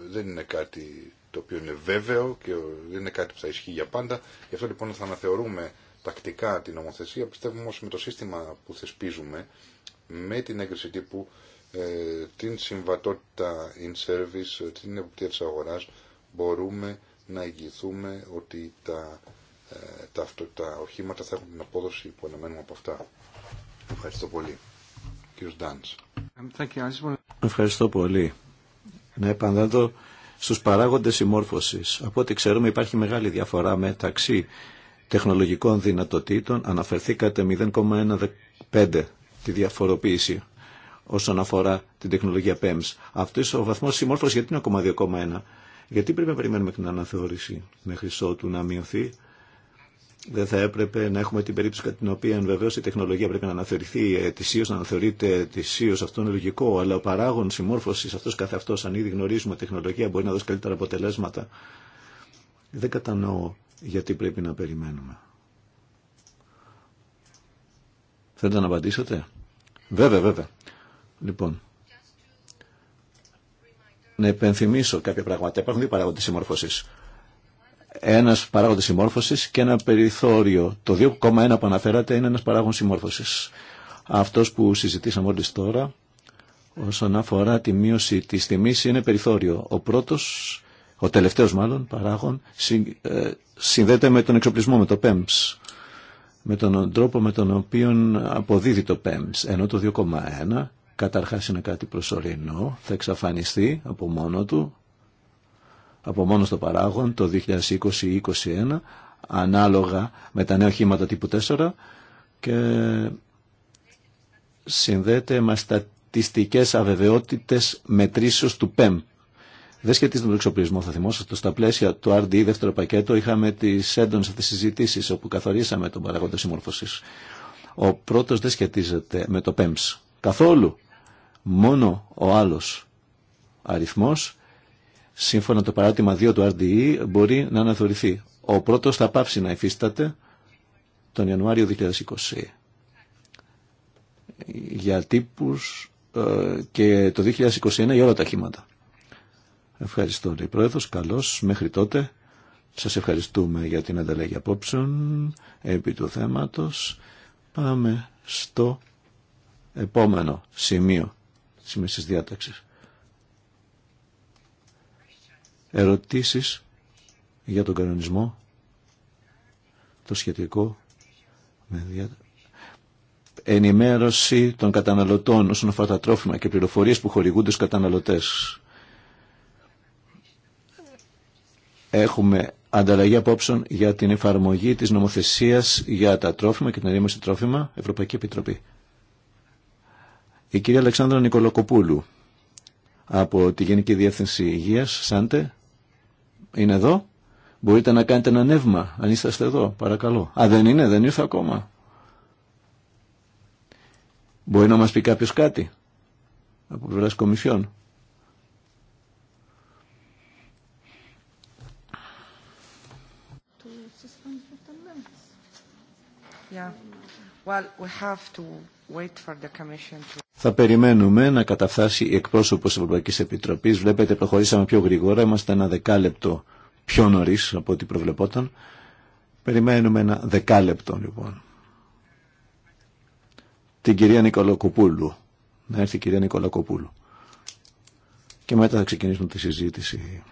δεν είναι κάτι το οποίο είναι βέβαιο και δεν είναι κάτι που θα ισχύει για πάντα. Γι' αυτό λοιπόν θα αναθεωρούμε τακτικά την νομοθεσία. Πιστεύουμε όμως με το σύστημα που θεσπίζουμε, με την έγκριση τύπου, ε, την συμβατότητα in service, την εποπτεία της αγοράς, μπορούμε να εγγυηθούμε ότι τα, ε, τα, τα οχήματα θα έχουν την απόδοση που αναμένουμε από αυτά. Ευχαριστώ πολύ. Κύριος Ντάντς. Ευχαριστώ πολύ. Να επανέλθω στους παράγοντες συμμόρφωσης. Από ό,τι ξέρουμε υπάρχει μεγάλη διαφορά μεταξύ τεχνολογικών δυνατοτήτων. Αναφερθήκατε 0,15 τη διαφοροποίηση όσον αφορά την τεχνολογία PEMS. Αυτό ο βαθμό συμμόρφωσης γιατί είναι ακόμα 2,1. Γιατί πρέπει να περιμένουμε την αναθεώρηση μέχρι ότου να μειωθεί. Δεν θα έπρεπε να έχουμε την περίπτωση κατά την οποία βεβαίω η τεχνολογία πρέπει να αναθεωρηθεί ετησίω, να αναθεωρείται ετησίω. Αυτό είναι λογικό. Αλλά ο παράγων συμμόρφωση αυτό καθ' αν ήδη γνωρίζουμε τεχνολογία, μπορεί να δώσει καλύτερα αποτελέσματα. Δεν κατανοώ γιατί πρέπει να περιμένουμε. Θέλετε να απαντήσετε. Βέβαια, βέβαια. Λοιπόν, να υπενθυμίσω κάποια πράγματα. Υπάρχουν δύο παράγοντες συμμόρφωσης. Ένας παράγοντας συμμόρφωσης και ένα περιθώριο. Το 2,1 που αναφέρατε είναι ένας παράγον συμμόρφωσης. Αυτός που συζητήσαμε όλοι τώρα, όσον αφορά τη μείωση της τιμής, είναι περιθώριο. Ο πρώτος, ο τελευταίος μάλλον παράγον, ε, συνδέεται με τον εξοπλισμό, με το PEMS με τον τρόπο με τον οποίο αποδίδει το PEMS, ενώ το 2,1 Καταρχάς είναι κάτι προσωρινό, θα εξαφανιστεί από μόνο του, από μόνο στο παράγον το 2020-2021, ανάλογα με τα νέα οχήματα τύπου 4 και συνδέεται με στατιστικές αβεβαιότητες μετρήσεως του ΠΕΜ. Δεν σχετίζεται με τον εξοπλισμό, θα θυμόσαστε. Στα πλαίσια του RDI δεύτερο πακέτο, είχαμε τι έντονε αυτέ συζητήσει όπου καθορίσαμε τον παράγοντα συμμόρφωση. Ο πρώτο δεν σχετίζεται με το PEMS. Ε Καθόλου μόνο ο άλλος αριθμός, σύμφωνα το παράδειγμα 2 του RDE, μπορεί να αναθεωρηθεί. Ο πρώτος θα πάψει να υφίσταται τον Ιανουάριο 2020 για τύπους ε, και το 2021 για όλα τα χήματα. Ευχαριστώ, λέει Πρόεδρος. Καλώς, μέχρι τότε. Σας ευχαριστούμε για την ανταλλαγή απόψεων επί του θέματος. Πάμε στο επόμενο σημείο τη διάταξης. Ερωτήσεις για τον κανονισμό, το σχετικό με ενημέρωση των καταναλωτών όσον αφορά τα τρόφιμα και πληροφορίες που χορηγούνται στους καταναλωτές. Έχουμε ανταλλαγή απόψεων για την εφαρμογή της νομοθεσίας για τα τρόφιμα και την ενημέρωση τρόφιμα, Ευρωπαϊκή Επιτροπή. Η κυρία Αλεξάνδρα Νικολοκοπούλου από τη Γενική Διεύθυνση Υγείας, Σάντε, είναι εδώ. Μπορείτε να κάνετε ένα νεύμα, αν είστε εδώ, παρακαλώ. Α, δεν είναι, δεν ήρθε ακόμα. Μπορεί να μας πει κάποιος κάτι από πλευράς Κομισιόν. Θα περιμένουμε να καταφτάσει η εκπρόσωπος της Ευρωπαϊκής Επιτροπής. Βλέπετε, προχωρήσαμε πιο γρήγορα, είμαστε ένα δεκάλεπτο πιο νωρίς από ό,τι προβλεπόταν. Περιμένουμε ένα δεκάλεπτο, λοιπόν. Την κυρία Νικολακοπούλου. Να έρθει η κυρία Νικολακοπούλου. Και μετά θα ξεκινήσουμε τη συζήτηση.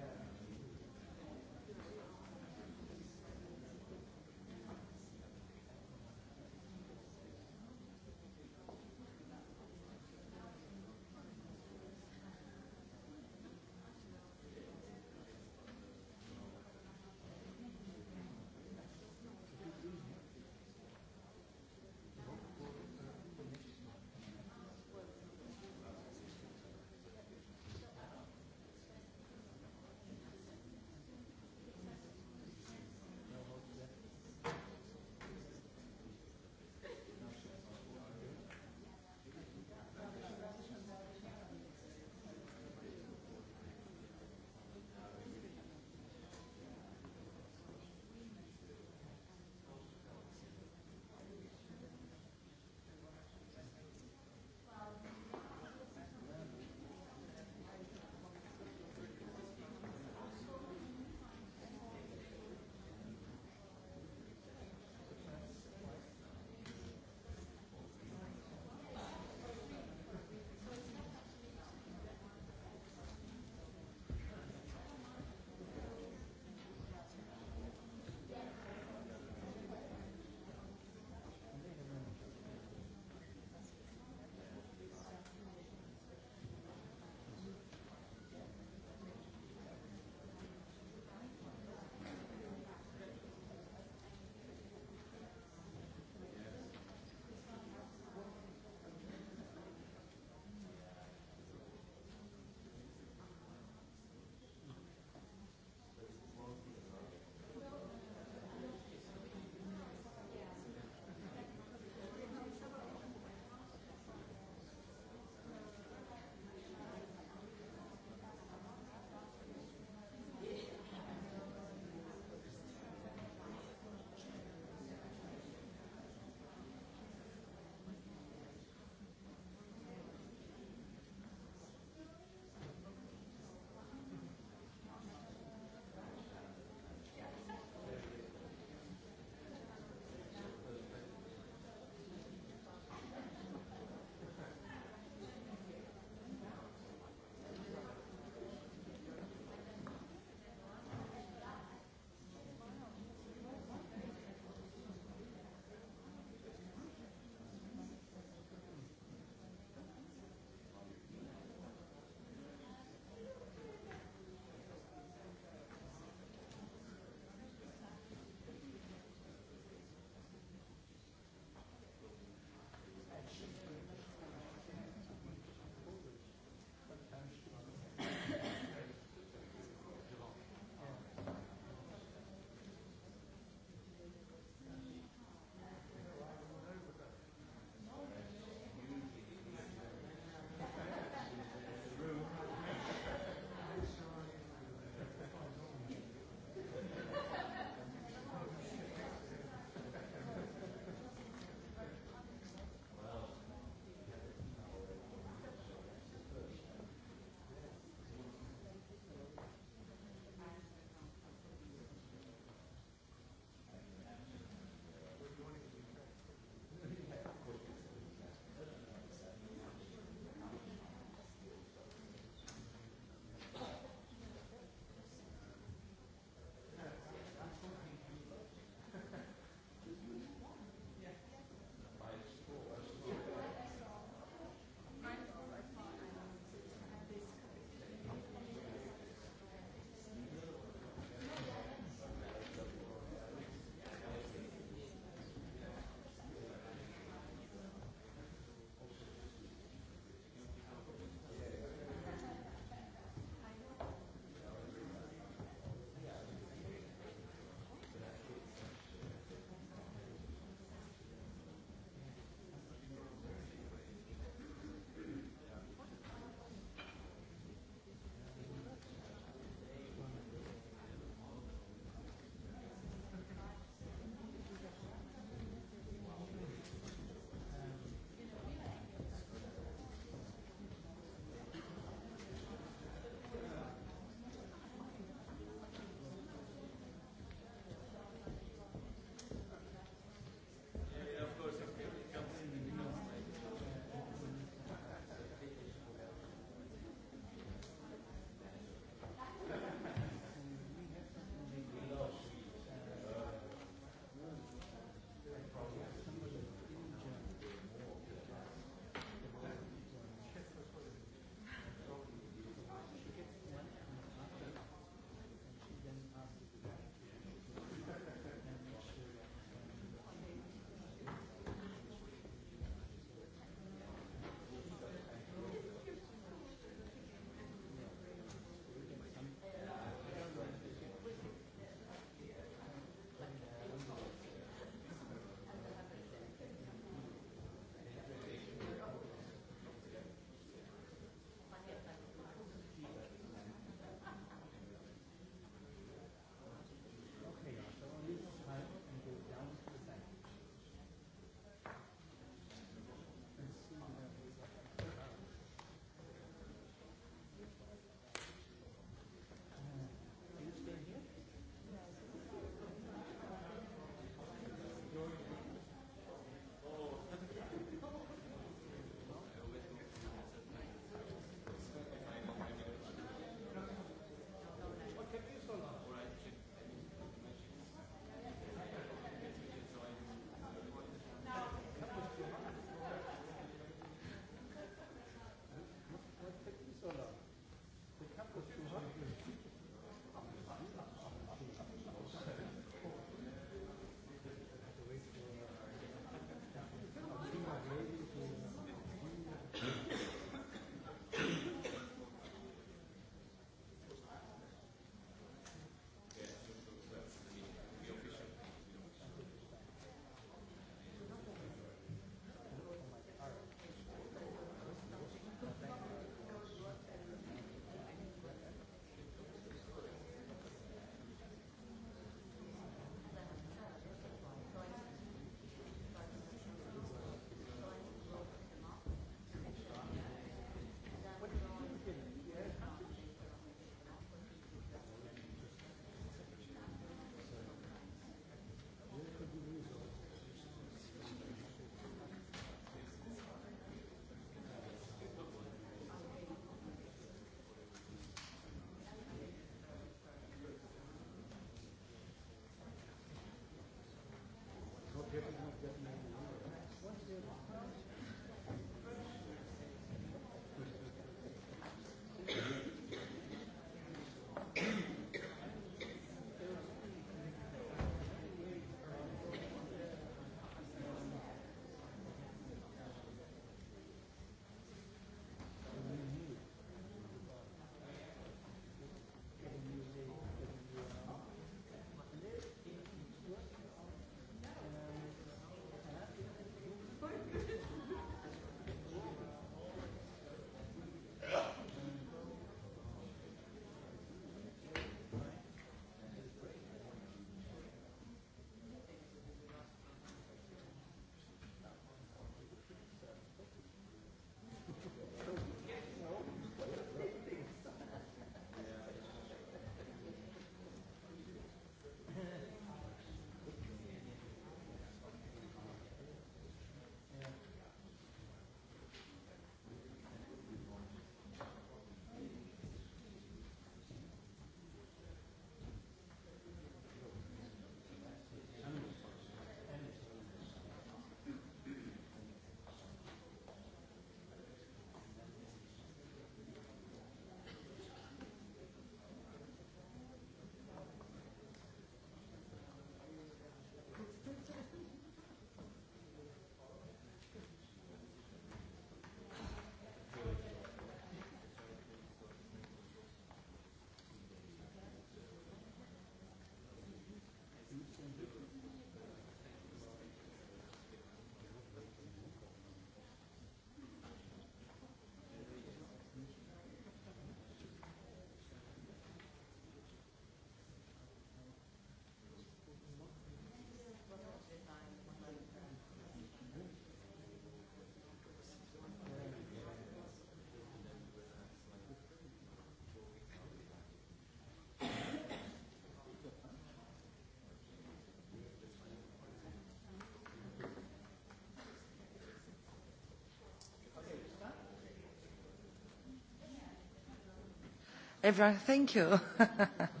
Everyone, thank you. (laughs)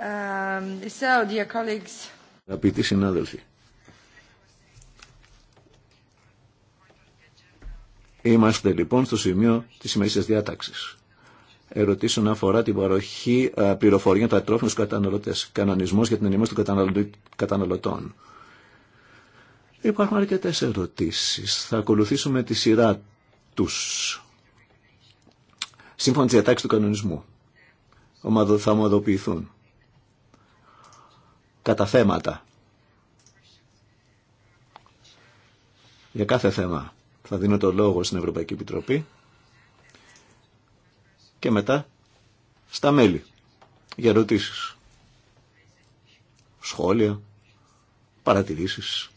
Um, so, dear colleagues. Αγαπητοί συνάδελφοι, είμαστε λοιπόν στο σημείο της σημερινής διάταξης. Ερωτήσεων αφορά την παροχή πληροφοριών τα τρόφιμα στους καταναλωτές, κανονισμός για την ενημέρωση των καταναλωτών. Υπάρχουν αρκετές ερωτήσεις. Θα ακολουθήσουμε τη σειρά τους σύμφωνα τις διατάξεις του κανονισμού. Ομαδο, θα ομαδοποιηθούν. Κατά θέματα. Για κάθε θέμα θα δίνω το λόγο στην Ευρωπαϊκή Επιτροπή και μετά στα μέλη για ερωτήσει: σχόλια, παρατηρήσεις,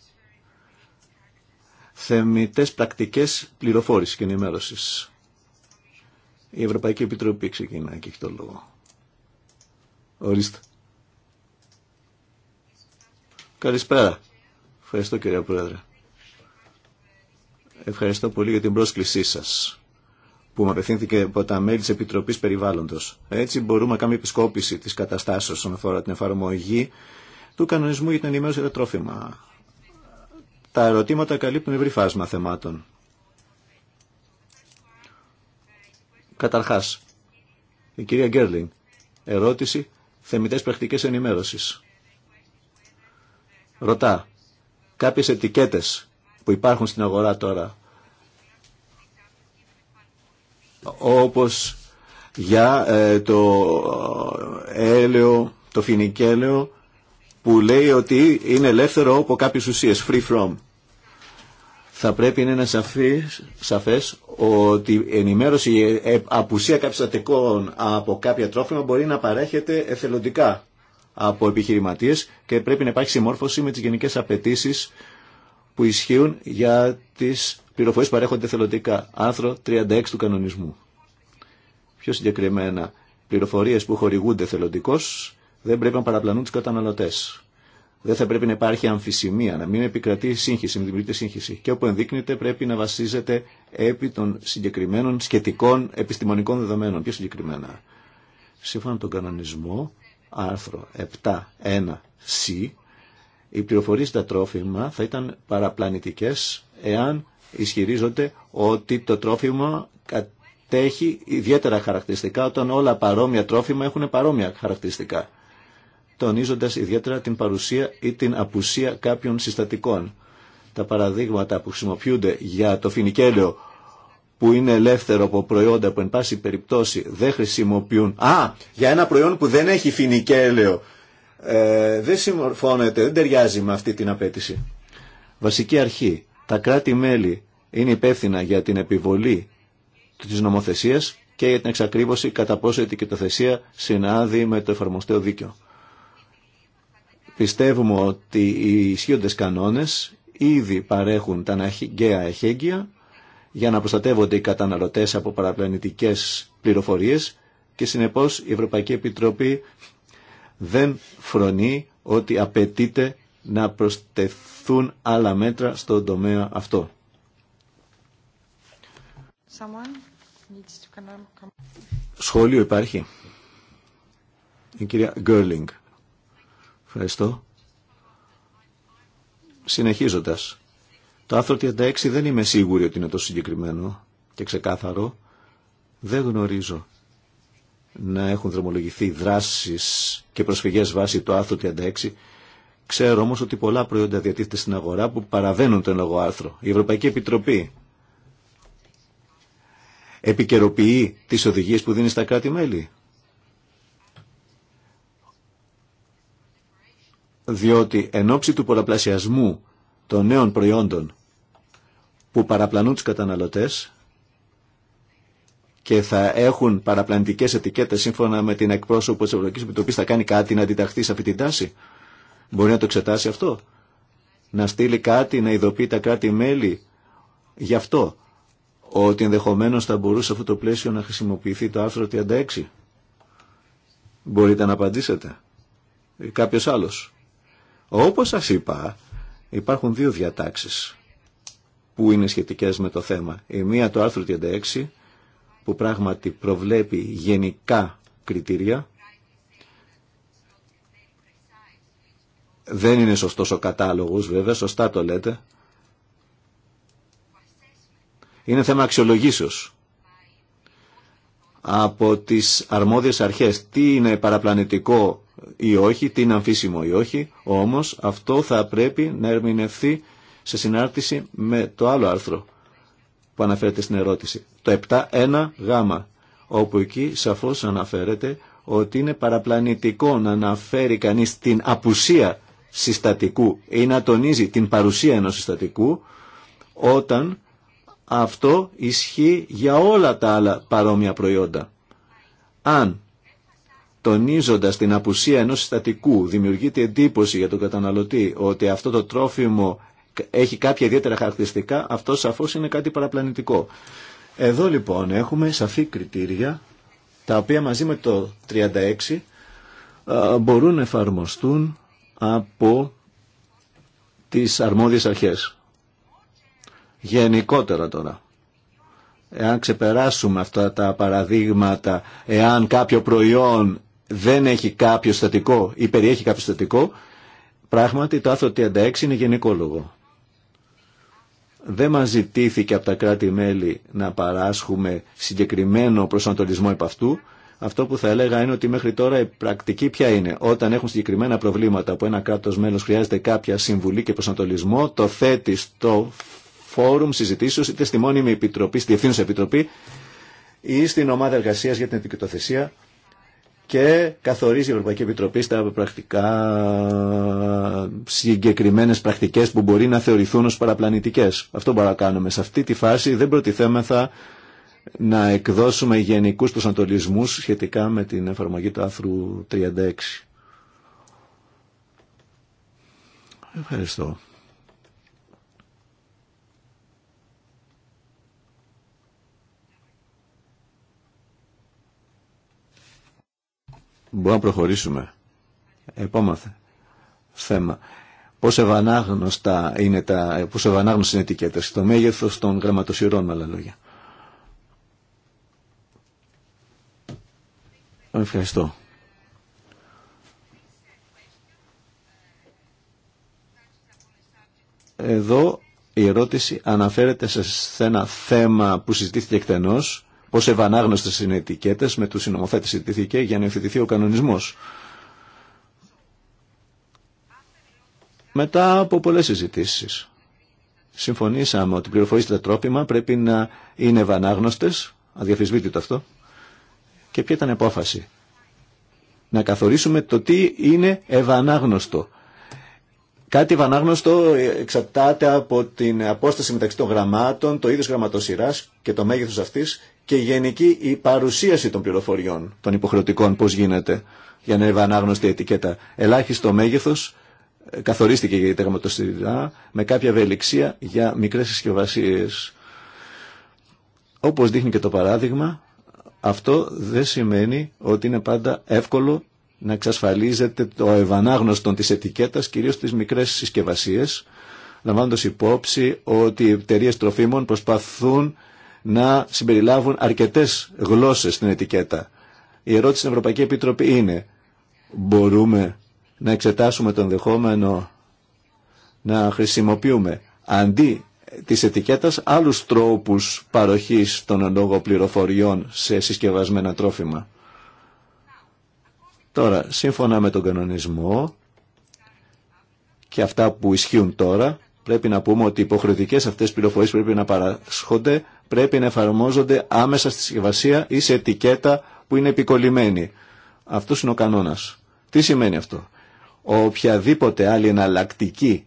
θεμητές πρακτικές πληροφόρησης και ενημέρωσης. Η Ευρωπαϊκή Επιτροπή ξεκινάει και έχει το λόγο. Ορίστε. Καλησπέρα. Ευχαριστώ κυρία Πρόεδρε. Ευχαριστώ πολύ για την πρόσκλησή σας που με απευθύνθηκε από τα μέλη της Επιτροπής Περιβάλλοντος. Έτσι μπορούμε να κάνουμε επισκόπηση της καταστάσεως όσον αφορά την εφαρμογή του κανονισμού για την ενημέρωση για τα τρόφιμα. Τα ερωτήματα καλύπτουν ευρύ φάσμα θεμάτων. Καταρχάς, η κυρία Γκέρλινγκ, ερώτηση θεμητές πρακτικές ενημέρωσης. Ρωτά, κάποιες ετικέτες που υπάρχουν στην αγορά τώρα, όπως για ε, το έλαιο, το φινικέλαιο, που λέει ότι είναι ελεύθερο από κάποιες ουσίες, free from θα πρέπει να είναι σαφής, σαφές ότι η ενημέρωση, η απουσία στατικών από κάποια τρόφιμα μπορεί να παρέχεται εθελοντικά από επιχειρηματίες και πρέπει να υπάρχει συμμόρφωση με τις γενικές απαιτήσεις που ισχύουν για τις πληροφορίες που παρέχονται εθελοντικά. Άρθρο 36 του κανονισμού. Πιο συγκεκριμένα, πληροφορίες που χορηγούνται εθελοντικώς δεν πρέπει να παραπλανούν τους καταναλωτές. Δεν θα πρέπει να υπάρχει αμφισημία, να μην επικρατεί σύγχυση, να δημιουργείται σύγχυση. Και όπου ενδείκνεται πρέπει να βασίζεται επί των συγκεκριμένων σχετικών επιστημονικών δεδομένων. Πιο συγκεκριμένα, σύμφωνα με τον κανονισμό, 7.1.C 7.1c, οι πληροφορίε στα τρόφιμα θα ήταν παραπλανητικές εάν ισχυρίζονται ότι το τρόφιμα κατέχει ιδιαίτερα χαρακτηριστικά όταν όλα παρόμοια τρόφιμα έχουν παρόμοια χαρακτηριστικά τονίζοντας ιδιαίτερα την παρουσία ή την απουσία κάποιων συστατικών. Τα παραδείγματα που χρησιμοποιούνται για το φινικέλαιο που είναι ελεύθερο από προϊόντα που εν πάση περιπτώσει δεν χρησιμοποιούν. Α, για ένα προϊόν που δεν έχει φινικέλαιο ε, δεν συμμορφώνεται, δεν ταιριάζει με αυτή την απέτηση. Βασική αρχή. Τα κράτη-μέλη είναι υπεύθυνα για την επιβολή της νομοθεσίας και για την εξακρίβωση κατά πόσο η ετικετοθεσία συνάδει με το εφαρμοστέο δίκαιο. Πιστεύουμε ότι οι ισχύοντες κανόνες ήδη παρέχουν τα αναγκαία εχέγγυα για να προστατεύονται οι καταναλωτές από παραπλανητικές πληροφορίες και συνεπώς η Ευρωπαϊκή Επιτροπή δεν φρονεί ότι απαιτείται να προστεθούν άλλα μέτρα στον τομέα αυτό. Σχόλιο υπάρχει. Η κυρία Γκέρλινγκ. Ευχαριστώ. Συνεχίζοντας. Το άρθρο 36 δεν είμαι σίγουρη ότι είναι το συγκεκριμένο και ξεκάθαρο. Δεν γνωρίζω να έχουν δρομολογηθεί δράσεις και προσφυγές βάσει το άρθρο 36. Ξέρω όμως ότι πολλά προϊόντα διατίθεται στην αγορά που παραβαίνουν το λόγο άρθρο. Η Ευρωπαϊκή Επιτροπή επικαιροποιεί τις οδηγίες που δίνει στα κράτη-μέλη. διότι εν ώψη του πολλαπλασιασμού των νέων προϊόντων που παραπλανούν τους καταναλωτές και θα έχουν παραπλανητικές ετικέτες σύμφωνα με την εκπρόσωπο της Ευρωπαϊκής Επιτροπής θα κάνει κάτι να αντιταχθεί σε αυτή την τάση. Μπορεί να το εξετάσει αυτό. Να στείλει κάτι, να ειδοποιεί τα κράτη-μέλη γι' αυτό ότι ενδεχομένω θα μπορούσε αυτό το πλαίσιο να χρησιμοποιηθεί το άρθρο 36. Μπορείτε να απαντήσετε. κάποιος άλλος. Όπως σας είπα, υπάρχουν δύο διατάξεις που είναι σχετικές με το θέμα. Η μία το άρθρο 36 που πράγματι προβλέπει γενικά κριτήρια. Δεν είναι σωστός ο κατάλογος βέβαια, σωστά το λέτε. Είναι θέμα αξιολογήσεως από τις αρμόδιες αρχές. Τι είναι παραπλανητικό ή όχι, τι είναι αμφίσιμο ή όχι, όμως αυτό θα πρέπει να ερμηνευθεί σε συνάρτηση με το άλλο άρθρο που αναφέρεται στην ερώτηση. Το 7.1 γάμα, όπου εκεί σαφώς αναφέρεται ότι είναι παραπλανητικό να αναφέρει κανείς την απουσία συστατικού ή να τονίζει την παρουσία ενός συστατικού όταν αυτό ισχύει για όλα τα άλλα παρόμοια προϊόντα. Αν τονίζοντας την απουσία ενός συστατικού, δημιουργείται εντύπωση για τον καταναλωτή ότι αυτό το τρόφιμο έχει κάποια ιδιαίτερα χαρακτηριστικά, αυτό σαφώς είναι κάτι παραπλανητικό. Εδώ λοιπόν έχουμε σαφή κριτήρια, τα οποία μαζί με το 36 μπορούν να εφαρμοστούν από τις αρμόδιες αρχές. Γενικότερα τώρα εάν ξεπεράσουμε αυτά τα παραδείγματα, εάν κάποιο προϊόν δεν έχει κάποιο στατικό ή περιέχει κάποιο στατικό, πράγματι το άθρο 36 είναι γενικό λόγο. Δεν μας ζητήθηκε από τα κράτη-μέλη να παράσχουμε συγκεκριμένο προσανατολισμό επ' αυτού. Αυτό που θα έλεγα είναι ότι μέχρι τώρα η πρακτική ποια είναι. Όταν έχουν συγκεκριμένα προβλήματα που ένα κράτος μέλος χρειάζεται κάποια συμβουλή και προσανατολισμό, το θέτει στο φόρουμ συζητήσεως είτε στη μόνιμη επιτροπή, στη διευθύνουσα επιτροπή ή στην ομάδα εργασίας για την ετικοτοθεσία και καθορίζει η Ευρωπαϊκή Επιτροπή στα πρακτικά συγκεκριμένες πρακτικές που μπορεί να θεωρηθούν ως παραπλανητικές. Αυτό μπορούμε να κάνουμε. Σε αυτή τη φάση δεν προτιθέμεθα να εκδώσουμε γενικούς προσανατολισμούς σχετικά με την εφαρμογή του άθρου 36. Ευχαριστώ. μπορούμε να προχωρήσουμε. Επόμενο θέμα. Πόσο ευανάγνωστα είναι τα, πώς ευανάγνωστα είναι το μέγεθος των γραμματοσυρών με άλλα λόγια. Ευχαριστώ. Εδώ η ερώτηση αναφέρεται σε ένα θέμα που συζητήθηκε εκτενώς Πώ ευανάγνωστες είναι ετικέτε με του συνομοθέτε συζητήθηκε για να υιοθετηθεί ο κανονισμός. Μετά από πολλές συζητήσει. συμφωνήσαμε ότι οι πληροφορίες στα τρόπιμα πρέπει να είναι ευανάγνωστες, αδιαφυσβήτητο αυτό, και ποια ήταν η απόφαση. Να καθορίσουμε το τι είναι ευανάγνωστο. Κάτι ευανάγνωστο εξαρτάται από την απόσταση μεταξύ των γραμμάτων, το είδος γραμματοσυράς και το μέγεθος αυτής και γενική η παρουσίαση των πληροφοριών, των υποχρεωτικών, πώς γίνεται, για να είναι ανάγνωστη ετικέτα. Ελάχιστο μέγεθος, ε, καθορίστηκε για τη με κάποια ευελιξία για μικρές συσκευασίε. Όπως δείχνει και το παράδειγμα, αυτό δεν σημαίνει ότι είναι πάντα εύκολο να εξασφαλίζεται το ευανάγνωστο της ετικέτας, κυρίως στις μικρές συσκευασίες, λαμβάνοντας υπόψη ότι οι εταιρείε τροφίμων προσπαθούν να συμπεριλάβουν αρκετές γλώσσες στην ετικέτα. Η ερώτηση στην Ευρωπαϊκή Επιτροπή είναι μπορούμε να εξετάσουμε τον δεχόμενο να χρησιμοποιούμε αντί της ετικέτας άλλους τρόπους παροχής των λόγω πληροφοριών σε συσκευασμένα τρόφιμα. Τώρα, σύμφωνα με τον κανονισμό και αυτά που ισχύουν τώρα, Πρέπει να πούμε ότι οι υποχρεωτικέ αυτέ πληροφορίε πρέπει να παρασχόνται, πρέπει να εφαρμόζονται άμεσα στη συσκευασία ή σε ετικέτα που είναι επικολλημένη. Αυτό είναι ο κανόνα. Τι σημαίνει αυτό. Οποιαδήποτε άλλη εναλλακτική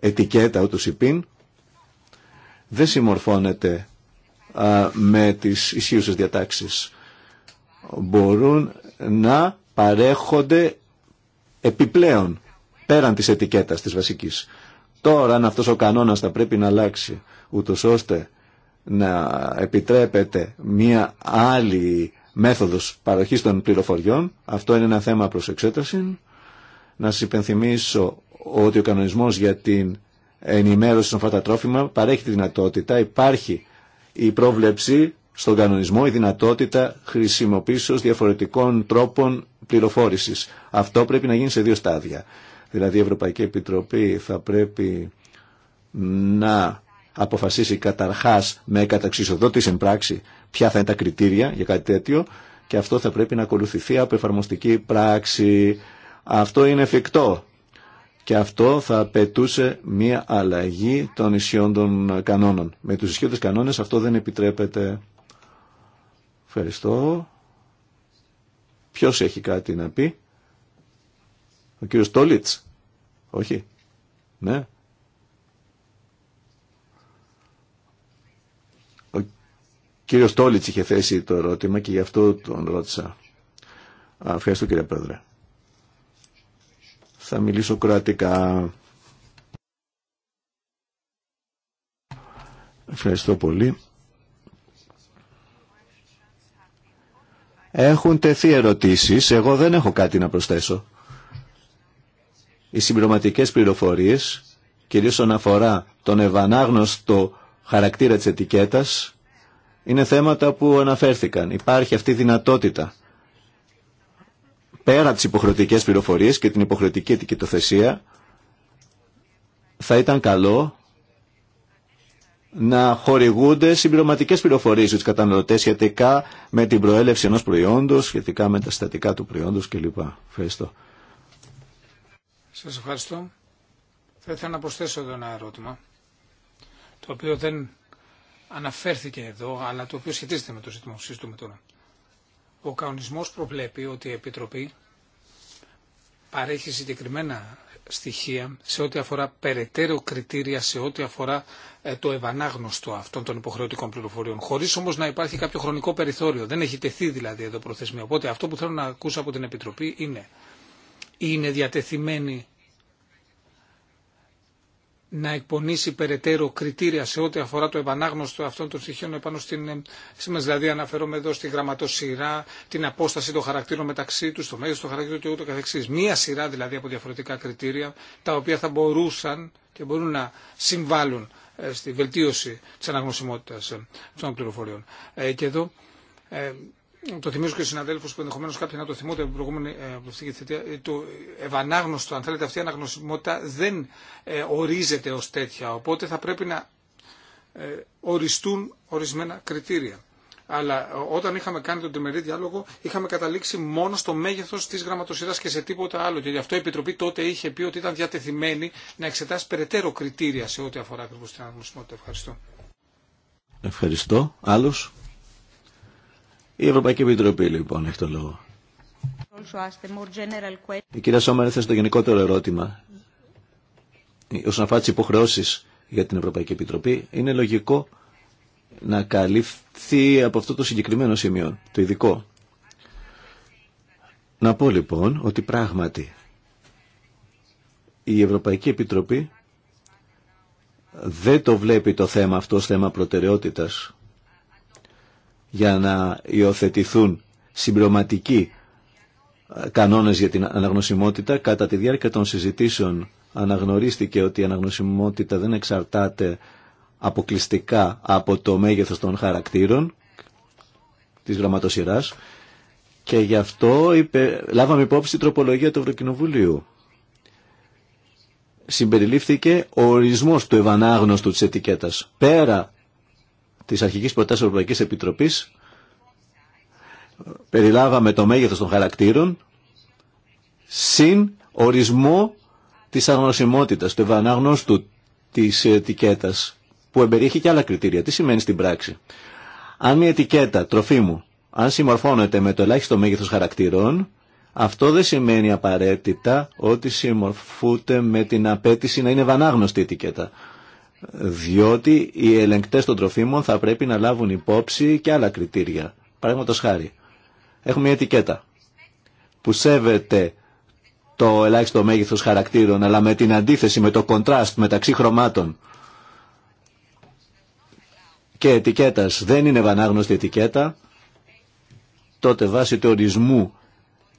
ετικέτα ούτω υπήν δεν συμμορφώνεται με τις ισχύουσες διατάξεις. Μπορούν να παρέχονται επιπλέον πέραν της ετικέτας της βασικής. Τώρα αν αυτός ο κανόνας θα πρέπει να αλλάξει ούτως ώστε να επιτρέπεται μία άλλη μέθοδος παροχής των πληροφοριών. Αυτό είναι ένα θέμα προς εξέταση. Να σας υπενθυμίσω ότι ο κανονισμός για την ενημέρωση των φατατρόφιμα παρέχει τη δυνατότητα, υπάρχει η πρόβλεψη στον κανονισμό, η δυνατότητα χρησιμοποίησης διαφορετικών τρόπων πληροφόρησης. Αυτό πρέπει να γίνει σε δύο στάδια. Δηλαδή η Ευρωπαϊκή Επιτροπή θα πρέπει να αποφασίσει καταρχάς με καταξισοδότηση πράξη ποια θα είναι τα κριτήρια για κάτι τέτοιο και αυτό θα πρέπει να ακολουθηθεί από εφαρμοστική πράξη. Αυτό είναι εφικτό και αυτό θα απαιτούσε μία αλλαγή των ισιών των κανόνων. Με τους ισχύοντες κανόνες αυτό δεν επιτρέπεται. Ευχαριστώ. Ποιος έχει κάτι να πει. Ο κύριο Τόλιτς. Όχι. Ναι. Ο κύριο Τόλιτς είχε θέσει το ερώτημα και γι' αυτό τον ρώτησα. Α, ευχαριστώ κύριε Πρόεδρε. Θα μιλήσω κρατικά. Ευχαριστώ πολύ. Έχουν τεθεί ερωτήσεις. Εγώ δεν έχω κάτι να προσθέσω οι συμπληρωματικές πληροφορίες, κυρίως όσον αφορά τον ευανάγνωστο χαρακτήρα της ετικέτας, είναι θέματα που αναφέρθηκαν. Υπάρχει αυτή η δυνατότητα. Πέρα από τις υποχρεωτικές πληροφορίες και την υποχρεωτική ετικετοθεσία, θα ήταν καλό να χορηγούνται συμπληρωματικέ πληροφορίε στου καταναλωτέ σχετικά με την προέλευση ενό προϊόντο, σχετικά με τα στατικά του προϊόντο κλπ. Ευχαριστώ. Σας ευχαριστώ. Θα ήθελα να προσθέσω εδώ ένα ερώτημα, το οποίο δεν αναφέρθηκε εδώ, αλλά το οποίο σχετίζεται με το ζήτημα που συζητούμε τώρα. Ο κανονισμός προβλέπει ότι η Επιτροπή παρέχει συγκεκριμένα στοιχεία σε ό,τι αφορά περαιτέρω κριτήρια, σε ό,τι αφορά ε, το ευανάγνωστο αυτών των υποχρεωτικών πληροφοριών. Χωρί όμω να υπάρχει κάποιο χρονικό περιθώριο. Δεν έχει τεθεί δηλαδή εδώ προθεσμία. Οπότε αυτό που θέλω να ακούσω από την Επιτροπή είναι είναι διατεθειμένη να εκπονήσει περαιτέρω κριτήρια σε ό,τι αφορά το επανάγνωστο αυτών των στοιχείων επάνω στην σήμερα, Δηλαδή αναφέρομαι εδώ στη γραμματοσυρά, την απόσταση των χαρακτήρων μεταξύ του, το μέγεθο των χαρακτήρων και ούτω καθεξής. Μία σειρά δηλαδή από διαφορετικά κριτήρια τα οποία θα μπορούσαν και μπορούν να συμβάλλουν ε, στη βελτίωση της αναγνωσιμότητας ε, των πληροφοριών. Ε, και εδώ το θυμίζω και στου συναδέλφου που ενδεχομένω κάποιοι να το θυμούνται από την προηγούμενη ε, τη θητεία, ε, το ευανάγνωστο, αν θέλετε, αυτή η αναγνωσιμότητα δεν ε, ορίζεται ω τέτοια. Οπότε θα πρέπει να ε, οριστούν ορισμένα κριτήρια. Αλλά όταν είχαμε κάνει τον τριμερή διάλογο, είχαμε καταλήξει μόνο στο μέγεθο τη γραμματοσυρά και σε τίποτα άλλο. Και γι' αυτό η Επιτροπή τότε είχε πει ότι ήταν διατεθειμένη να εξετάσει περαιτέρω κριτήρια σε ό,τι αφορά ακριβώ την αναγνωσιμότητα. Ευχαριστώ. Ευχαριστώ. άλλο. Η Ευρωπαϊκή Επιτροπή λοιπόν έχει το λόγο. Η κυρία Σόμερ έθεσε το γενικότερο ερώτημα. Όσον αφορά τι υποχρεώσει για την Ευρωπαϊκή Επιτροπή, είναι λογικό να καλυφθεί από αυτό το συγκεκριμένο σημείο, το ειδικό. Να πω λοιπόν ότι πράγματι η Ευρωπαϊκή Επιτροπή δεν το βλέπει το θέμα αυτό ως θέμα προτεραιότητας για να υιοθετηθούν συμπληρωματικοί ε, κανόνες για την αναγνωσιμότητα. Κατά τη διάρκεια των συζητήσεων αναγνωρίστηκε ότι η αναγνωσιμότητα δεν εξαρτάται αποκλειστικά από το μέγεθος των χαρακτήρων της γραμματοσυράς και γι' αυτό λάβαμε υπόψη την τροπολογία του Ευρωκοινοβουλίου. Συμπεριλήφθηκε ο ορισμός του ευανάγνωστου της ετικέτας, πέρα της αρχικής προτάσεως Ευρωπαϊκής Επιτροπής περιλάβαμε το μέγεθος των χαρακτήρων συν ορισμό της αγνωσιμότητας, του ευανάγνωστου της ετικέτας που εμπεριέχει και άλλα κριτήρια. Τι σημαίνει στην πράξη. Αν μια ετικέτα τροφή μου, αν συμμορφώνεται με το ελάχιστο μέγεθος χαρακτήρων, αυτό δεν σημαίνει απαραίτητα ότι συμμορφούνται με την απέτηση να είναι βανάγνωστη ετικέτα διότι οι ελεγκτές των τροφίμων θα πρέπει να λάβουν υπόψη και άλλα κριτήρια. Παραδείγματο χάρη, έχουμε μια ετικέτα που σέβεται το ελάχιστο μέγεθος χαρακτήρων, αλλά με την αντίθεση, με το κοντράστ μεταξύ χρωμάτων και ετικέτας δεν είναι ευανάγνωστη ετικέτα, τότε βάσει του ορισμού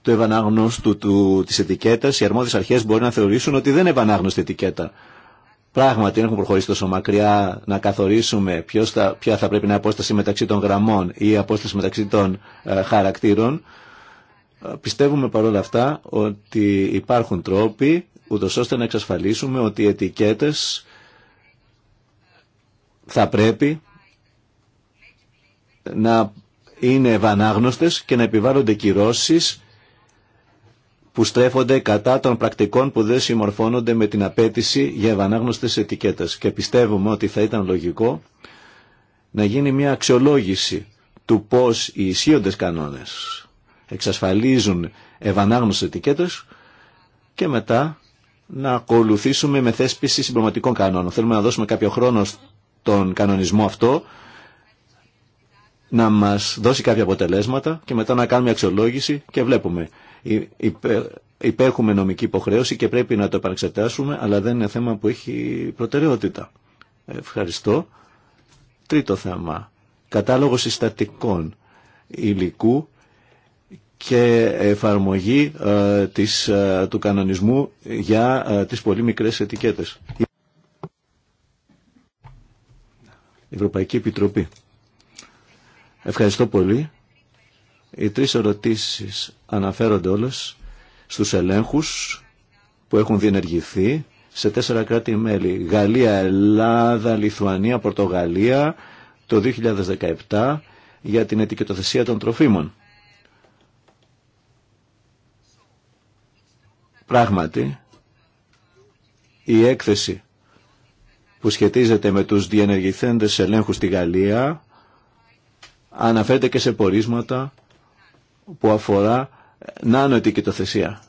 του ευανάγνωστου του, της ετικέτας, οι αρμόδιες αρχές μπορεί να θεωρήσουν ότι δεν είναι ευανάγνωστη ετικέτα Πράγματι, δεν έχουμε προχωρήσει τόσο μακριά να καθορίσουμε ποιος θα, ποια θα πρέπει να είναι η απόσταση μεταξύ των γραμμών ή η απόσταση μεταξύ των ε, χαρακτήρων. Ε, πιστεύουμε παρόλα αυτά ότι υπάρχουν τρόποι ούτως ώστε να εξασφαλίσουμε ότι οι ετικέτες θα πρέπει να είναι ευανάγνωστες και να επιβάλλονται κυρώσεις που στρέφονται κατά των πρακτικών που δεν συμμορφώνονται με την απέτηση για ευανάγνωστες ετικέτες. Και πιστεύουμε ότι θα ήταν λογικό να γίνει μια αξιολόγηση του πώς οι ισχύοντες κανόνες εξασφαλίζουν ευανάγνωστες ετικέτες και μετά να ακολουθήσουμε με θέσπιση συμπληρωματικών κανόνων. Θέλουμε να δώσουμε κάποιο χρόνο στον κανονισμό αυτό, να μας δώσει κάποια αποτελέσματα και μετά να κάνουμε αξιολόγηση και βλέπουμε Υπέρχουμε νομική υποχρέωση και πρέπει να το επαναξετάσουμε, αλλά δεν είναι θέμα που έχει προτεραιότητα. Ευχαριστώ. Τρίτο θέμα. Κατάλογο συστατικών υλικού και εφαρμογή ε, της, ε, του κανονισμού για ε, τις πολύ μικρές ετικέτες. Ευρωπαϊκή Επιτροπή. Ευχαριστώ πολύ. Οι τρεις ερωτήσεις αναφέρονται όλες στους ελέγχους που έχουν διενεργηθεί σε τέσσερα κράτη-μέλη. Γαλλία, Ελλάδα, Λιθουανία, Πορτογαλία το 2017 για την ετικετοθεσία των τροφίμων. Πράγματι, η έκθεση που σχετίζεται με τους διενεργηθέντες ελέγχους στη Γαλλία αναφέρεται και σε πορίσματα που αφορά ε, νάνο ετικετοθεσία.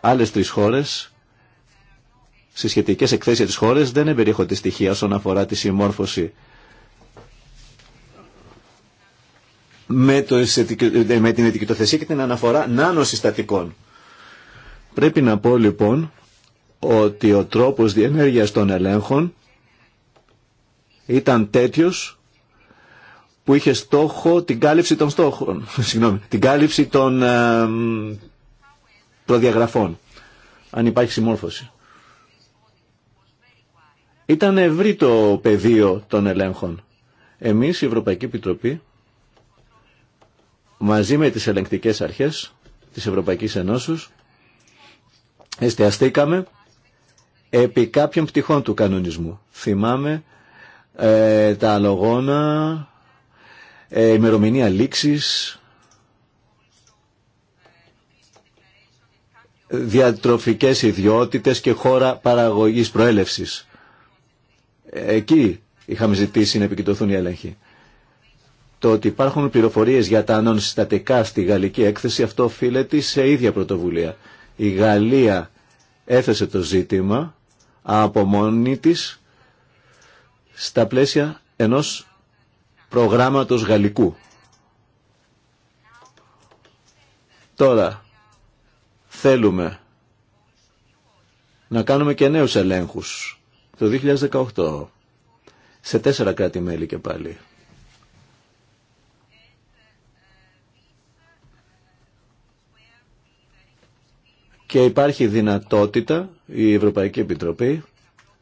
Άλλες τρεις χώρες, στις σχετικές εκθέσεις της χώρες, δεν εμπεριέχονται στοιχεία όσον αφορά τη συμμόρφωση με, το, ε, με την ετικετοθεσία και την αναφορά νάνο συστατικών. Πρέπει να πω λοιπόν ότι ο τρόπος διενέργειας των ελέγχων ήταν τέτοιος που είχε στόχο την κάλυψη των στόχων, (laughs) συγγνώμη, την κάλυψη των ε, προδιαγραφών, αν υπάρχει συμμόρφωση. Ήταν ευρύ το πεδίο των ελέγχων. Εμείς, η Ευρωπαϊκή Επιτροπή, μαζί με τις ελεγκτικές αρχές της Ευρωπαϊκής Ενώσεως, εστιαστήκαμε επί κάποιων πτυχών του κανονισμού. Θυμάμαι ε, τα αλογόνα, ε, ημερομηνία λήξης, διατροφικές ιδιότητες και χώρα παραγωγής προέλευσης. Ε, εκεί είχαμε ζητήσει να επικοινωθούν οι έλεγχοι. Το ότι υπάρχουν πληροφορίες για τα ανών συστατικά στη γαλλική έκθεση, αυτό οφείλεται σε ίδια πρωτοβουλία. Η Γαλλία έθεσε το ζήτημα από μόνη της στα πλαίσια ενός προγράμματος γαλλικού. Τώρα, θέλουμε να κάνουμε και νέους ελέγχους το 2018 σε τέσσερα κράτη-μέλη και πάλι. Και υπάρχει δυνατότητα η Ευρωπαϊκή Επιτροπή,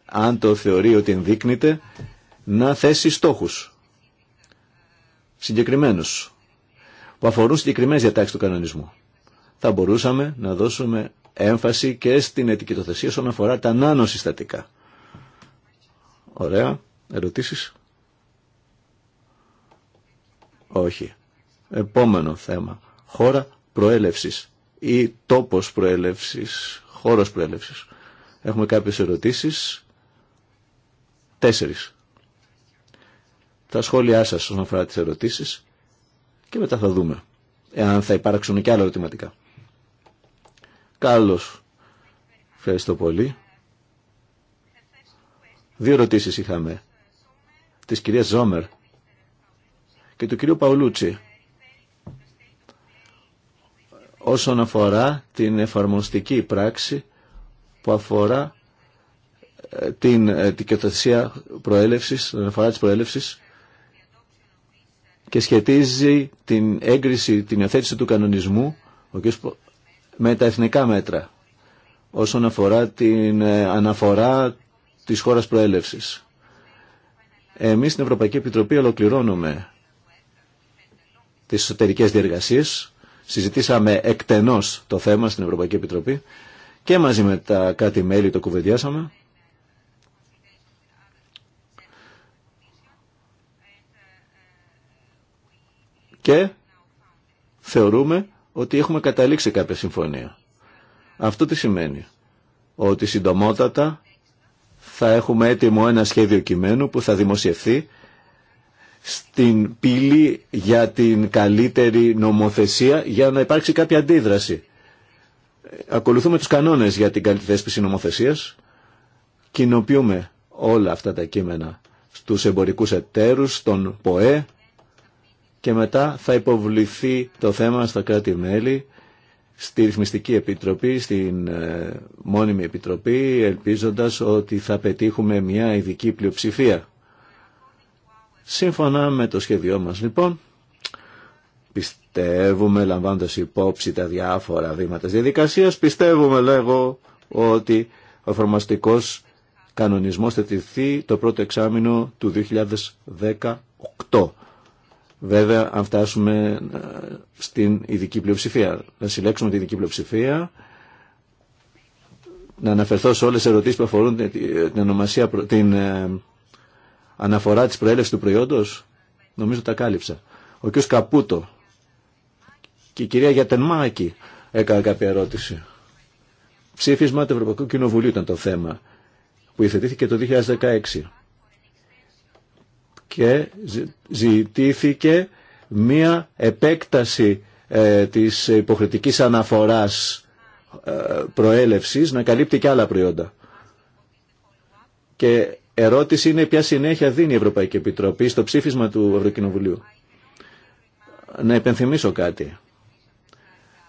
αν το θεωρεί ότι ενδείκνυται, να θέσει στόχους Συγκεκριμένου. που αφορούν συγκεκριμένες διατάξεις του κανονισμού. Θα μπορούσαμε να δώσουμε έμφαση και στην ετικητοθεσία όσον αφορά τα νάνο συστατικά. Ωραία. Ερωτήσεις. Όχι. Επόμενο θέμα. Χώρα προέλευσης ή τόπος προέλευσης, χώρος προέλευσης. Έχουμε κάποιες ερωτήσεις. Τέσσερις τα σχόλιά σας όσον αφορά τις ερωτήσεις και μετά θα δούμε εάν θα υπάρξουν και άλλα ερωτηματικά. Καλώς. Ευχαριστώ πολύ. Δύο ερωτήσεις είχαμε. Της κυρίας Ζόμερ και του κυρίου Παουλούτσι όσον αφορά την εφαρμοστική πράξη που αφορά ε, την δικαιοθεσία ε, προέλευσης, αφορά της προέλευσης και σχετίζει την έγκριση, την υιοθέτηση του κανονισμού με τα εθνικά μέτρα όσον αφορά την ε, αναφορά της χώρας προέλευσης. Εμείς στην Ευρωπαϊκή Επιτροπή ολοκληρώνουμε τις εσωτερικές διεργασίες. Συζητήσαμε εκτενώς το θέμα στην Ευρωπαϊκή Επιτροπή και μαζί με τα κάτι μέλη το κουβεντιάσαμε. και θεωρούμε ότι έχουμε καταλήξει κάποια συμφωνία. Αυτό τι σημαίνει. Ότι συντομότατα θα έχουμε έτοιμο ένα σχέδιο κειμένου που θα δημοσιευθεί στην πύλη για την καλύτερη νομοθεσία για να υπάρξει κάποια αντίδραση. Ακολουθούμε τους κανόνες για την καλύτερη θέσπιση νομοθεσίας. Κοινοποιούμε όλα αυτά τα κείμενα στους εμπορικούς εταίρους, στον ΠΟΕ, και μετά θα υποβληθεί το θέμα στα κράτη-μέλη, στη Ρυθμιστική Επιτροπή, στην ε, Μόνιμη Επιτροπή, ελπίζοντας ότι θα πετύχουμε μια ειδική πλειοψηφία. Σύμφωνα με το σχέδιό μας λοιπόν, πιστεύουμε λαμβάνοντας υπόψη τα διάφορα βήματα της διαδικασίας, πιστεύουμε λέγω ότι ο φορμαστικός κανονισμός θα το πρώτο εξάμεινο του 2018. Βέβαια, αν φτάσουμε ε, στην ειδική πλειοψηφία, να συλλέξουμε την ειδική πλειοψηφία, να αναφερθώ σε όλες τις ερωτήσεις που αφορούν την, ονομασία, την ε, αναφορά της προέλευσης του προϊόντος, νομίζω τα κάλυψα. Ο κ. Καπούτο και η κυρία Γιατενμάκη έκανα κάποια ερώτηση. Ψήφισμα του Ευρωπαϊκού Κοινοβουλίου ήταν το θέμα που υθετήθηκε το 2016 και ζητήθηκε μία επέκταση ε, της υποχρετικής αναφοράς ε, προέλευσης να καλύπτει και άλλα προϊόντα. Και ερώτηση είναι ποια συνέχεια δίνει η Ευρωπαϊκή Επιτροπή στο ψήφισμα του Ευρωκοινοβουλίου. Να υπενθυμίσω κάτι.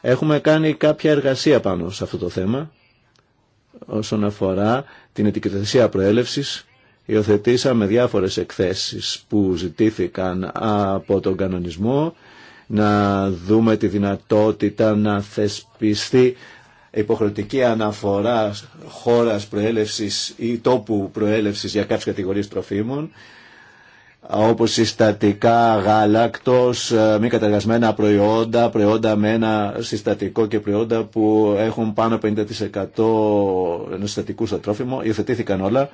Έχουμε κάνει κάποια εργασία πάνω σε αυτό το θέμα όσον αφορά την ετικετασία προέλευσης Υιοθετήσαμε διάφορες εκθέσεις που ζητήθηκαν από τον κανονισμό να δούμε τη δυνατότητα να θεσπιστεί υποχρεωτική αναφορά χώρας προέλευσης ή τόπου προέλευσης για κάποιες κατηγορίες τροφίμων όπως συστατικά γάλακτος, ε, μη καταργασμένα προϊόντα, προϊόντα με ένα συστατικό και προϊόντα που έχουν πάνω 50% ενός συστατικού στο τρόφιμο, υιοθετήθηκαν όλα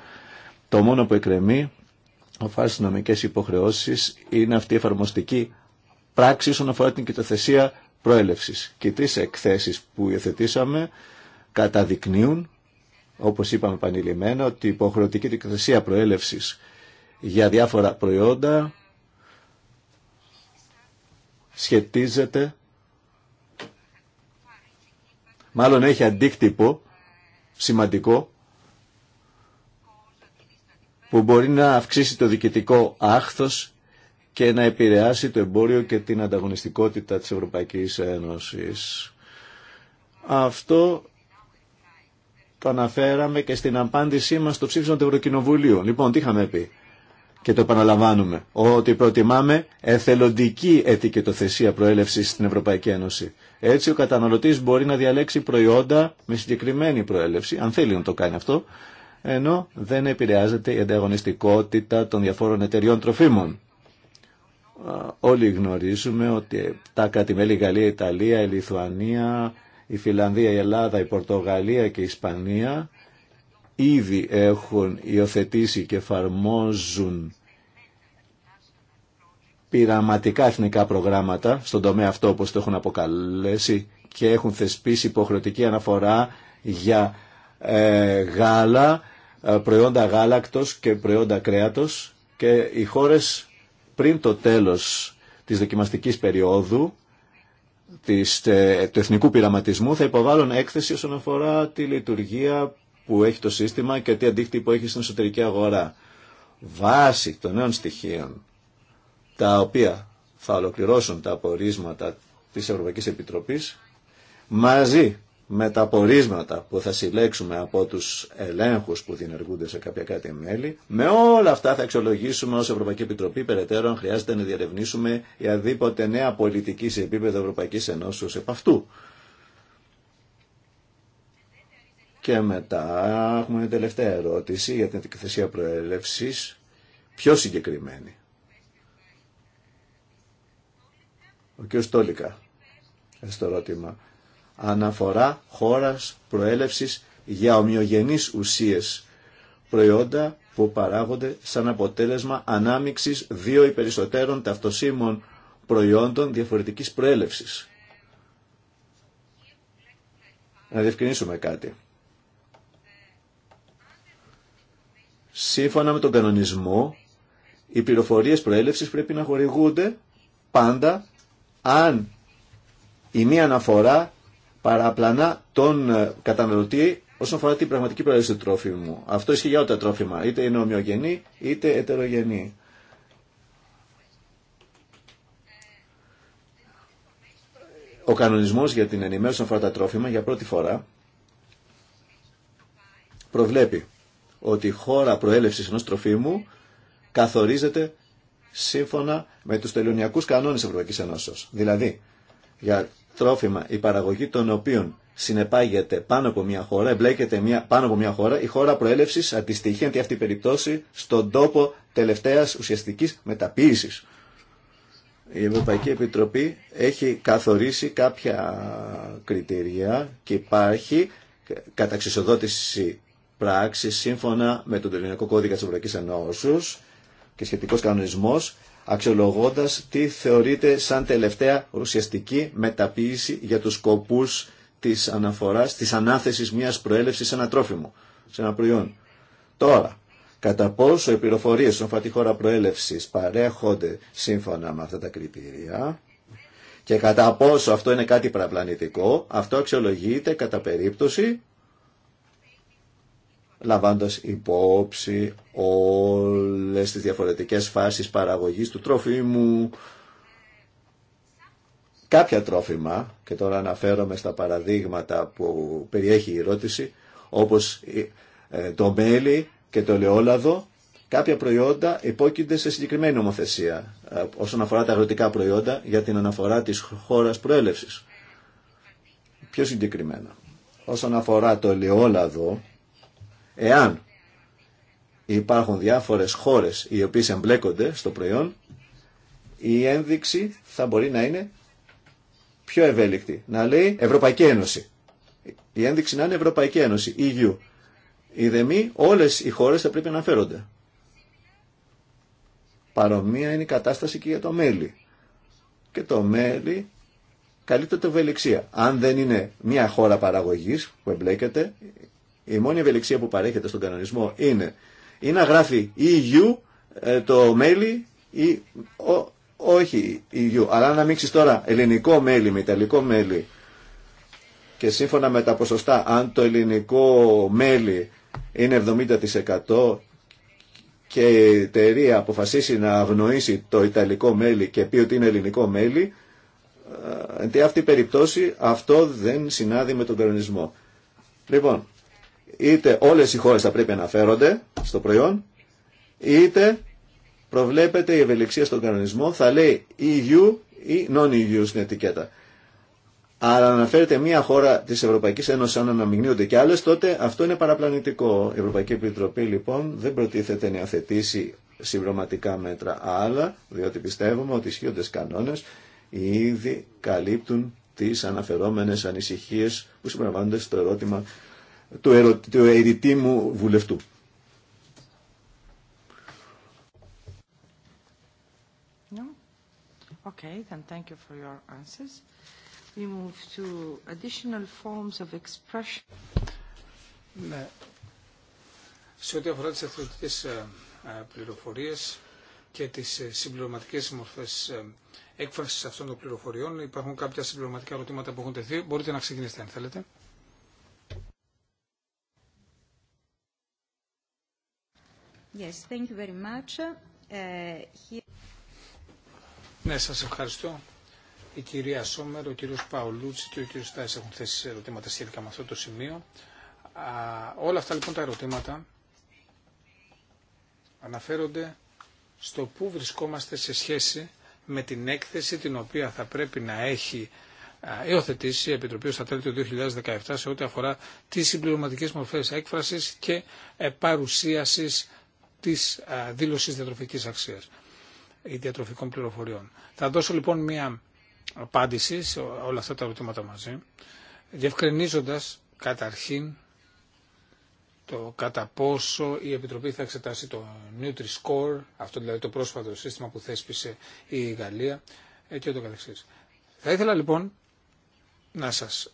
το μόνο που εκκρεμεί οφάσεις νομικές νομικέ υποχρεώσει είναι αυτή η εφαρμοστική πράξη όσον αφορά την κοιτοθεσία προέλευσης. Και τρεις εκθέσεις που υιοθετήσαμε καταδεικνύουν, όπως είπαμε πανηλημμένα, ότι η υποχρεωτική κοιτοθεσία προέλευσης για διάφορα προϊόντα σχετίζεται μάλλον έχει αντίκτυπο σημαντικό που μπορεί να αυξήσει το διοικητικό άχθος και να επηρεάσει το εμπόριο και την ανταγωνιστικότητα της Ευρωπαϊκής Ένωσης. Αυτό το αναφέραμε και στην απάντησή μας στο ψήφισμα του Ευρωκοινοβουλίου. Λοιπόν, τι είχαμε πει και το επαναλαμβάνουμε, ότι προτιμάμε εθελοντική ετικετοθεσία προέλευση στην Ευρωπαϊκή Ένωση. Έτσι ο καταναλωτής μπορεί να διαλέξει προϊόντα με συγκεκριμένη προέλευση, αν θέλει να το κάνει αυτό, ενώ δεν επηρεάζεται η ανταγωνιστικότητα των διαφόρων εταιριών τροφίμων. Όλοι γνωρίζουμε ότι τα κρατη Γαλλία, Ιταλία, η Λιθουανία, η Φιλανδία, η Ελλάδα, η Πορτογαλία και η Ισπανία ήδη έχουν υιοθετήσει και εφαρμόζουν πειραματικά εθνικά προγράμματα στον τομέα αυτό όπως το έχουν αποκαλέσει και έχουν θεσπίσει υποχρεωτική αναφορά για ε, γάλα ε, προϊόντα γάλακτος και προϊόντα κρέατος και οι χώρες πριν το τέλος της δοκιμαστικής περίοδου της, ε, του εθνικού πειραματισμού θα υποβάλλουν έκθεση όσον αφορά τη λειτουργία που έχει το σύστημα και τι αντίκτυπο έχει στην εσωτερική αγορά. Βάσει των νέων στοιχείων τα οποία θα ολοκληρώσουν τα απορίσματα της Ευρωπαϊκής Επιτροπής μαζί με τα απορίσματα που θα συλλέξουμε από τους ελέγχους που διενεργούνται σε κάποια κάτι μέλη. Με όλα αυτά θα αξιολογήσουμε ως Ευρωπαϊκή Επιτροπή περαιτέρω αν χρειάζεται να διαρευνήσουμε για δίποτε νέα πολιτική σε επίπεδο Ευρωπαϊκής Ενώσεως επ' αυτού. Και μετά έχουμε μια τελευταία ερώτηση για την εκθεσία προέλευσης, πιο συγκεκριμένη. Ο κ. Στόλικα, στο ερώτημα αναφορά χώρας προέλευσης για ομοιογενείς ουσίες, προϊόντα που παράγονται σαν αποτέλεσμα ανάμιξης δύο ή περισσότερων ταυτοσύμων προϊόντων διαφορετικής προέλευσης. Να διευκρινίσουμε κάτι. Σύμφωνα με τον κανονισμό, οι πληροφορίες προέλευσης πρέπει να χορηγούνται πάντα αν η μία αναφορά παραπλανά τον ε, καταναλωτή όσον αφορά την πραγματική προέλευση του τρόφιμου. Αυτό ισχύει για όλα τα τρόφιμα, είτε είναι ομοιογενή είτε ετερογενή. Ο κανονισμός για την ενημέρωση αφορά τα τρόφιμα για πρώτη φορά προβλέπει ότι η χώρα προέλευσης ενός τροφίμου καθορίζεται σύμφωνα με τους τελωνιακούς κανόνες Ευρωπαϊκής Ενώσεως. Δηλαδή, για τρόφιμα, η παραγωγή των οποίων συνεπάγεται πάνω από μια χώρα, εμπλέκεται μια, πάνω από μια χώρα, η χώρα προέλευση αντιστοιχεί αντί αυτή η περιπτώση στον τόπο τελευταία ουσιαστική μεταποίηση. Η Ευρωπαϊκή Επιτροπή έχει καθορίσει κάποια κριτήρια και υπάρχει καταξισοδότηση πράξη σύμφωνα με τον Τελεινικό Κώδικα τη Ευρωπαϊκή Ενώσεω και σχετικό κανονισμό αξιολογώντας τι θεωρείται σαν τελευταία ουσιαστική μεταποίηση για τους σκοπούς της αναφοράς, της ανάθεσης μιας προέλευσης σε ένα τρόφιμο, σε ένα προϊόν. Τώρα, κατά πόσο οι πληροφορίε στον φατή χώρα προέλευσης παρέχονται σύμφωνα με αυτά τα κριτήρια και κατά πόσο αυτό είναι κάτι παραπλανητικό, αυτό αξιολογείται κατά περίπτωση λαμβάνοντας υπόψη όλες τις διαφορετικές φάσεις παραγωγής του τρόφιμου. Κάποια τρόφιμα, και τώρα αναφέρομαι στα παραδείγματα που περιέχει η ερώτηση, όπως ε, το μέλι και το ελαιόλαδο, κάποια προϊόντα υπόκεινται σε συγκεκριμένη νομοθεσία ε, όσον αφορά τα αγροτικά προϊόντα για την αναφορά της χώρας προέλευσης. Πιο συγκεκριμένα. Όσον αφορά το ελαιόλαδο, Εάν υπάρχουν διάφορες χώρες οι οποίες εμπλέκονται στο προϊόν, η ένδειξη θα μπορεί να είναι πιο ευέλικτη. Να λέει Ευρωπαϊκή Ένωση. Η ένδειξη να είναι Ευρωπαϊκή Ένωση, EU. Η δεμή, όλες οι χώρες θα πρέπει να αναφέρονται. Παρομοία είναι η κατάσταση και για το μέλι. Και το μέλι καλύπτεται ευελιξία. Αν δεν είναι μια χώρα παραγωγής που εμπλέκεται, η μόνη ευελιξία που παρέχεται στον κανονισμό είναι ή να γράφει EU ε, το μέλι ή ό, όχι EU. Αλλά να μίξεις τώρα ελληνικό μέλη με ιταλικό μέλι και σύμφωνα με τα ποσοστά αν το ελληνικό μέλι είναι 70% και η εταιρεία αποφασίσει να αγνοήσει το ιταλικό μέλι και πει ότι είναι ελληνικό μέλι, ε, εν αυτή η περιπτώση αυτό δεν συνάδει με τον κανονισμό. Λοιπόν, είτε όλες οι χώρες θα πρέπει να αναφέρονται στο προϊόν, είτε προβλέπεται η ευελιξία στον κανονισμό, θα λέει EU ή non-EU στην ετικέτα. Αλλά αναφέρεται μία χώρα τη Ευρωπαϊκή Ένωση, αν αναμειγνύονται και άλλε, τότε αυτό είναι παραπλανητικό. Η Ευρωπαϊκή Επιτροπή λοιπόν δεν προτίθεται να υιοθετήσει συμπληρωματικά μέτρα άλλα, διότι πιστεύουμε ότι οι ισχύοντε κανόνε ήδη καλύπτουν τι αναφερόμενε ανησυχίε που συμπεριλαμβάνονται στο ερώτημα του, ειρητή μου βουλευτού. Okay, then thank you for your answers. We move to additional forms of expression. Ναι. Σε ό,τι αφορά τις αθλητικές ε, ε, πληροφορίες και τις ε, συμπληρωματικές μορφές έκφρασης αυτών των πληροφοριών, υπάρχουν κάποια συμπληρωματικά ερωτήματα που έχουν τεθεί. Μπορείτε να ξεκινήσετε αν θέλετε. Yes, thank you very much. Ε, ναι, σας ευχαριστώ. Η κυρία Σόμερ, ο κύριος Παολούτσι και ο κύριος Στάις έχουν θέσει ερωτήματα σχετικά με αυτό το σημείο. Α, όλα αυτά λοιπόν τα ερωτήματα αναφέρονται στο πού βρισκόμαστε σε σχέση με την έκθεση την οποία θα πρέπει να έχει υιοθετήσει η Επιτροπή στα τέλη του 2017 σε ό,τι αφορά τις συμπληρωματικές μορφές έκφρασης και ε, παρουσίασης της δήλωσης διατροφικής αξίας ή διατροφικών πληροφοριών. Θα δώσω λοιπόν μία απάντηση σε όλα αυτά τα ερωτήματα μαζί, διευκρινίζοντας καταρχήν το κατά πόσο η Επιτροπή θα εξετάσει το Nutri-Score, αυτό δηλαδή το πρόσφατο σύστημα που θέσπισε η Γαλλία ε, και το καθεξής. Θα ήθελα λοιπόν να σας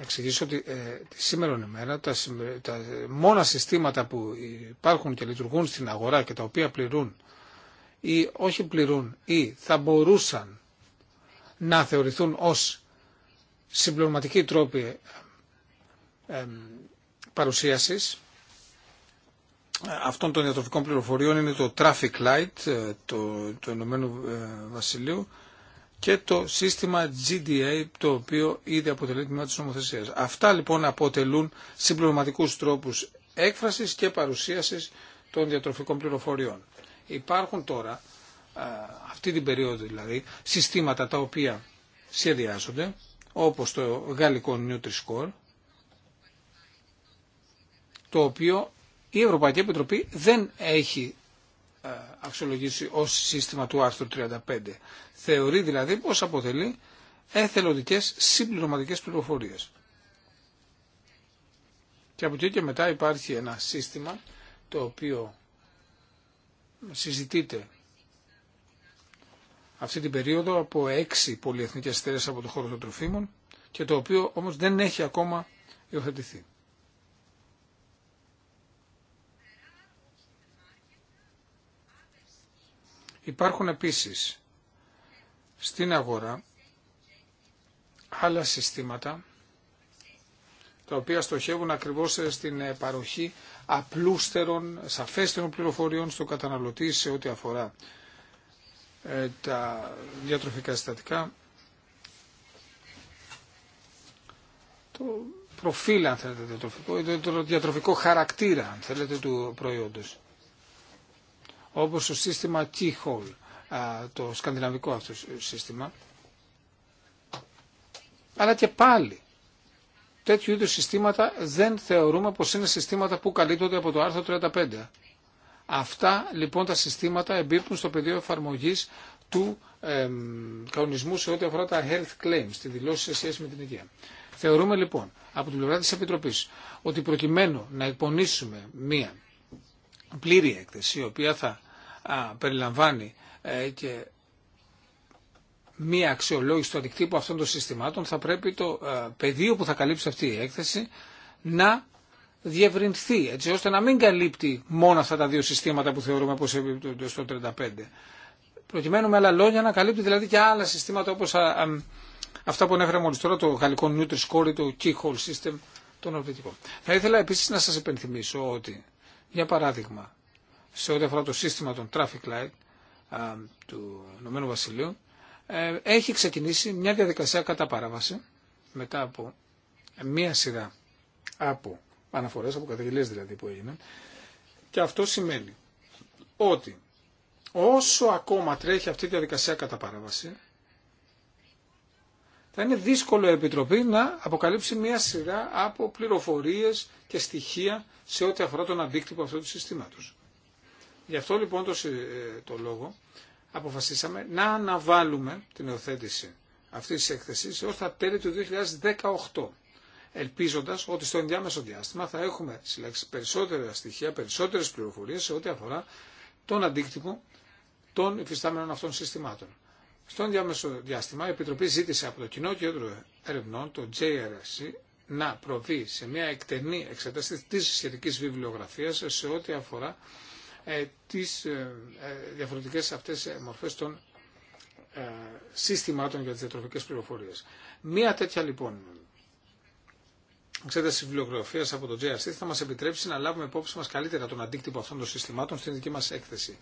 εξηγήσω ότι ε, τη σήμερα ημέρα τα, τα μόνα συστήματα που υπάρχουν και λειτουργούν στην αγορά και τα οποία πληρούν ή όχι πληρούν ή θα μπορούσαν να θεωρηθούν ως συμπληρωματικοί τρόποι ε, ε παρουσίασης αυτών των διατροφικών πληροφοριών είναι το Traffic Light ε, του το Ηνωμένου Βασιλείου και το σύστημα GDA το οποίο ήδη αποτελεί τμήμα της νομοθεσίας. Αυτά λοιπόν αποτελούν συμπληρωματικούς τρόπους έκφρασης και παρουσίασης των διατροφικών πληροφοριών. Υπάρχουν τώρα, αυτή την περίοδο δηλαδή, συστήματα τα οποία σχεδιάζονται, όπως το γαλλικό Nutri-Score, το οποίο η Ευρωπαϊκή Επιτροπή δεν έχει ε, αξιολογήσει ως σύστημα του άρθρου 35. Θεωρεί δηλαδή πως αποτελεί εθελοντικές συμπληρωματικές πληροφορίες. Και από εκεί και μετά υπάρχει ένα σύστημα το οποίο συζητείται αυτή την περίοδο από έξι πολυεθνικές εταιρείε από το χώρο των τροφίμων και το οποίο όμως δεν έχει ακόμα υιοθετηθεί. Υπάρχουν επίσης στην αγορά άλλα συστήματα τα οποία στοχεύουν ακριβώς στην παροχή απλούστερων, σαφέστερων πληροφοριών στο καταναλωτή σε ό,τι αφορά ε, τα διατροφικά συστατικά. Το προφίλ, αν θέλετε, διατροφικό, το διατροφικό χαρακτήρα, αν θέλετε, του προϊόντος όπως το σύστημα Keyhole, το σκανδιναβικό αυτό σύστημα. Αλλά και πάλι τέτοιου είδους συστήματα δεν θεωρούμε πως είναι συστήματα που καλύπτονται από το άρθρο 35. Αυτά λοιπόν τα συστήματα εμπίπτουν στο πεδίο εφαρμογής του καονισμού κανονισμού σε ό,τι αφορά τα health claims, τη δηλώση σε σχέση με την υγεία. Θεωρούμε λοιπόν από την πλευρά της Επιτροπής ότι προκειμένου να επονήσουμε μία πλήρη έκθεση η οποία θα περιλαμβάνει ε, και μία αξιολόγηση του αντικτύπου αυτών των συστημάτων θα πρέπει το ε, πεδίο που θα καλύψει αυτή η έκθεση να διευρυνθεί έτσι ώστε να μην καλύπτει μόνο αυτά τα δύο συστήματα που θεωρούμε πως επίπτονται στο 35. Προκειμένου με άλλα λόγια να καλύπτει δηλαδή και άλλα συστήματα όπως αυτά που ανέφερα μόλις τώρα το γαλλικό Nutri-Score, το Keyhole System των οπτικών. Θα ήθελα επίσης να σας υπενθυμίσω ότι για παράδειγμα, σε ό,τι αφορά το σύστημα των traffic light του Ηνωμένου Βασιλείου, ε, έχει ξεκινήσει μια διαδικασία κατά παράβαση μετά από μία σειρά από αναφορές, από καταγγελίες δηλαδή που έγιναν και αυτό σημαίνει ότι όσο ακόμα τρέχει αυτή η διαδικασία κατά παράβαση θα είναι δύσκολο η Επιτροπή να αποκαλύψει μια σειρά από πληροφορίες και στοιχεία σε ό,τι αφορά τον αντίκτυπο αυτού του συστήματος. Γι' αυτό λοιπόν το, ε, το λόγο αποφασίσαμε να αναβάλουμε την υιοθέτηση αυτής της έκθεσης έω τα τέλη του 2018 ελπίζοντας ότι στο ενδιάμεσο διάστημα θα έχουμε συλλέξει περισσότερα στοιχεία, περισσότερες πληροφορίες σε ό,τι αφορά τον αντίκτυπο των υφιστάμενων αυτών συστημάτων. Στον διάμεσο διάστημα, η Επιτροπή ζήτησε από το Κοινό Κέντρο Ερευνών, το JRC, να προβεί σε μια εκτενή εξέταση της σχετικής βιβλιογραφίας σε ό,τι αφορά ε, τις ε, ε διαφορετικές αυτές ε, μορφές των ε, συστημάτων για τις διατροφικές πληροφορίες. Μία τέτοια λοιπόν εξέταση βιβλιογραφία από το JRC θα μα επιτρέψει να λάβουμε υπόψη μα καλύτερα τον αντίκτυπο αυτών των συστημάτων στην δική μα έκθεση.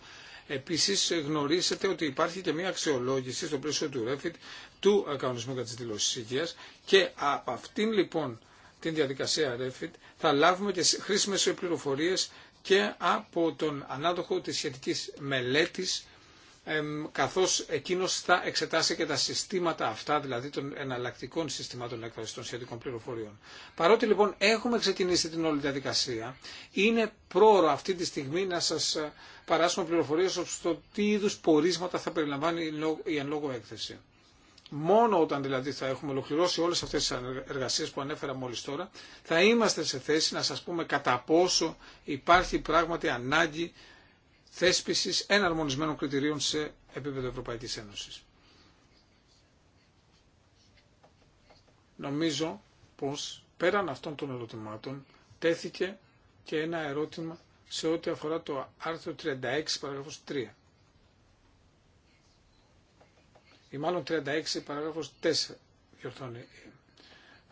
Επίσης γνωρίζετε ότι υπάρχει και μια αξιολόγηση στο πλαίσιο του REFIT του κανονισμού κατά υγείας και από αυτήν λοιπόν την διαδικασία REFIT θα λάβουμε και χρήσιμε πληροφορίε και από τον ανάδοχο τη σχετική μελέτη καθώς εκείνος θα εξετάσει και τα συστήματα αυτά, δηλαδή των εναλλακτικών συστημάτων έκφρασης των σχετικών πληροφοριών. Παρότι λοιπόν έχουμε ξεκινήσει την όλη διαδικασία, είναι πρόωρο αυτή τη στιγμή να σας ε, παράσουμε πληροφορίες στο τι είδους πορίσματα θα περιλαμβάνει η εν λόγω έκθεση. Μόνο όταν δηλαδή θα έχουμε ολοκληρώσει όλες αυτές τις εργασίες που ανέφερα μόλις τώρα, θα είμαστε σε θέση να σας πούμε κατά πόσο υπάρχει πράγματι ανάγκη θέσπισης εναρμονισμένων κριτηρίων σε επίπεδο Ευρωπαϊκής Ένωσης. Νομίζω πως πέραν αυτών των ερωτημάτων τέθηκε και ένα ερώτημα σε ό,τι αφορά το άρθρο 36 παράγραφος 3 ή μάλλον 36 παράγραφος 4 διορθώνει η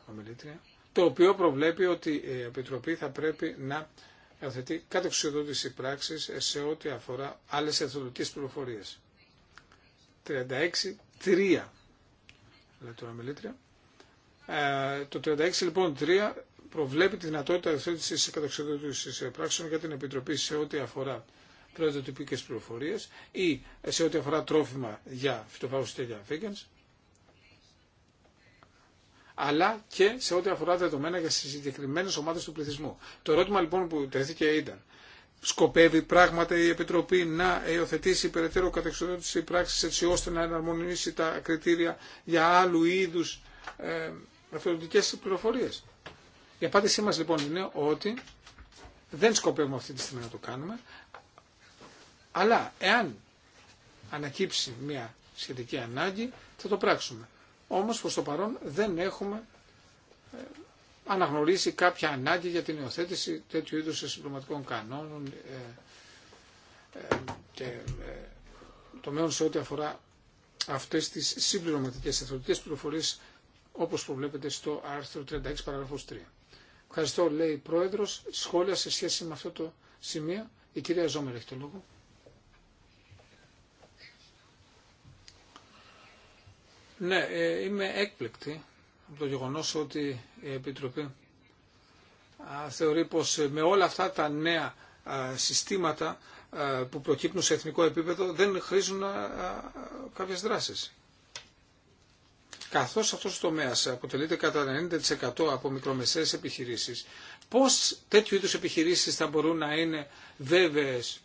ομιλήτρια το οποίο προβλέπει η Επιτροπή θα πρέπει να καθετεί κατεξοδότηση πράξη σε ό,τι αφορά άλλες εθνολωτικέ πληροφορίες. 36-3 λέει τώρα μιλήτρια. Ε, το 36 λοιπόν 3 προβλέπει τη δυνατότητα ευθέτηση κατεξοδότηση πράξεων για την Επιτροπή σε ό,τι αφορά πρωτοτυπικέ πληροφορίε ή σε ό,τι αφορά τρόφιμα για φυτοφάγου και για vegans αλλά και σε ό,τι αφορά δεδομένα για συγκεκριμένε ομάδε του πληθυσμού. Το ερώτημα λοιπόν που τέθηκε ήταν, σκοπεύει πράγματι η Επιτροπή να υιοθετήσει περαιτέρω κατεξοδότηση πράξη έτσι ώστε να εναρμονίσει τα κριτήρια για άλλου είδου ε, πληροφορίε. πληροφορίες. Η απάντησή μας λοιπόν είναι ότι δεν σκοπεύουμε αυτή τη στιγμή να το κάνουμε, αλλά εάν ανακύψει μια σχετική ανάγκη θα το πράξουμε. Όμως προς το παρόν δεν έχουμε ε, αναγνωρίσει κάποια ανάγκη για την υιοθέτηση τέτοιου είδους συμπληρωματικών κανόνων ε, ε, και το τομέων σε ό,τι αφορά αυτές τις συμπληρωματικές εθνωτικές πληροφορίες όπως προβλέπεται στο άρθρο 36 παραγραφός 3. Ευχαριστώ λέει η Πρόεδρος. Σχόλια σε σχέση με αυτό το σημείο. Η κυρία Ζόμερ έχει το λόγο. Ναι, ε, είμαι έκπληκτη από το γεγονός ότι η Επιτροπή θεωρεί πως ε, με όλα αυτά τα νέα συστήματα που προκύπτουν σε εθνικό επίπεδο δεν χρήζουν κάποιες δράσεις. Καθώς αυτός ο τομέας αποτελείται κατά 90% από μικρομεσαίες επιχειρήσεις, πώς τέτοιου είδους επιχειρήσεις θα μπορούν να είναι βέβαιες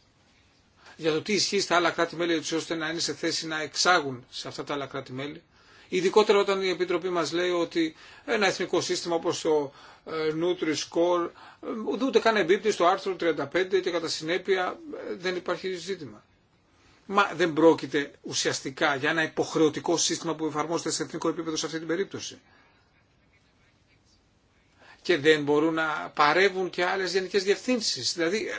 για το τι ισχύει στα άλλα κράτη-μέλη, ώστε να είναι σε θέση να εξάγουν σε αυτά τα άλλα κράτη-μέλη Ειδικότερα όταν η Επιτροπή μας λέει ότι ένα εθνικό σύστημα όπως το ε, Nutri-Score ε, ούτε καν εμπίπτει στο άρθρο 35 και κατά συνέπεια ε, δεν υπάρχει ζήτημα. Μα δεν πρόκειται ουσιαστικά για ένα υποχρεωτικό σύστημα που εφαρμόζεται σε εθνικό επίπεδο σε αυτή την περίπτωση. Και δεν μπορούν να παρεύουν και άλλες γενικές διευθύνσεις. Δηλαδή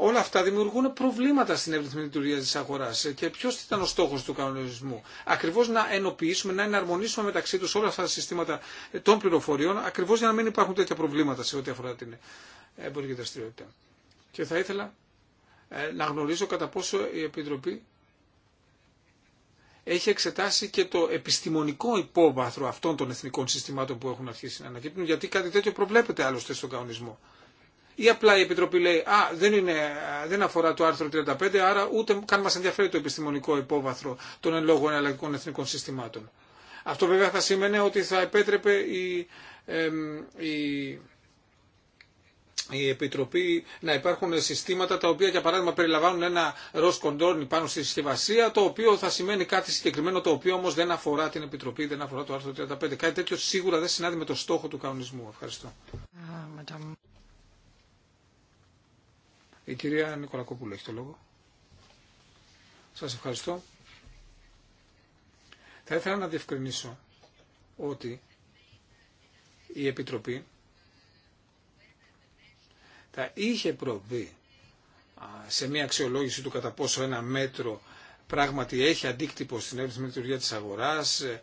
Όλα αυτά δημιουργούν προβλήματα στην εύρυθμη λειτουργία τη αγορά. Ε, και ποιο ήταν ο στόχο του κανονισμού. Ακριβώ να ενοποιήσουμε, να εναρμονίσουμε μεταξύ του όλα αυτά τα συστήματα ε, των πληροφοριών, ακριβώ για να μην υπάρχουν τέτοια προβλήματα σε ό,τι αφορά την εμπορική δραστηριότητα. Και θα ήθελα ε, να γνωρίζω κατά πόσο η Επιτροπή έχει εξετάσει και το επιστημονικό υπόβαθρο αυτών των εθνικών συστημάτων που έχουν αρχίσει να ανακύπτουν, γιατί κάτι τέτοιο προβλέπεται άλλωστε στον κανονισμό ή απλά η Επιτροπή λέει «Α, δεν, είναι, δεν αφορά το άρθρο 35, άρα ούτε καν μας ενδιαφέρει το επιστημονικό υπόβαθρο των εν λόγω εναλλακτικών εθνικών συστημάτων». Αυτό βέβαια θα σήμαινε ότι θα επέτρεπε η, η, Επιτροπή να υπάρχουν συστήματα τα οποία για παράδειγμα περιλαμβάνουν ένα ροζ κοντόρνι πάνω στη συσκευασία το οποίο θα σημαίνει κάτι συγκεκριμένο το οποίο όμως δεν αφορά την Επιτροπή, δεν αφορά το άρθρο 35. Κάτι τέτοιο σίγουρα δεν συνάδει με το στόχο του κανονισμού. Ευχαριστώ. Η κυρία Νικολακόπουλο έχει το λόγο. Σας ευχαριστώ. Θα ήθελα να διευκρινίσω ότι η Επιτροπή θα είχε προβεί σε μια αξιολόγηση του κατά πόσο ένα μέτρο πράγματι έχει αντίκτυπο στην τη λειτουργία της αγοράς, ε,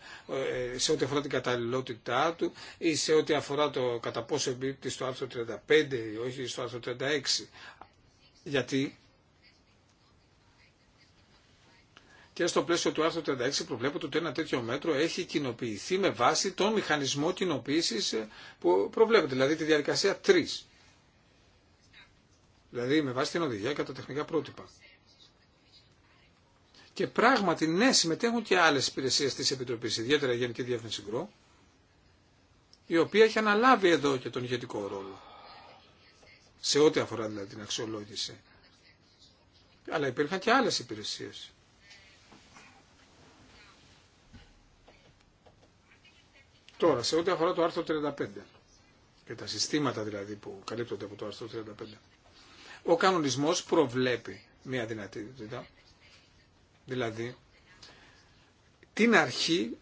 ε, σε ό,τι αφορά την καταλληλότητά του ή σε ό,τι αφορά το κατά πόσο εμπίπτει στο άρθρο 35 ή όχι στο άρθρο 36 γιατί και στο πλαίσιο του άρθρου 36 προβλέπεται ότι ένα τέτοιο μέτρο έχει κοινοποιηθεί με βάση τον μηχανισμό κοινοποίηση που προβλέπεται, δηλαδή τη διαδικασία 3. Δηλαδή με βάση την οδηγία και τα τεχνικά πρότυπα. Και πράγματι, ναι, συμμετέχουν και άλλε υπηρεσίε τη Επιτροπή, ιδιαίτερα η Γενική Διεύθυνση Γκρό, η οποία έχει αναλάβει εδώ και τον ηγετικό ρόλο σε ό,τι αφορά δηλαδή την αξιολόγηση. Αλλά υπήρχαν και άλλες υπηρεσίες. Τώρα, σε ό,τι αφορά το άρθρο 35 και τα συστήματα δηλαδή που καλύπτονται από το άρθρο 35, ο κανονισμός προβλέπει μια δυνατότητα, δηλαδή την αρχή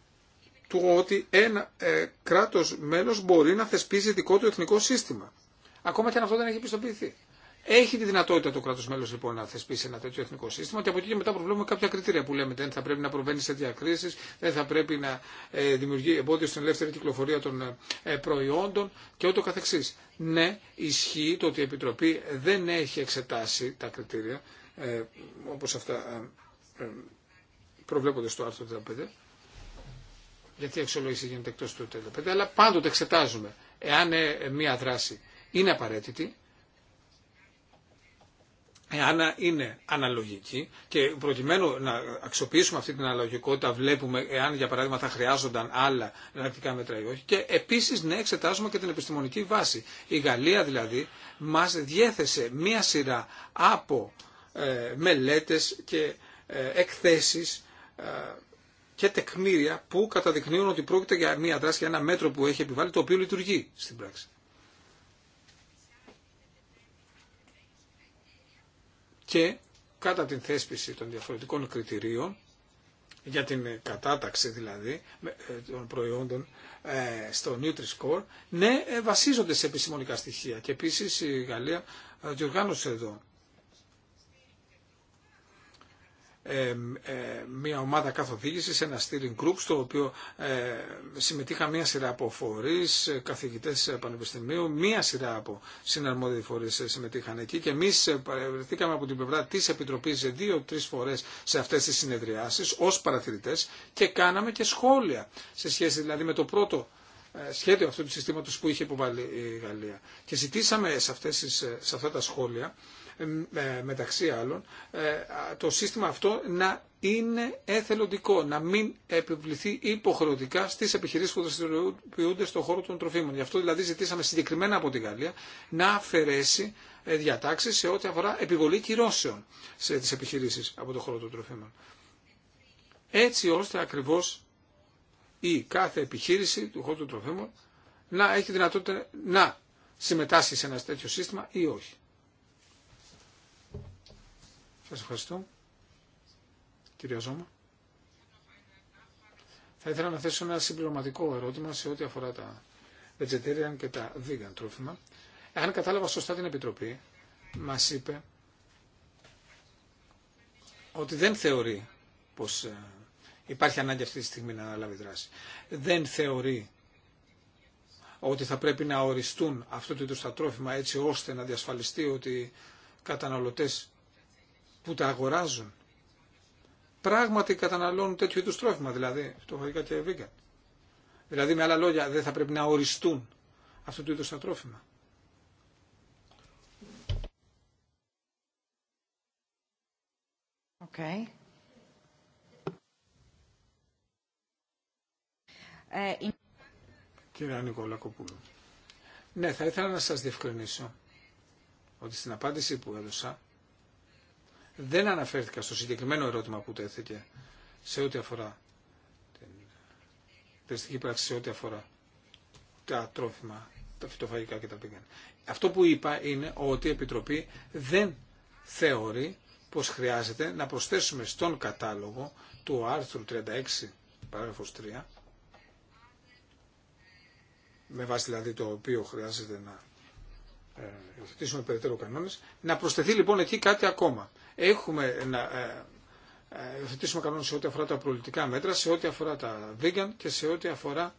του ότι ένα ε, κράτος μέλος μπορεί να θεσπίζει δικό του εθνικό σύστημα ακόμα και αν αυτό δεν έχει επιστοποιηθεί. Έχει τη δυνατότητα το κράτο μέλο λοιπόν να θεσπίσει ένα τέτοιο εθνικό σύστημα και από εκεί και μετά προβλέπουμε κάποια κριτήρια που λέμε δεν θα πρέπει να προβαίνει σε διακρίσει, δεν θα πρέπει να ε, δημιουργεί εμπόδιο στην ελεύθερη κυκλοφορία των ε, ε, προϊόντων και ούτω καθεξής. Ναι, ισχύει το ότι η Επιτροπή δεν έχει εξετάσει τα κριτήρια ε, όπω αυτά προβλέπονται στο άρθρο 35 γιατί η αξιολόγηση γίνεται εκτό του 35, αλλά πάντοτε εξετάζουμε εάν μια δράση είναι απαραίτητη, εάν είναι αναλογική και προκειμένου να αξιοποιήσουμε αυτή την αναλογικότητα βλέπουμε εάν για παράδειγμα θα χρειάζονταν άλλα εναλλακτικά μέτρα ή όχι και επίσης ναι εξετάζουμε και την επιστημονική βάση. Η Γαλλία δηλαδή μας διέθεσε μία σειρά από ε, μελέτες και ε, εκθέσεις ε, και τεκμήρια που καταδεικνύουν ότι πρόκειται για μία δράση, για ένα μέτρο που έχει επιβάλει το οποίο λειτουργεί στην πράξη. και κατά την θέσπιση των διαφορετικών κριτηρίων για την κατάταξη δηλαδή ε, των προϊόντων ε, στο Nutri-Score, ναι, ε, βασίζονται σε επιστημονικά στοιχεία. Και επίσης η Γαλλία διοργάνωσε εδώ μια ομάδα καθοδήγησης, ένα steering group στο οποίο ε, συμμετείχαν μια σειρά από φορείς, καθηγητές πανεπιστημίου, μια σειρά από συναρμόδιοι φορείς συμμετείχαν εκεί και εμείς ε, βρεθήκαμε από την πλευρά της Επιτροπής δύο-τρεις φορές σε αυτές τις συνεδριάσεις ως παρατηρητές και κάναμε και σχόλια σε σχέση δηλαδή με το πρώτο ε, σχέδιο αυτού του συστήματος που είχε υποβάλει η Γαλλία. Και ζητήσαμε σε, αυτές, σε αυτά τα σχόλια ε, ε, μεταξύ άλλων, ε, το σύστημα αυτό να είναι εθελοντικό, να μην επιβληθεί υποχρεωτικά στι επιχειρήσει που δραστηριοποιούνται στον χώρο των τροφίμων. Γι' αυτό δηλαδή ζητήσαμε συγκεκριμένα από τη Γαλλία να αφαιρέσει διατάξει σε ό,τι αφορά επιβολή κυρώσεων σε τις επιχειρήσει από τον χώρο των τροφίμων. Έτσι ώστε ακριβώ η κάθε επιχείρηση του χώρου των τροφίμων να έχει δυνατότητα να συμμετάσχει σε ένα τέτοιο σύστημα ή όχι. Σας ευχαριστώ. Κυρία Ζώμα. Θα ήθελα να θέσω ένα συμπληρωματικό ερώτημα σε ό,τι αφορά τα vegetarian και τα vegan τρόφιμα. Αν κατάλαβα σωστά την Επιτροπή, μας είπε ότι δεν θεωρεί πως ε, υπάρχει ανάγκη αυτή τη στιγμή να αναλάβει δράση. Δεν θεωρεί ότι θα πρέπει να οριστούν αυτό το είδους τα τρόφιμα έτσι ώστε να διασφαλιστεί ότι οι καταναλωτές που τα αγοράζουν πράγματι καταναλώνουν τέτοιου είδου τρόφιμα, δηλαδή φτωχογικά και βίγκα Δηλαδή, με άλλα λόγια, δεν θα πρέπει να οριστούν αυτού του είδου τα τρόφιμα. Okay. Ε, Κύριε ναι, θα ήθελα να σας διευκρινίσω ότι στην απάντηση που έδωσα δεν αναφέρθηκα στο συγκεκριμένο ερώτημα που τέθηκε σε ό,τι αφορά την τεστική πράξη, σε ό,τι αφορά τα τρόφιμα, τα φυτοφαγικά και τα πήγαν. Αυτό που είπα είναι ότι η Επιτροπή δεν θεωρεί πως χρειάζεται να προσθέσουμε στον κατάλογο του άρθρου 36 παράγραφος 3 με βάση δηλαδή το οποίο χρειάζεται να ε, υιοθετήσουμε περαιτέρω κανόνες να προσθεθεί λοιπόν εκεί κάτι ακόμα έχουμε να ε, ε, θετήσουμε κανόνες σε ό,τι αφορά τα προληπτικά μέτρα, σε ό,τι αφορά τα vegan και σε ό,τι αφορά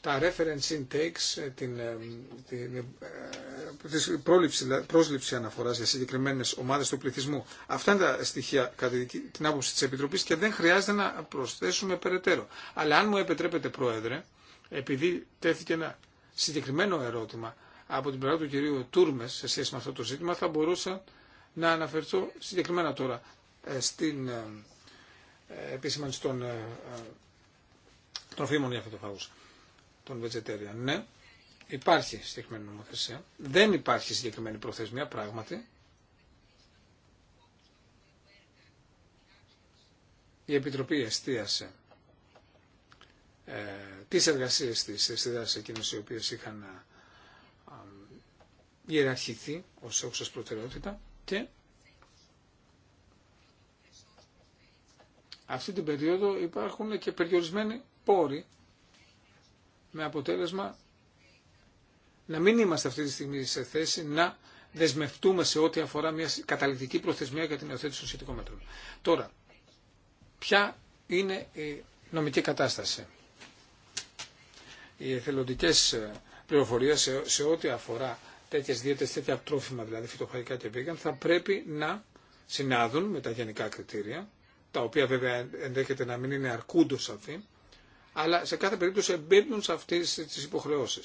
τα reference intakes, ε, την, την, πρόληψη, πρόσληψη αναφοράς για συγκεκριμένες ομάδες του πληθυσμού. Αυτά είναι τα στοιχεία κατά την άποψη της Επιτροπής και δεν χρειάζεται να προσθέσουμε περαιτέρω. Αλλά αν μου επιτρέπετε Πρόεδρε, επειδή τέθηκε ένα συγκεκριμένο ερώτημα από την πλευρά του κυρίου Τούρμε σε σχέση με αυτό το ζήτημα, θα μπορούσα να αναφερθώ συγκεκριμένα τώρα ε, στην ε, ε, επισήμανση των τροφίμων για φυτοφάγους, των βετζετέρια. Ναι, υπάρχει συγκεκριμένη νομοθεσία. Δεν υπάρχει συγκεκριμένη προθεσμία, πράγματι. Η Επιτροπή εστίασε ε, τις εργασίες της, στις εκείνες οι οποίες είχαν ιεραρχηθεί ως όξος προτεραιότητα και αυτή την περίοδο υπάρχουν και περιορισμένοι πόροι με αποτέλεσμα να μην είμαστε αυτή τη στιγμή σε θέση να δεσμευτούμε σε ό,τι αφορά μια καταληκτική προθεσμία για την υιοθέτηση των σχετικών μέτρων. Τώρα, ποια είναι η νομική κατάσταση. Οι εθελοντικές ε, πληροφορίες σε ό,τι αφορά Τέτοιε δίαιτες, τέτοια τρόφιμα δηλαδή φυτοχαϊκά και vegan, θα πρέπει να συνάδουν με τα γενικά κριτήρια, τα οποία βέβαια ενδέχεται να μην είναι αρκούντο σαφή, αλλά σε κάθε περίπτωση εμπίπτουν σε αυτέ τι υποχρεώσει.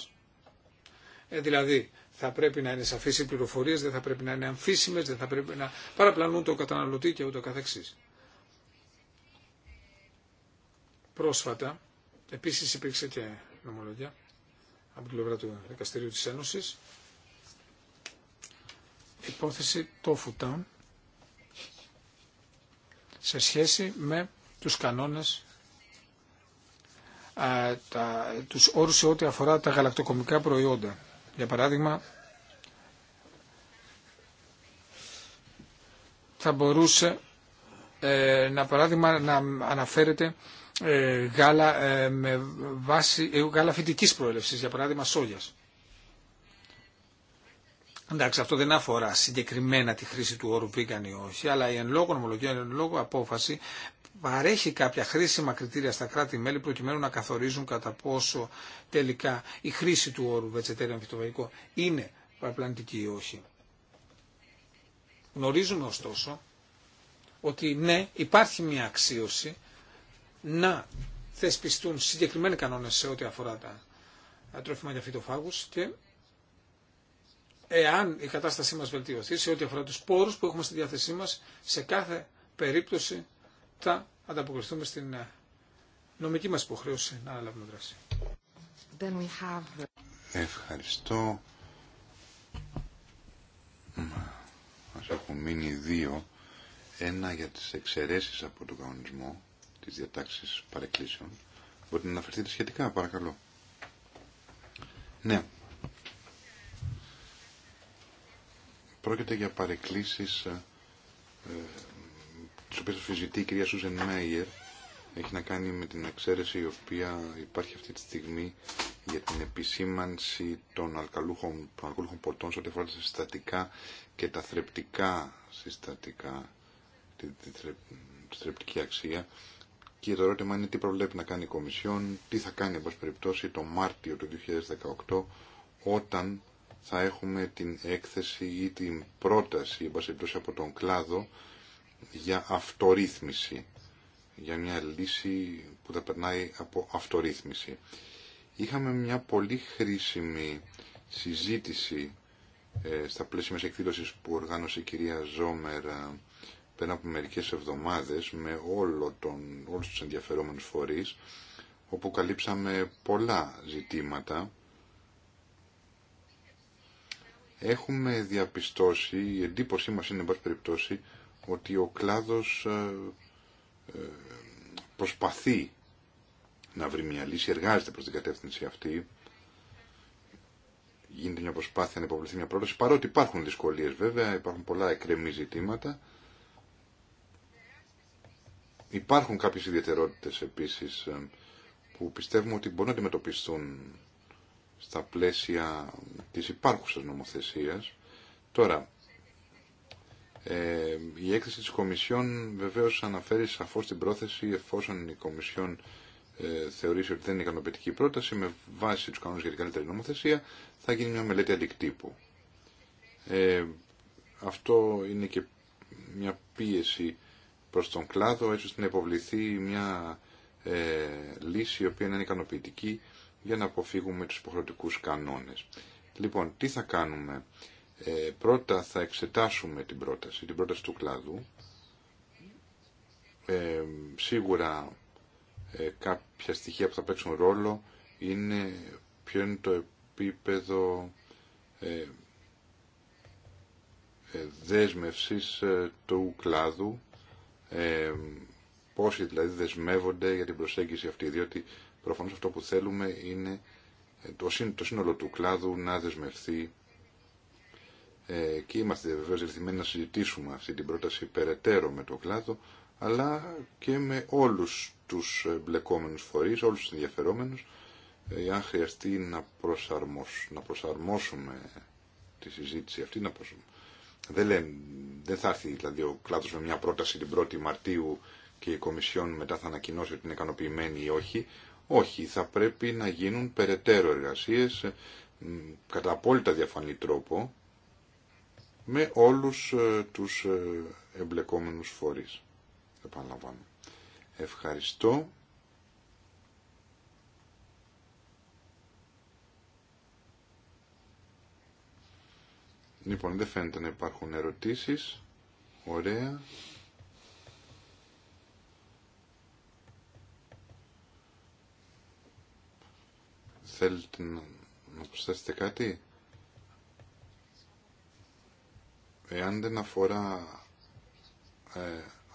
Ε, δηλαδή, θα πρέπει να είναι σαφείς οι πληροφορίες, δεν θα πρέπει να είναι αμφίσιμε, δεν θα πρέπει να παραπλανούν το καταναλωτή και ούτω καθεξής. Πρόσφατα, επίση υπήρξε και νομολογία από την πλευρά του Δικαστηρίου τη Ένωση υπόθεση το Φουτάν σε σχέση με τους κανόνες τα, τους όρους σε ό,τι αφορά τα γαλακτοκομικά προϊόντα. Για παράδειγμα, θα μπορούσε ε, να παράδειγμα να αναφέρεται ε, γάλα, ε, με βάση, ε, γάλα φυτικής προέλευσης, για παράδειγμα σόγιας. Εντάξει, αυτό δεν αφορά συγκεκριμένα τη χρήση του όρου vegan ή όχι, αλλά η εν λόγω νομολογία, η εν λόγω απόφαση παρέχει κάποια χρήσιμα κριτήρια στα κράτη-μέλη προκειμένου να καθορίζουν κατά πόσο τελικά η χρήση του όρου βετσετέριο φυτοβαϊκό είναι παραπλανητική ή όχι. Γνωρίζουμε ωστόσο ότι ναι, υπάρχει μια αξίωση να θεσπιστούν συγκεκριμένοι κανόνες σε ό,τι αφορά τα τρόφιμα για φυτοφάγους και εάν η κατάστασή μας βελτιωθεί σε ό,τι αφορά τους πόρους που έχουμε στη διάθεσή μας, σε κάθε περίπτωση θα ανταποκριθούμε στην ε, νομική μας υποχρέωση να λάβουμε δράση. we have... Ευχαριστώ. Μας έχουν μείνει δύο. Ένα για τις εξαιρέσεις από τον κανονισμό, τις διατάξεις παρεκκλήσεων. Μπορείτε να αναφερθείτε σχετικά, παρακαλώ. Ναι, Πρόκειται για παρεκκλήσεις ε, ε, τις οποίες αφιζητεί η κυρία Σούζεν Μέιερ. Έχει να κάνει με την εξαίρεση η οποία υπάρχει αυτή τη στιγμή για την επισήμανση των αλκαλούχων, των αλκαλούχων ποτών σε ό,τι αφορά τα συστατικά και τα θρεπτικά συστατικά, τη, θρεπτική αξία. Και το ερώτημα είναι τι προβλέπει να κάνει η Κομισιόν, τι θα κάνει, εν περιπτώσει, το Μάρτιο του 2018, όταν θα έχουμε την έκθεση ή την πρόταση από τον κλάδο για αυτορύθμιση, για μια λύση που θα περνάει από αυτορύθμιση. Είχαμε μια πολύ χρήσιμη συζήτηση ε, στα πλαίσια μιας εκδήλωσης που οργάνωσε η κυρία Ζόμερ ε, πέρα από μερικές εβδομάδες με όλο τον, όλους τους ενδιαφερόμενους φορείς όπου καλύψαμε πολλά ζητήματα έχουμε διαπιστώσει, η εντύπωσή μας είναι εν πάση περιπτώσει, ότι ο κλάδος ε, ε, προσπαθεί να βρει μια λύση, εργάζεται προς την κατεύθυνση αυτή. Γίνεται μια προσπάθεια να υποβληθεί μια πρόταση, παρότι υπάρχουν δυσκολίες βέβαια, υπάρχουν πολλά εκρεμή ζητήματα. Υπάρχουν κάποιες ιδιαιτερότητες επίσης ε, που πιστεύουμε ότι μπορούν να αντιμετωπιστούν στα πλαίσια της υπάρχουσας νομοθεσίας. Τώρα, ε, η έκθεση της Κομισιόν βεβαίως αναφέρει σαφώς την πρόθεση εφόσον η Κομισιόν ε, θεωρήσει ότι δεν είναι ικανοποιητική πρόταση με βάση τους κανόνες για την καλύτερη νομοθεσία θα γίνει μια μελέτη αντικτύπου. Ε, αυτό είναι και μια πίεση προς τον κλάδο έτσι ώστε να υποβληθεί μια ε, λύση η οποία είναι ικανοποιητική για να αποφύγουμε τους υποχρεωτικούς κανόνες. Λοιπόν, τι θα κάνουμε. Ε, πρώτα θα εξετάσουμε την πρόταση, την πρόταση του κλάδου. Ε, σίγουρα ε, κάποια στοιχεία που θα παίξουν ρόλο είναι ποιο είναι το επίπεδο ε, ε δέσμευσης ε, του κλάδου, ε, πόσοι δηλαδή δεσμεύονται για την προσέγγιση αυτή, διότι Προφανώς αυτό που θέλουμε είναι ε, το σύνολο του κλάδου να δεσμευθεί ε, και είμαστε βεβαίως ρυθμένοι να συζητήσουμε αυτή την πρόταση περαιτέρω με το κλάδο, αλλά και με όλους τους μπλεκόμενους φορείς, όλους τους ενδιαφερόμενους, ε, αν χρειαστεί να, προσαρμόσ, να προσαρμόσουμε τη συζήτηση αυτή, να προσ... δεν, δεν θα έρθει δηλαδή ο κλάδος με μια πρόταση την 1η Μαρτίου και η Κομισιόν μετά θα ανακοινώσει ότι είναι ικανοποιημένη ή όχι. Όχι, θα πρέπει να γίνουν περαιτέρω εργασίες ε, κατά απόλυτα διαφανή τρόπο με όλους ε, τους ε, εμπλεκόμενους φορείς. Επαναλαμβάνω. Ευχαριστώ. Λοιπόν, δεν φαίνεται να υπάρχουν ερωτήσεις. Ωραία. Θέλετε να, να προσθέσετε κάτι. Εάν δεν αφορά ε,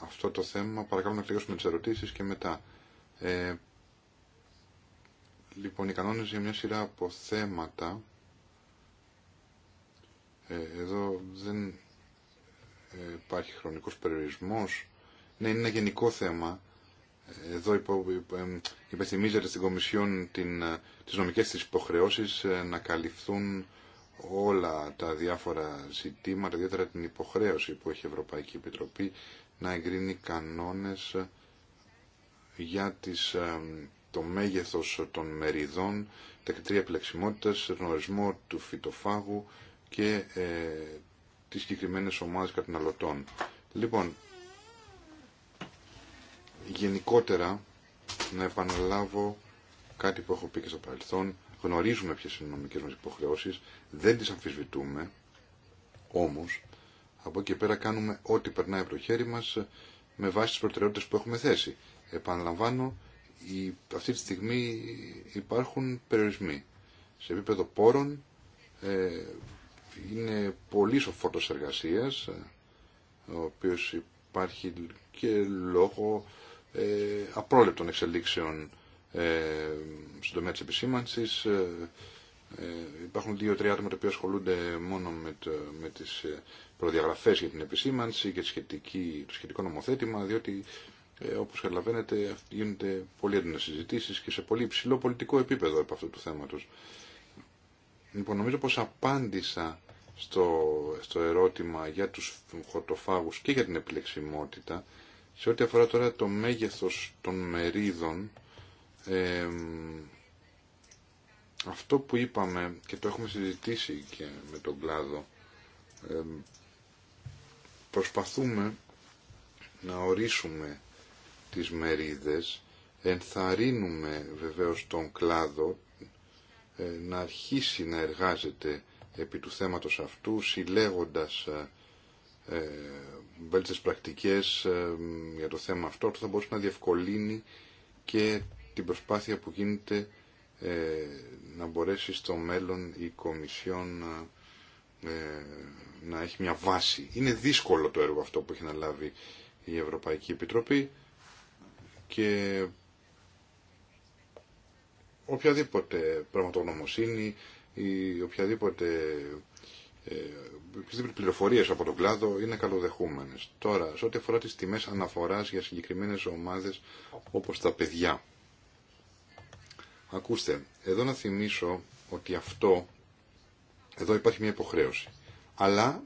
αυτό το θέμα, παρακαλώ να κλείσουμε τις ερωτήσεις και μετά. Ε, λοιπόν, οι κανόνες για μια σειρά από θέματα, ε, εδώ δεν ε, υπάρχει χρονικός περιορισμός, ναι, είναι ένα γενικό θέμα, εδώ υπενθυμίζεται στην Κομισιόν την, ε, τις νομικές της υποχρεώσεις ε, να καλυφθούν όλα τα διάφορα ζητήματα, ιδιαίτερα την υποχρέωση που έχει η Ευρωπαϊκή Επιτροπή να εγκρίνει κανόνες ε, για τις, το μέγεθος των μεριδών, τα κριτήρια επιλεξιμότητας, τον ορισμό του φυτοφάγου και ε, τις συγκεκριμένες ομάδες καταναλωτών. Λοιπόν, γενικότερα να επαναλάβω κάτι που έχω πει και στο παρελθόν. Γνωρίζουμε ποιες είναι οι νομικές μας υποχρεώσεις, δεν τις αμφισβητούμε, όμως από εκεί πέρα κάνουμε ό,τι περνάει από το χέρι μας με βάση τις προτεραιότητες που έχουμε θέσει. Επαναλαμβάνω, η, αυτή τη στιγμή υπάρχουν περιορισμοί. Σε επίπεδο πόρων ε, είναι πολύ εργασίας, ο οποίος υπάρχει και λόγω ε, απρόλεπτων εξελίξεων στο ε, στον τομέα της επισήμανσης. Ε, ε, υπάρχουν δύο-τρία άτομα τα οποία ασχολούνται μόνο με, με τις ε, προδιαγραφές για την επισήμανση και σχετική, το σχετικό νομοθέτημα, διότι ε, όπως καταλαβαίνετε γίνονται πολύ έντονε συζητήσεις και σε πολύ υψηλό πολιτικό επίπεδο από αυτού του θέματος. Λοιπόν, νομίζω πως απάντησα στο, στο ερώτημα για τους χορτοφάγους και για την επιλεξιμότητα. Σε ό,τι αφορά τώρα το μέγεθος των μερίδων, αυτό που είπαμε και το έχουμε συζητήσει και με τον κλάδο, προσπαθούμε να ορίσουμε τις μερίδες, ενθαρρύνουμε βεβαίως τον κλάδο ε, να αρχίσει να εργάζεται επί του θέματος αυτού, συλλέγοντας ε, ε, βέλτιστες πρακτικές ε, για το θέμα αυτό θα μπορούσε να διευκολύνει και την προσπάθεια που γίνεται ε, να μπορέσει στο μέλλον η Κομισιόν ε, να έχει μια βάση. Είναι δύσκολο το έργο αυτό που έχει να λάβει η Ευρωπαϊκή Επιτροπή και οποιαδήποτε πραγματογνωμοσύνη ή οποιαδήποτε ε, οι πληροφορίες από τον κλάδο είναι καλοδεχούμενες. Τώρα, σε ό,τι αφορά τις τιμές αναφοράς για συγκεκριμένες ομάδες όπως τα παιδιά. Ακούστε, εδώ να θυμίσω ότι αυτό, εδώ υπάρχει μια υποχρέωση. Αλλά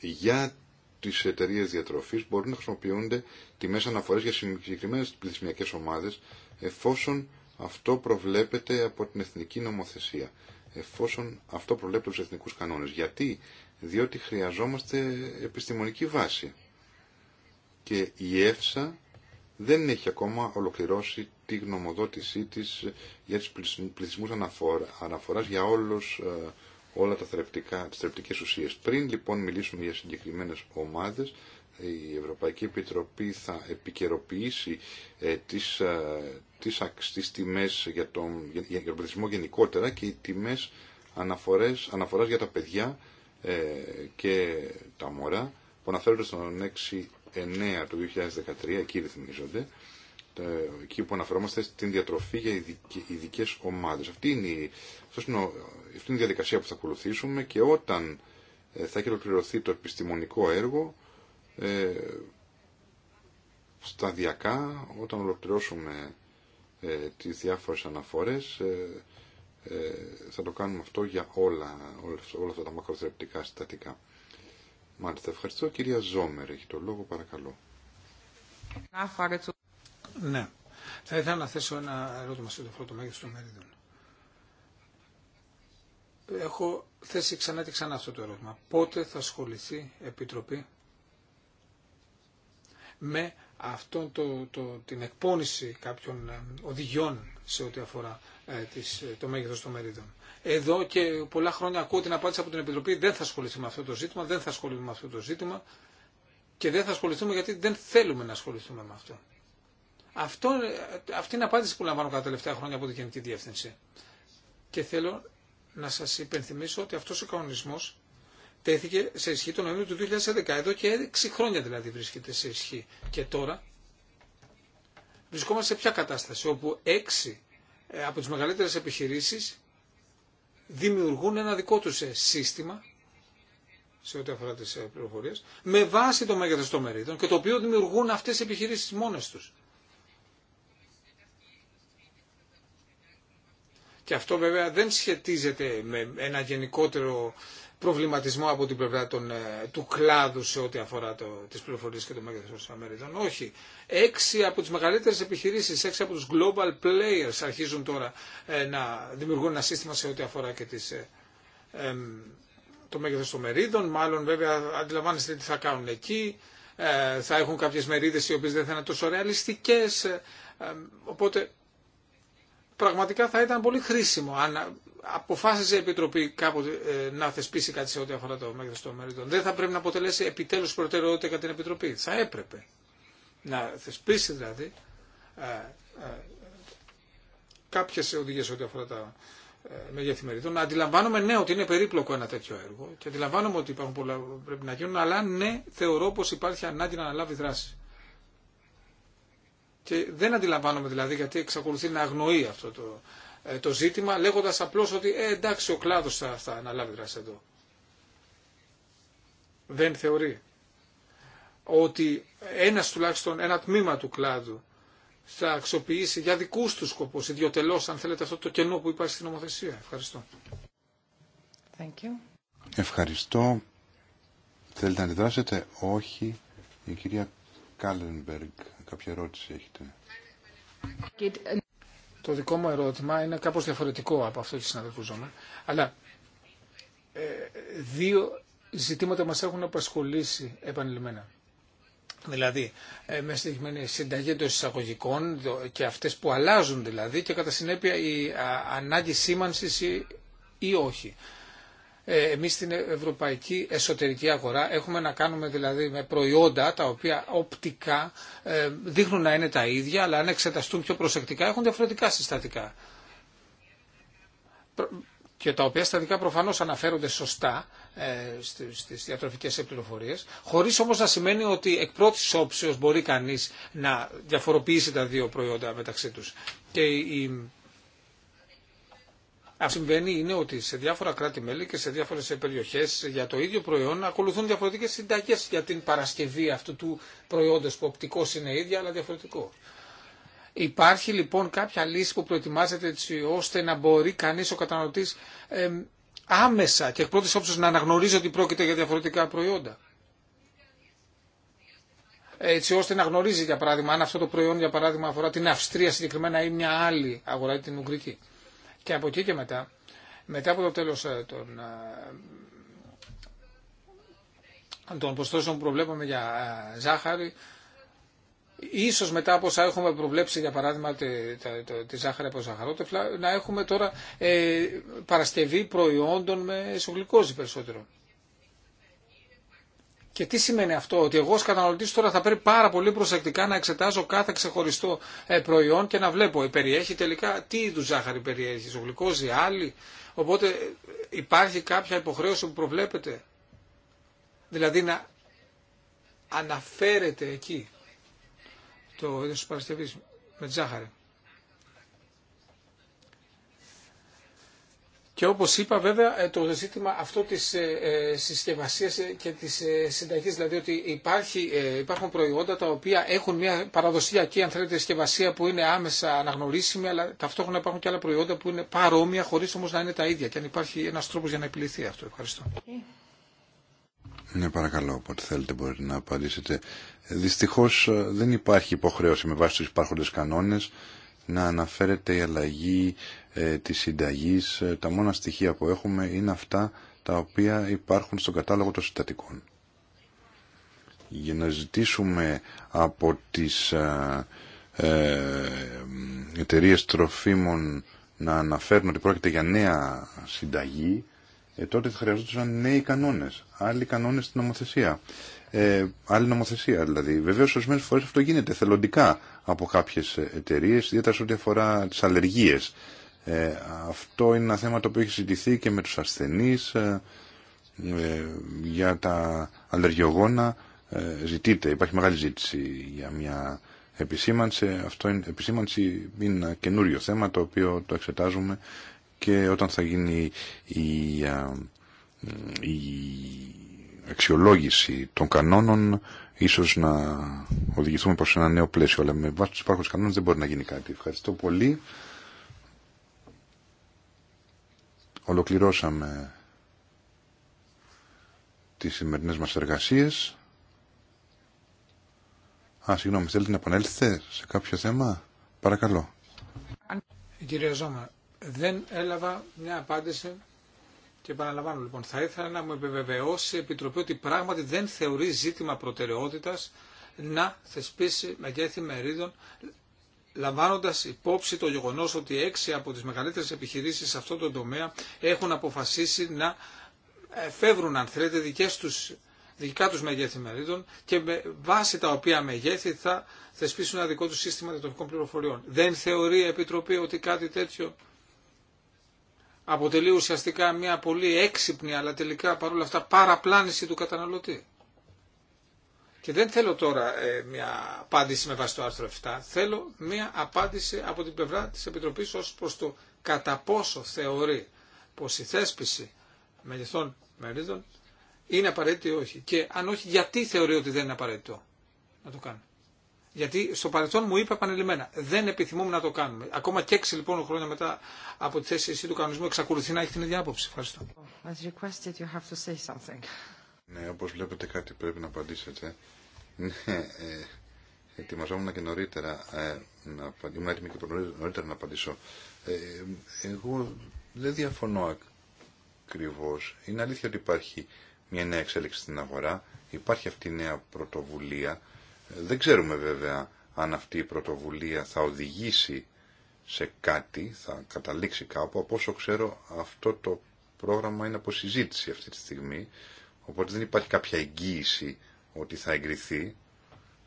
για τις εταιρείε διατροφής μπορούν να χρησιμοποιούνται τιμές αναφορές για συγκεκριμένες πληθυσμιακές ομάδες εφόσον αυτό προβλέπεται από την εθνική νομοθεσία εφόσον αυτό προβλέπει του εθνικούς κανόνες. Γιατί, διότι χρειαζόμαστε επιστημονική βάση. Και η ΕΦΣΑ δεν έχει ακόμα ολοκληρώσει τη γνωμοδότησή της για τις πληθυσμούς αναφοράς για όλους, ε, όλα τα θρεπτικά, τις θρεπτικές ουσίες. Πριν λοιπόν μιλήσουμε για συγκεκριμένες ομάδες, η Ευρωπαϊκή Επιτροπή θα επικαιροποιήσει ε, τις, ε, τις, τις τιμές για τον, για, πληθυσμό γενικότερα και οι τιμές αναφορές, αναφοράς για τα παιδιά ε, και τα μωρά που αναφέρονται στον 6-9 του 2013, εκεί ρυθμίζονται, εκεί που αναφερόμαστε στην διατροφή για ειδικέ ομάδες. Αυτή είναι, η, αυτή είναι η διαδικασία που θα ακολουθήσουμε και όταν ε, θα έχει ολοκληρωθεί το επιστημονικό έργο, ε, σταδιακά όταν ολοκληρώσουμε ε, τις διάφορες αναφορές ε, ε θα το κάνουμε αυτό για όλα, όλα, όλα αυτά τα μακροθρεπτικά συστατικά. Μάλιστα, ευχαριστώ. Κυρία Ζόμερ, έχει το λόγο, παρακαλώ. Ναι. Θα ήθελα να θέσω ένα ερώτημα στο πρώτο μέγεθος των μερίδων. Έχω θέσει ξανά και ξανά αυτό το ερώτημα. Πότε θα ασχοληθεί Επιτροπή με αυτό το, το, την εκπόνηση κάποιων ε, οδηγιών σε ό,τι αφορά ε, ε, το μέγεθος των μερίδων. Εδώ και πολλά χρόνια ακούω την απάντηση από την Επιτροπή δεν θα ασχοληθεί με αυτό το ζήτημα, δεν θα ασχοληθούμε με αυτό το ζήτημα και δεν θα ασχοληθούμε γιατί δεν θέλουμε να ασχοληθούμε με αυτό. αυτό αυτή είναι η απάντηση που λαμβάνω κατά τα τελευταία χρόνια από την Γενική Διεύθυνση. Και θέλω να σας υπενθυμίσω ότι αυτός ο κανονισμός τέθηκε σε ισχύ τον Νοέμβριο του 2011. Εδώ και 6 χρόνια δηλαδή βρίσκεται σε ισχύ. Και τώρα βρισκόμαστε σε ποια κατάσταση, όπου έξι ε, από τις μεγαλύτερες επιχειρήσεις δημιουργούν ένα δικό τους ε, σύστημα σε ό,τι αφορά τις ε, πληροφορίες, με βάση το μέγεθος των μερίδων και το οποίο δημιουργούν αυτές οι επιχειρήσεις μόνες τους. Και αυτό βέβαια δεν σχετίζεται με ένα γενικότερο προβληματισμό από την πλευρά των, ε, του κλάδου σε ό,τι αφορά το, τις πληροφορίες και το μέγεθος των μερίδων. Όχι. Έξι από τις μεγαλύτερες επιχειρήσεις, έξι από τους global players αρχίζουν τώρα ε, να δημιουργούν ένα σύστημα σε ό,τι αφορά και τις, ε, το μέγεθος των μερίδων. Μάλλον βέβαια αντιλαμβάνεστε τι θα κάνουν εκεί. θα έχουν κάποιες μερίδες οι οποίες δεν θα είναι τόσο ρεαλιστικές. οπότε πραγματικά θα ήταν πολύ χρήσιμο αποφάσισε η Επιτροπή κάποτε ε, να θεσπίσει κάτι σε ό,τι αφορά το μέγεθο των μερίδων. Δεν θα πρέπει να αποτελέσει επιτέλου προτεραιότητα για την Επιτροπή. Θα έπρεπε να θεσπίσει δηλαδή ε, ε, κάποιε οδηγίε ό,τι αφορά τα μεγέθη μερίδων. Να αντιλαμβάνομαι ναι ότι είναι περίπλοκο ένα τέτοιο έργο και αντιλαμβάνομαι ότι υπάρχουν πολλά που πρέπει να γίνουν, αλλά ναι θεωρώ πω υπάρχει ανάγκη να αναλάβει δράση. Και δεν αντιλαμβάνομαι δηλαδή γιατί εξακολουθεί να αγνοεί αυτό το ε, το ζήτημα λέγοντας απλώς ότι ε, εντάξει ο κλάδος θα, θα αναλάβει δράση εδώ. Δεν θεωρεί ότι ένας τουλάχιστον ένα τμήμα του κλάδου θα αξιοποιήσει για δικούς του σκοπούς, ιδιωτελώς αν θέλετε αυτό το κενό που υπάρχει στην νομοθεσία. Ευχαριστώ. Thank you. Ευχαριστώ. Θέλετε να αντιδράσετε. Όχι. Η κυρία Κάλενμπεργκ. Κάποια ερώτηση έχετε το δικό μου ερώτημα είναι κάπως διαφορετικό από αυτό που συναδελφούζομαι. Αλλά ε, δύο ζητήματα μας έχουν απασχολήσει επανειλημμένα. Δηλαδή, ε, με συγκεκριμένη συνταγή των εισαγωγικών και αυτές που αλλάζουν δηλαδή και κατά συνέπεια η ανάγκη σήμανσης ή όχι. Ε, εμείς στην ευρωπαϊκή εσωτερική αγορά έχουμε να κάνουμε δηλαδή με προϊόντα τα οποία οπτικά ε, δείχνουν να είναι τα ίδια αλλά αν εξεταστούν πιο προσεκτικά έχουν διαφορετικά συστατικά και τα οποία στατικά προφανώς αναφέρονται σωστά ε, στις διατροφικές χωρί χωρίς όμως να σημαίνει ότι εκ πρώτης όψεως μπορεί κανείς να διαφοροποιήσει τα δύο προϊόντα μεταξύ τους. Και η, αυτό συμβαίνει είναι ότι σε διάφορα κράτη-μέλη και σε διάφορε περιοχέ για το ίδιο προϊόν ακολουθούν διαφορετικέ συνταγέ για την παρασκευή αυτού του προϊόντο που οπτικό είναι ίδια αλλά διαφορετικό. Υπάρχει λοιπόν κάποια λύση που προετοιμάζεται έτσι ώστε να μπορεί κανεί ο καταναλωτή άμεσα και εκ πρώτη όψη να αναγνωρίζει ότι πρόκειται για διαφορετικά προϊόντα. Έτσι ώστε να γνωρίζει για παράδειγμα αν αυτό το προϊόν για παράδειγμα αφορά την Αυστρία συγκεκριμένα ή μια άλλη αγορά την Ουγγρική. Και από εκεί και μετά, μετά από το τέλος ε, των, ε, των προστώσεων που προβλέπαμε για ε, ζάχαρη, Ίσως μετά από όσα έχουμε προβλέψει για παράδειγμα τη, τη, ζάχαρη από ζαχαρότεφλα να έχουμε τώρα ε, παρασκευή προϊόντων με ισογλυκόζη περισσότερο. Και τι σημαίνει αυτό, ότι εγώ ως καταναλωτής τώρα θα πρέπει πάρα πολύ προσεκτικά να εξετάζω κάθε ξεχωριστό ε, προϊόν και να βλέπω ε, περιέχει τελικά τι είδου ζάχαρη περιέχει, ή άλλη. Οπότε ε, υπάρχει κάποια υποχρέωση που προβλέπεται. Δηλαδή να αναφέρεται εκεί το είδος της με τη ζάχαρη. Και όπως είπα βέβαια ε, το ζήτημα αυτό της ε, ε, συσκευασίας και της συνταγής, δηλαδή ότι υπάρχει, υπάρχουν προϊόντα τα οποία έχουν μια παραδοσιακή αν θέλετε συσκευασία που είναι άμεσα αναγνωρίσιμη αλλά ταυτόχρονα υπάρχουν και άλλα προϊόντα που είναι παρόμοια χωρίς όμως να είναι τα ίδια και αν υπάρχει ένας τρόπος για να επιληθεί αυτό. Ευχαριστώ. Ναι, παρακαλώ, όποτε θέλετε μπορείτε να απαντήσετε. Δυστυχώς δεν υπάρχει υποχρέωση με βάση τους υπάρχοντες κανόνες να αναφέρεται η αλλαγή ε, συνταγή, ε, τα μόνα στοιχεία που έχουμε είναι αυτά τα οποία υπάρχουν στον κατάλογο των συστατικών. Για να ζητήσουμε από τις ε, ε εταιρείε τροφίμων να αναφέρουν ότι πρόκειται για νέα συνταγή, ε, τότε θα χρειαζόταν νέοι κανόνε. Άλλοι κανόνε στην νομοθεσία. Ε, άλλη νομοθεσία δηλαδή. Βεβαίω, ορισμένε φορέ αυτό γίνεται θελοντικά από κάποιε εταιρείε, ιδιαίτερα σε ό,τι αφορά τι αλλεργίε. Ε, αυτό είναι ένα θέμα το οποίο έχει συζητηθεί και με τους ασθενείς ε, ε, για τα αλλεργιογόνα. Ε, ζητείται, υπάρχει μεγάλη ζήτηση για μια επισήμανση. Αυτό είναι, επισήμανση είναι ένα καινούριο θέμα το οποίο το εξετάζουμε και όταν θα γίνει η, ε, η αξιολόγηση των κανόνων ίσως να οδηγηθούμε προς ένα νέο πλαίσιο αλλά με βάση τους υπάρχοντες κανόνες δεν μπορεί να γίνει κάτι. Ευχαριστώ πολύ. Ολοκληρώσαμε τις σημερινές μας εργασίες. Α, συγγνώμη, θέλετε να επανέλθετε σε κάποιο θέμα. Παρακαλώ. Κύριε Ζώμα, δεν έλαβα μια απάντηση και επαναλαμβάνω λοιπόν. Θα ήθελα να μου επιβεβαιώσει η Επιτροπή ότι πράγματι δεν θεωρεί ζήτημα προτεραιότητας να θεσπίσει μεγέθη μερίδων λαμβάνοντα υπόψη το γεγονό ότι έξι από τι μεγαλύτερε επιχειρήσει σε αυτό το τομέα έχουν αποφασίσει να ε, φεύγουν, αν θέλετε, δικές τους, δικά του μεγέθη μερίδων και με βάση τα οποία μεγέθη θα θεσπίσουν ένα δικό του σύστημα διατροφικών πληροφοριών. Δεν θεωρεί η Επιτροπή ότι κάτι τέτοιο αποτελεί ουσιαστικά μια πολύ έξυπνη αλλά τελικά παρόλα αυτά παραπλάνηση του καταναλωτή. Και δεν θέλω τώρα ε, μια απάντηση με βάση το άρθρο 7. Θέλω μια απάντηση από την πλευρά της Επιτροπής ως προς το κατά πόσο θεωρεί πως η θέσπιση μεγεθών μερίδων είναι απαραίτητη ή όχι. Και αν όχι, γιατί θεωρεί ότι δεν είναι απαραίτητο να το κάνουμε. Γιατί στο παρελθόν μου είπε επανειλημμένα, δεν επιθυμούμε να το κάνουμε. Ακόμα και έξι λοιπόν χρόνια μετά από τη θέση εσύ του κανονισμού εξακολουθεί να έχει την ίδια άποψη. Ευχαριστώ. Ναι, όπως βλέπετε κάτι πρέπει να απαντήσετε. Ναι, ε, ετοιμαζόμουν και νωρίτερα, ε, να, ήμουν και νωρίτερα να απαντήσω. Ε, εγώ δεν διαφωνώ ακριβώ. Είναι αλήθεια ότι υπάρχει μια νέα εξέλιξη στην αγορά, υπάρχει αυτή η νέα πρωτοβουλία. Δεν ξέρουμε βέβαια αν αυτή η πρωτοβουλία θα οδηγήσει σε κάτι, θα καταλήξει κάπου. Από όσο ξέρω αυτό το πρόγραμμα είναι από συζήτηση αυτή τη στιγμή. Οπότε δεν υπάρχει κάποια εγγύηση ότι θα εγκριθεί.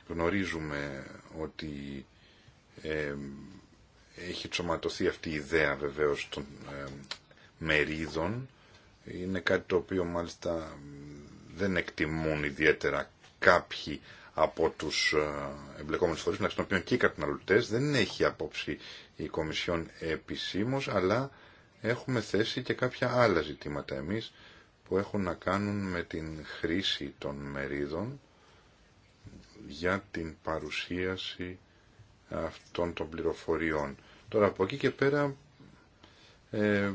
Γνωρίζουμε ότι έχει τσωματωθεί αυτή η ιδέα βεβαίως των μερίδων. Είναι κάτι το οποίο μάλιστα δεν εκτιμούν ιδιαίτερα κάποιοι από τους ε, εμπλεκόμενους φορείς, μεταξύ των οποίων και οι καταναλωτές, δεν έχει απόψη η Κομισιόν επισήμως, αλλά έχουμε θέσει και κάποια άλλα ζητήματα εμείς που έχουν να κάνουν με την χρήση των μερίδων για την παρουσίαση αυτών των πληροφοριών. Τώρα από εκεί και πέρα ε,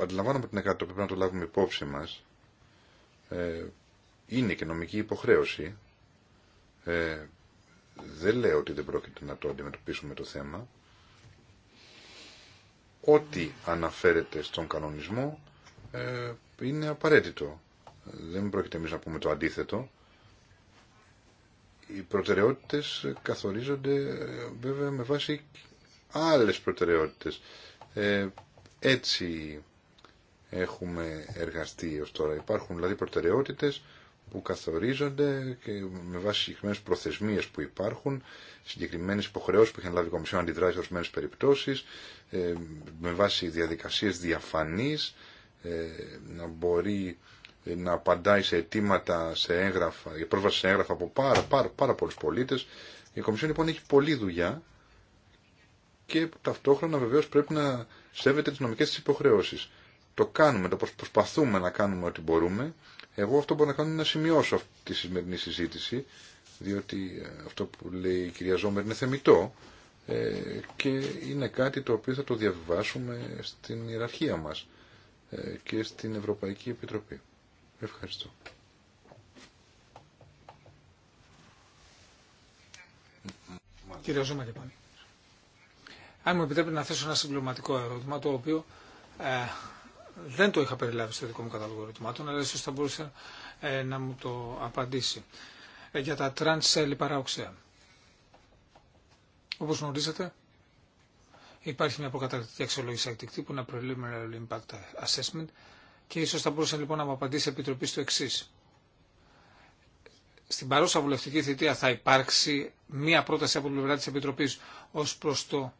αντιλαμβάνομαι την εκατό πρέπει να το λάβουμε υπόψη μας ε, είναι και νομική υποχρέωση ε, δεν λέω ότι δεν πρόκειται να το αντιμετωπίσουμε το θέμα ό,τι αναφέρεται στον κανονισμό ε, είναι απαραίτητο. Δεν πρόκειται εμείς να πούμε το αντίθετο. Οι προτεραιότητες καθορίζονται ε, βέβαια με βάση άλλες προτεραιότητες. Ε, έτσι έχουμε εργαστεί ως τώρα. Υπάρχουν δηλαδή προτεραιότητες που καθορίζονται και με βάση συγκεκριμένε προθεσμίε που υπάρχουν, συγκεκριμένε υποχρεώσει που είχαν λάβει η Κομισιόν αντιδράσει σε ορισμένε περιπτώσει, ε, με βάση διαδικασίε διαφανεί, ε, να μπορεί ε, να απαντάει σε αιτήματα, σε έγγραφα, για πρόσβαση σε έγγραφα από πάρα, πάρα, πάρα πολλού πολίτε. Η Κομισιόν λοιπόν έχει πολλή δουλειά και ταυτόχρονα βεβαίω πρέπει να σέβεται τι νομικέ τη υποχρεώσει. Το κάνουμε, το προσπαθούμε να κάνουμε ό,τι μπορούμε. Εγώ αυτό να κάνω είναι να σημειώσω αυτή τη σημερινή συζήτηση, διότι ε, αυτό που λέει η κυρία Ζόμερ είναι θεμητό ε, και είναι κάτι το οποίο θα το διαβιβάσουμε στην ιεραρχία μας ε, και στην Ευρωπαϊκή Επιτροπή. Ευχαριστώ. Κύριε Ζωμέρ Αν μου επιτρέπετε να θέσω ένα συμπληρωματικό ερώτημα, το οποίο ε, δεν το είχα περιλάβει στο δικό μου κατάλογο ερωτημάτων, αλλά ίσως θα μπορούσε ε, να μου το απαντήσει. Ε, για τα trans λιπαρά οξέα. Όπως γνωρίζετε, υπάρχει μια προκαταρκτική αξιολόγηση ακτικτή που είναι preliminary impact assessment και ίσω θα μπορούσε λοιπόν να μου απαντήσει η Επιτροπή στο εξή. Στην παρούσα βουλευτική θητεία θα υπάρξει μία πρόταση από την πλευρά τη επιτροπή ω προ το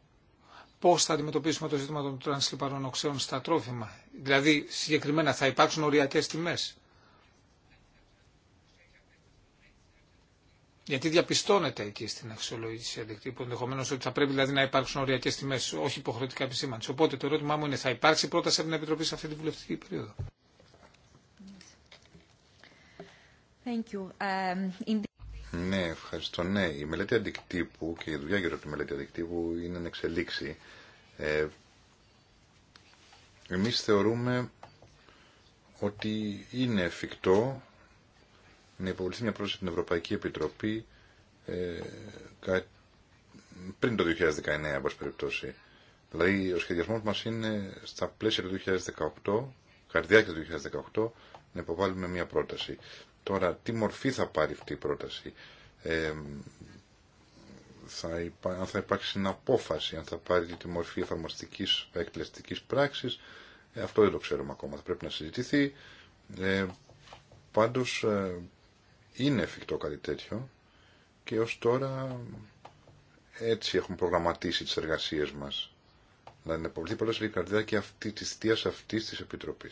πώ θα αντιμετωπίσουμε το ζήτημα των τρανσλιπαρών οξέων στα τρόφιμα. Δηλαδή, συγκεκριμένα, θα υπάρξουν οριακέ τιμέ. Γιατί διαπιστώνεται εκεί στην αξιολόγηση αντικτύπου ενδεχομένω ότι θα πρέπει δηλαδή να υπάρξουν οριακέ τιμέ, όχι υποχρεωτικά επισήμανση. Οπότε το ερώτημά μου είναι, θα υπάρξει πρόταση από την Επιτροπή σε αυτή τη βουλευτική περίοδο. Thank you. Um, ναι, ευχαριστώ. Ναι, η μελέτη αντικτύπου και η δουλειά γύρω από τη μελέτη αντικτύπου είναι να εξελίξει. Ε, εμείς θεωρούμε ότι είναι εφικτό να υποβληθεί μια πρόταση στην Ευρωπαϊκή Επιτροπή ε, πριν το 2019, όπως περιπτώσει. Δηλαδή, ο σχεδιασμός μας είναι στα πλαίσια του 2018, καρδιάκια του 2018, να υποβάλουμε μια πρόταση. Τώρα, τι μορφή θα πάρει αυτή η πρόταση. Ε, θα αν θα υπάρξει μια απόφαση, αν θα πάρει τη μορφή εφαρμοστικής εκτελεστικής πράξης, ε, αυτό δεν το ξέρουμε ακόμα, θα πρέπει να συζητηθεί. Ε, πάντως, ε, είναι εφικτό κάτι τέτοιο και ως τώρα έτσι έχουμε προγραμματίσει τις εργασίες μας. Να είναι υποβληθεί πρόταση λίγες καρδιά και αυτή τη θεία αυτή τη Επιτροπή.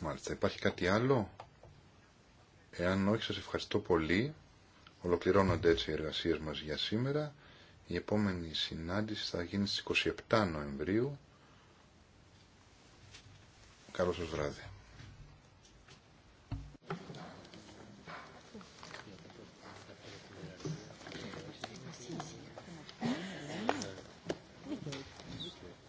Μάλιστα. Υπάρχει κάτι άλλο. Εάν όχι, σας ευχαριστώ πολύ. Ολοκληρώνονται έτσι οι εργασίες μας για σήμερα. Η επόμενη συνάντηση θα γίνει στις 27 Νοεμβρίου. Καλό σας βράδυ.